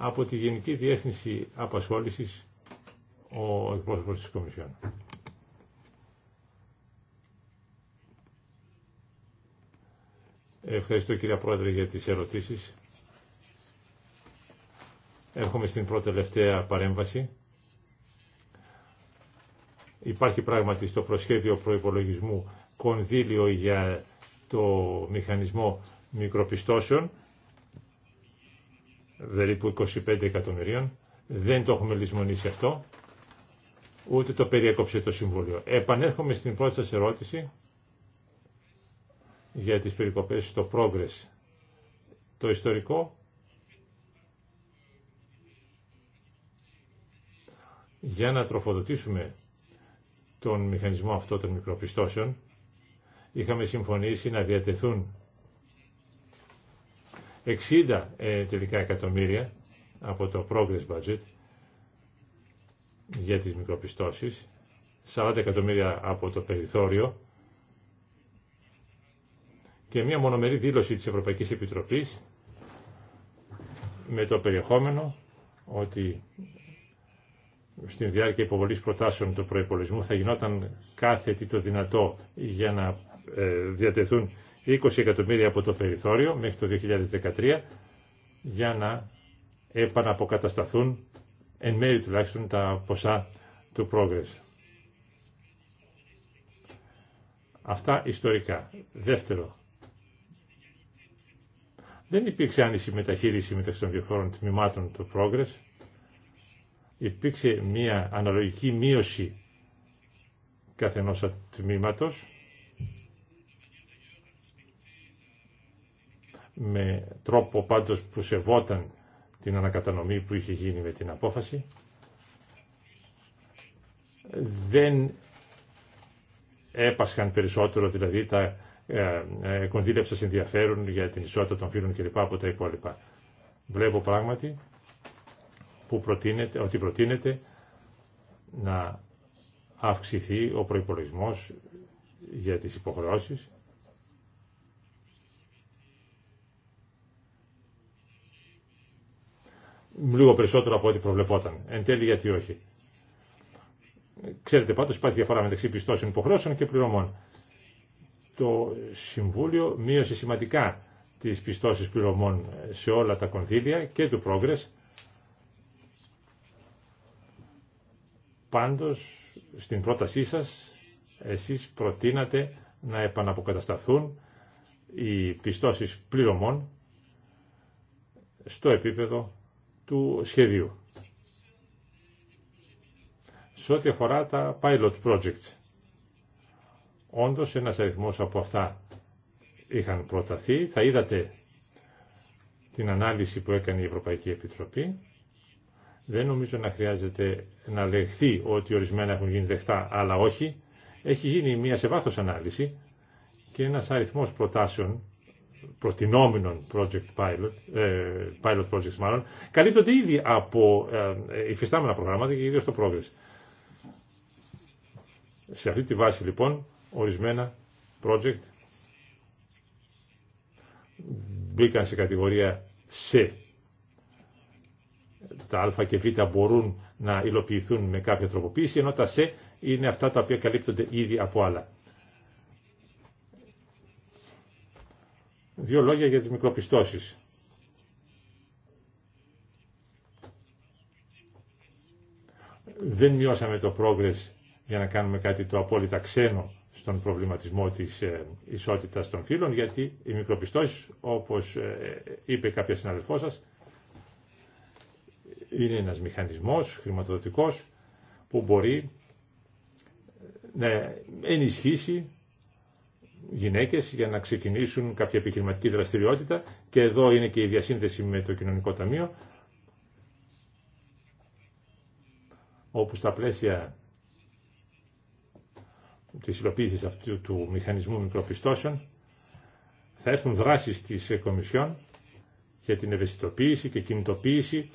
Από τη Γενική Διεύθυνση Απασχόλησης ο εκπρόσωπος της Κομισιόν. Ευχαριστώ κυρία Πρόεδρε για τις ερωτήσεις. Έρχομαι στην πρώτη τελευταία παρέμβαση. Υπάρχει πράγματι στο προσχέδιο προϋπολογισμού κονδύλιο για το μηχανισμό μικροπιστώσεων, περίπου 25 εκατομμυρίων. Δεν το έχουμε λησμονήσει αυτό, ούτε το περιέκοψε το Συμβούλιο. Επανέρχομαι στην πρώτη σας ερώτηση για τις περικοπές στο Progress. Το ιστορικό για να τροφοδοτήσουμε τον μηχανισμό αυτό των μικροπιστώσεων είχαμε συμφωνήσει να διατεθούν 60 ε, τελικά εκατομμύρια από το Progress Budget για τις μικροπιστώσεις 40 εκατομμύρια από το περιθώριο και μια μονομερή δήλωση της Ευρωπαϊκής Επιτροπής με το περιεχόμενο ότι στην διάρκεια υποβολής προτάσεων του προϋπολογισμού θα γινόταν κάθε τι το δυνατό για να ε, διατεθούν 20 εκατομμύρια από το περιθώριο μέχρι το 2013 για να επαναποκατασταθούν εν μέρη τουλάχιστον τα ποσά του Progress. Αυτά ιστορικά. Δεύτερο, δεν υπήρξε άνηση μεταχείριση μεταξύ των διαφόρων τμήματων του Progress. Υπήρξε μια αναλογική μείωση καθενός τμήματος με τρόπο πάντως που σεβόταν την ανακατανομή που είχε γίνει με την απόφαση. Δεν έπασχαν περισσότερο δηλαδή τα ε, ε, ενδιαφέρουν για την ισότητα των φίλων κλπ. από τα υπόλοιπα. Βλέπω πράγματι που προτείνεται, ότι προτείνεται να αυξηθεί ο προϋπολογισμός για τις υποχρεώσεις λίγο περισσότερο από ό,τι προβλεπόταν. Εν τέλει γιατί όχι. Ξέρετε πάντως υπάρχει διαφορά μεταξύ πιστώσεων υποχρεώσεων και πληρωμών το Συμβούλιο μείωσε σημαντικά τις πιστώσεις πληρωμών σε όλα τα κονδύλια και του Progress. Πάντως, στην πρότασή σας, εσείς προτείνατε να επαναποκατασταθούν οι πιστώσεις πληρωμών στο επίπεδο του σχεδίου. Σε ό,τι αφορά τα pilot projects, Όντως ένας αριθμός από αυτά είχαν προταθεί. Θα είδατε την ανάλυση που έκανε η Ευρωπαϊκή Επιτροπή. Δεν νομίζω να χρειάζεται να λεχθεί ότι ορισμένα έχουν γίνει δεχτά, αλλά όχι. Έχει γίνει μια σε βάθος ανάλυση και ένας αριθμός προτάσεων προτινόμενων project pilot, ε, pilot projects μάλλον, καλύπτονται ήδη από ε, υφιστάμενα προγράμματα και ιδίως το Progress. Σε αυτή τη βάση λοιπόν ορισμένα project μπήκαν σε κατηγορία C. Τα α και β μπορούν να υλοποιηθούν με κάποια τροποποίηση, ενώ τα C είναι αυτά τα οποία καλύπτονται ήδη από άλλα. Δύο λόγια για τις μικροπιστώσεις. Δεν μειώσαμε το progress για να κάνουμε κάτι το απόλυτα ξένο στον προβληματισμό της ε, ισότητας των φύλων, γιατί οι μικροπιστώσεις, όπως ε, είπε κάποια συναδελφό σας, είναι ένας μηχανισμός χρηματοδοτικός που μπορεί ε, να ενισχύσει γυναίκες για να ξεκινήσουν κάποια επιχειρηματική δραστηριότητα και εδώ είναι και η διασύνδεση με το Κοινωνικό Ταμείο όπου στα πλαίσια της υλοποίησης αυτού του μηχανισμού μικροπιστώσεων θα έρθουν δράσεις της Κομισιόν για την ευαισθητοποίηση και κινητοποίηση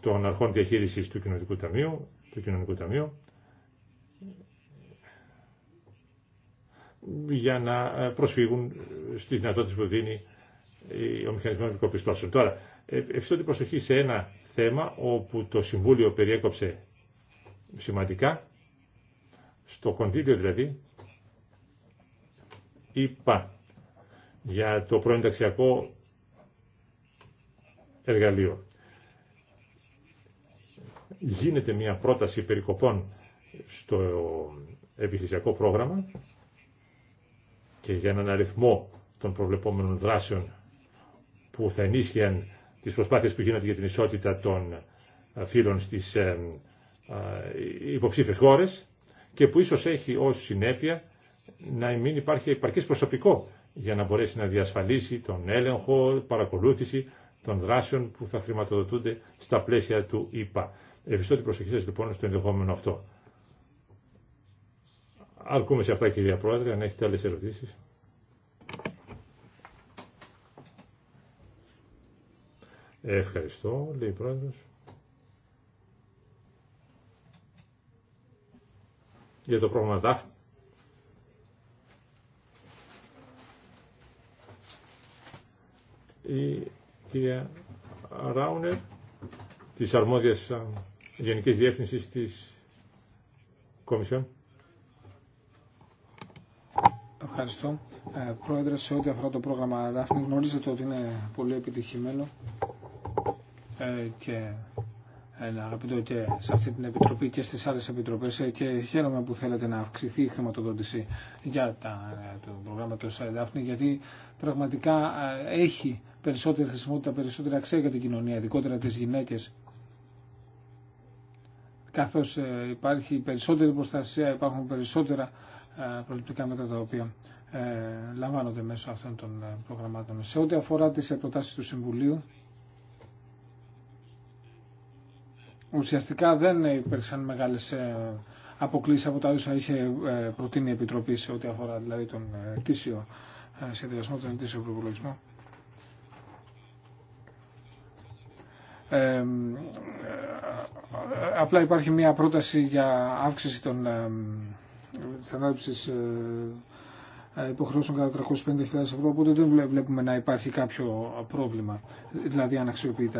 των αρχών διαχείρισης του Κοινωνικού Ταμείου, του Κοινωνικού Ταμείου για να προσφύγουν στις δυνατότητες που δίνει ο μηχανισμός μικροπιστώσεων. Τώρα, ε, ευχαριστώ την προσοχή σε ένα θέμα όπου το Συμβούλιο περιέκοψε σημαντικά στο κονδύλιο δηλαδή, είπα για το πρώην ταξιακό εργαλείο. Γίνεται μια πρόταση περικοπών στο επιχειρησιακό πρόγραμμα και για έναν αριθμό των προβλεπόμενων δράσεων που θα ενίσχυαν τις προσπάθειες που γίνονται για την ισότητα των φίλων στις ε, ε, υποψήφιες χώρες και που ίσως έχει ως συνέπεια να μην υπάρχει επαρκής προσωπικό για να μπορέσει να διασφαλίσει τον έλεγχο, παρακολούθηση των δράσεων που θα χρηματοδοτούνται στα πλαίσια του ΙΠΑ. Ευχαριστώ την προσοχή σας λοιπόν στο ενδεχόμενο αυτό. Αρκούμε σε αυτά κυρία Πρόεδρε, αν έχετε άλλες ερωτήσεις. Ευχαριστώ, λέει η Πρόεδρος. για το πρόγραμμα ΔΑΦΝΗ. Η κυρία Ράουνερ της αρμόδιας Γενικής Διεύθυνσης της Κομισιόν. Ευχαριστώ. Ε, πρόεδρε, σε ό,τι αφορά το πρόγραμμα Δάφνη, γνωρίζετε ότι είναι πολύ επιτυχημένο ε, και αγαπητό και σε αυτή την επιτροπή και στις άλλες επιτροπές ε, και χαίρομαι που θέλετε να αυξηθεί η χρηματοδότηση για τα, το ε, του ΣΑΕΔΑΦΝΗ γιατί πραγματικά ε, έχει περισσότερη χρησιμότητα, περισσότερη αξία για την κοινωνία, ειδικότερα τις γυναίκες καθώς υπάρχει περισσότερη προστασία, υπάρχουν περισσότερα προληπτικά μέτρα τα οποία λαμβάνονται μέσω αυτών των προγραμμάτων. Σε ό,τι αφορά τις προτάσεις του Συμβουλίου, ουσιαστικά δεν υπήρξαν μεγάλε αποκλήσει από τα όσα είχε ε, προτείνει η Επιτροπή σε ό,τι αφορά δηλαδή τον ετήσιο ε, σχεδιασμό, τον ετήσιο προπολογισμό. Ε, απλά υπάρχει μια πρόταση για αύξηση των ε, υποχρεώσεων κατά 350.000 ευρώ, οπότε δεν βλέπουμε να υπάρχει κάποιο πρόβλημα, δηλαδή αν αξιοποιείται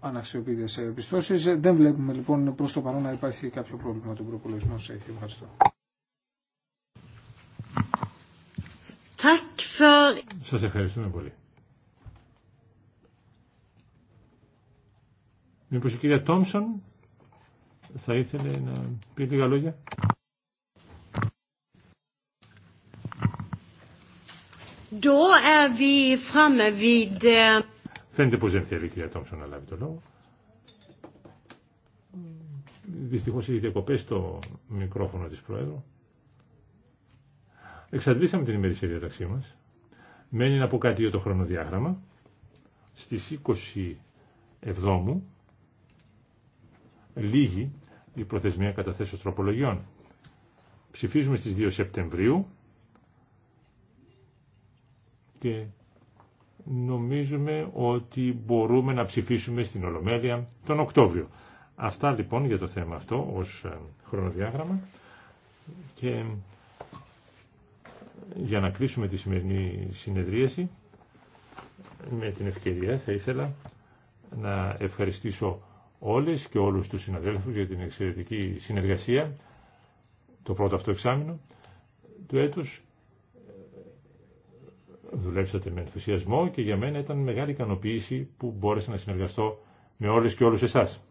αναξιοποιητές επιστώσει. Δεν βλέπουμε λοιπόν προς το παρόν να υπάρχει κάποιο πρόβλημα του προπολογισμού σε Ευχαριστώ. Σας ευχαριστούμε πολύ. Μήπως η κυρία Τόμσον θα ήθελε να πει λίγα λόγια. Då är vi framme vid eh, Φαίνεται πως δεν θέλει η κυρία Τόμψο να λάβει το λόγο. Δυστυχώς έχει διακοπές το μικρόφωνο της Πρόεδρου. Εξαντλήσαμε την ημερήσια διαταξή μας. Μένει να πω κάτι για το χρονοδιάγραμμα. Στις 20 Εβδόμου λίγη η προθεσμία καταθέσεως τροπολογιών. Ψηφίζουμε στις 2 Σεπτεμβρίου και νομίζουμε ότι μπορούμε να ψηφίσουμε στην Ολομέλεια τον Οκτώβριο. Αυτά λοιπόν για το θέμα αυτό ως ε, χρονοδιάγραμμα και ε, για να κλείσουμε τη σημερινή συνεδρίαση με την ευκαιρία θα ήθελα να ευχαριστήσω όλες και όλους τους συναδέλφους για την εξαιρετική συνεργασία το πρώτο αυτό εξάμεινο του έτους δουλέψατε με ενθουσιασμό και για μένα ήταν μεγάλη ικανοποίηση που μπόρεσα να συνεργαστώ με όλες και όλους εσάς.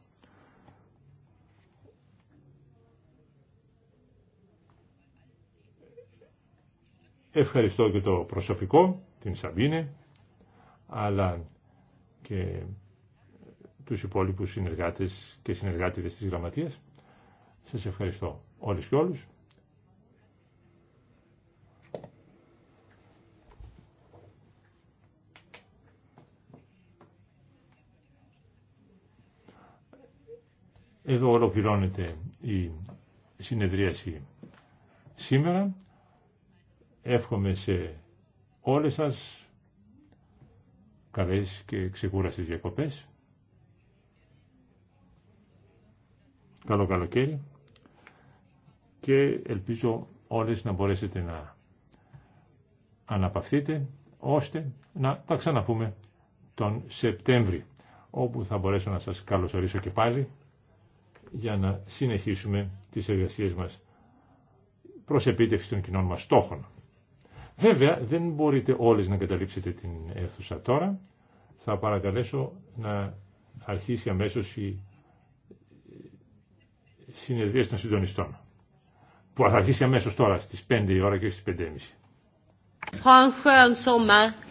Ευχαριστώ και το προσωπικό, την Σαμπίνε, αλλά και τους υπόλοιπους συνεργάτες και συνεργάτηδες της Γραμματείας. Σας ευχαριστώ όλες και όλους. Εδώ ολοκληρώνεται η συνεδρίαση σήμερα. Εύχομαι σε όλες σας καλές και ξεκούραστες διακοπές. Καλό καλοκαίρι και ελπίζω όλες να μπορέσετε να αναπαυθείτε ώστε να τα ξαναπούμε τον Σεπτέμβρη όπου θα μπορέσω να σας καλωσορίσω και πάλι για να συνεχίσουμε τις εργασίες μας προς επίτευξη των κοινών μας στόχων. Βέβαια, δεν μπορείτε όλες να καταλήψετε την αίθουσα τώρα. Θα παρακαλέσω να αρχίσει αμέσως η συνεδρία των συντονιστών. Που θα αρχίσει αμέσως τώρα, στις 5 η ώρα και στις 5.30.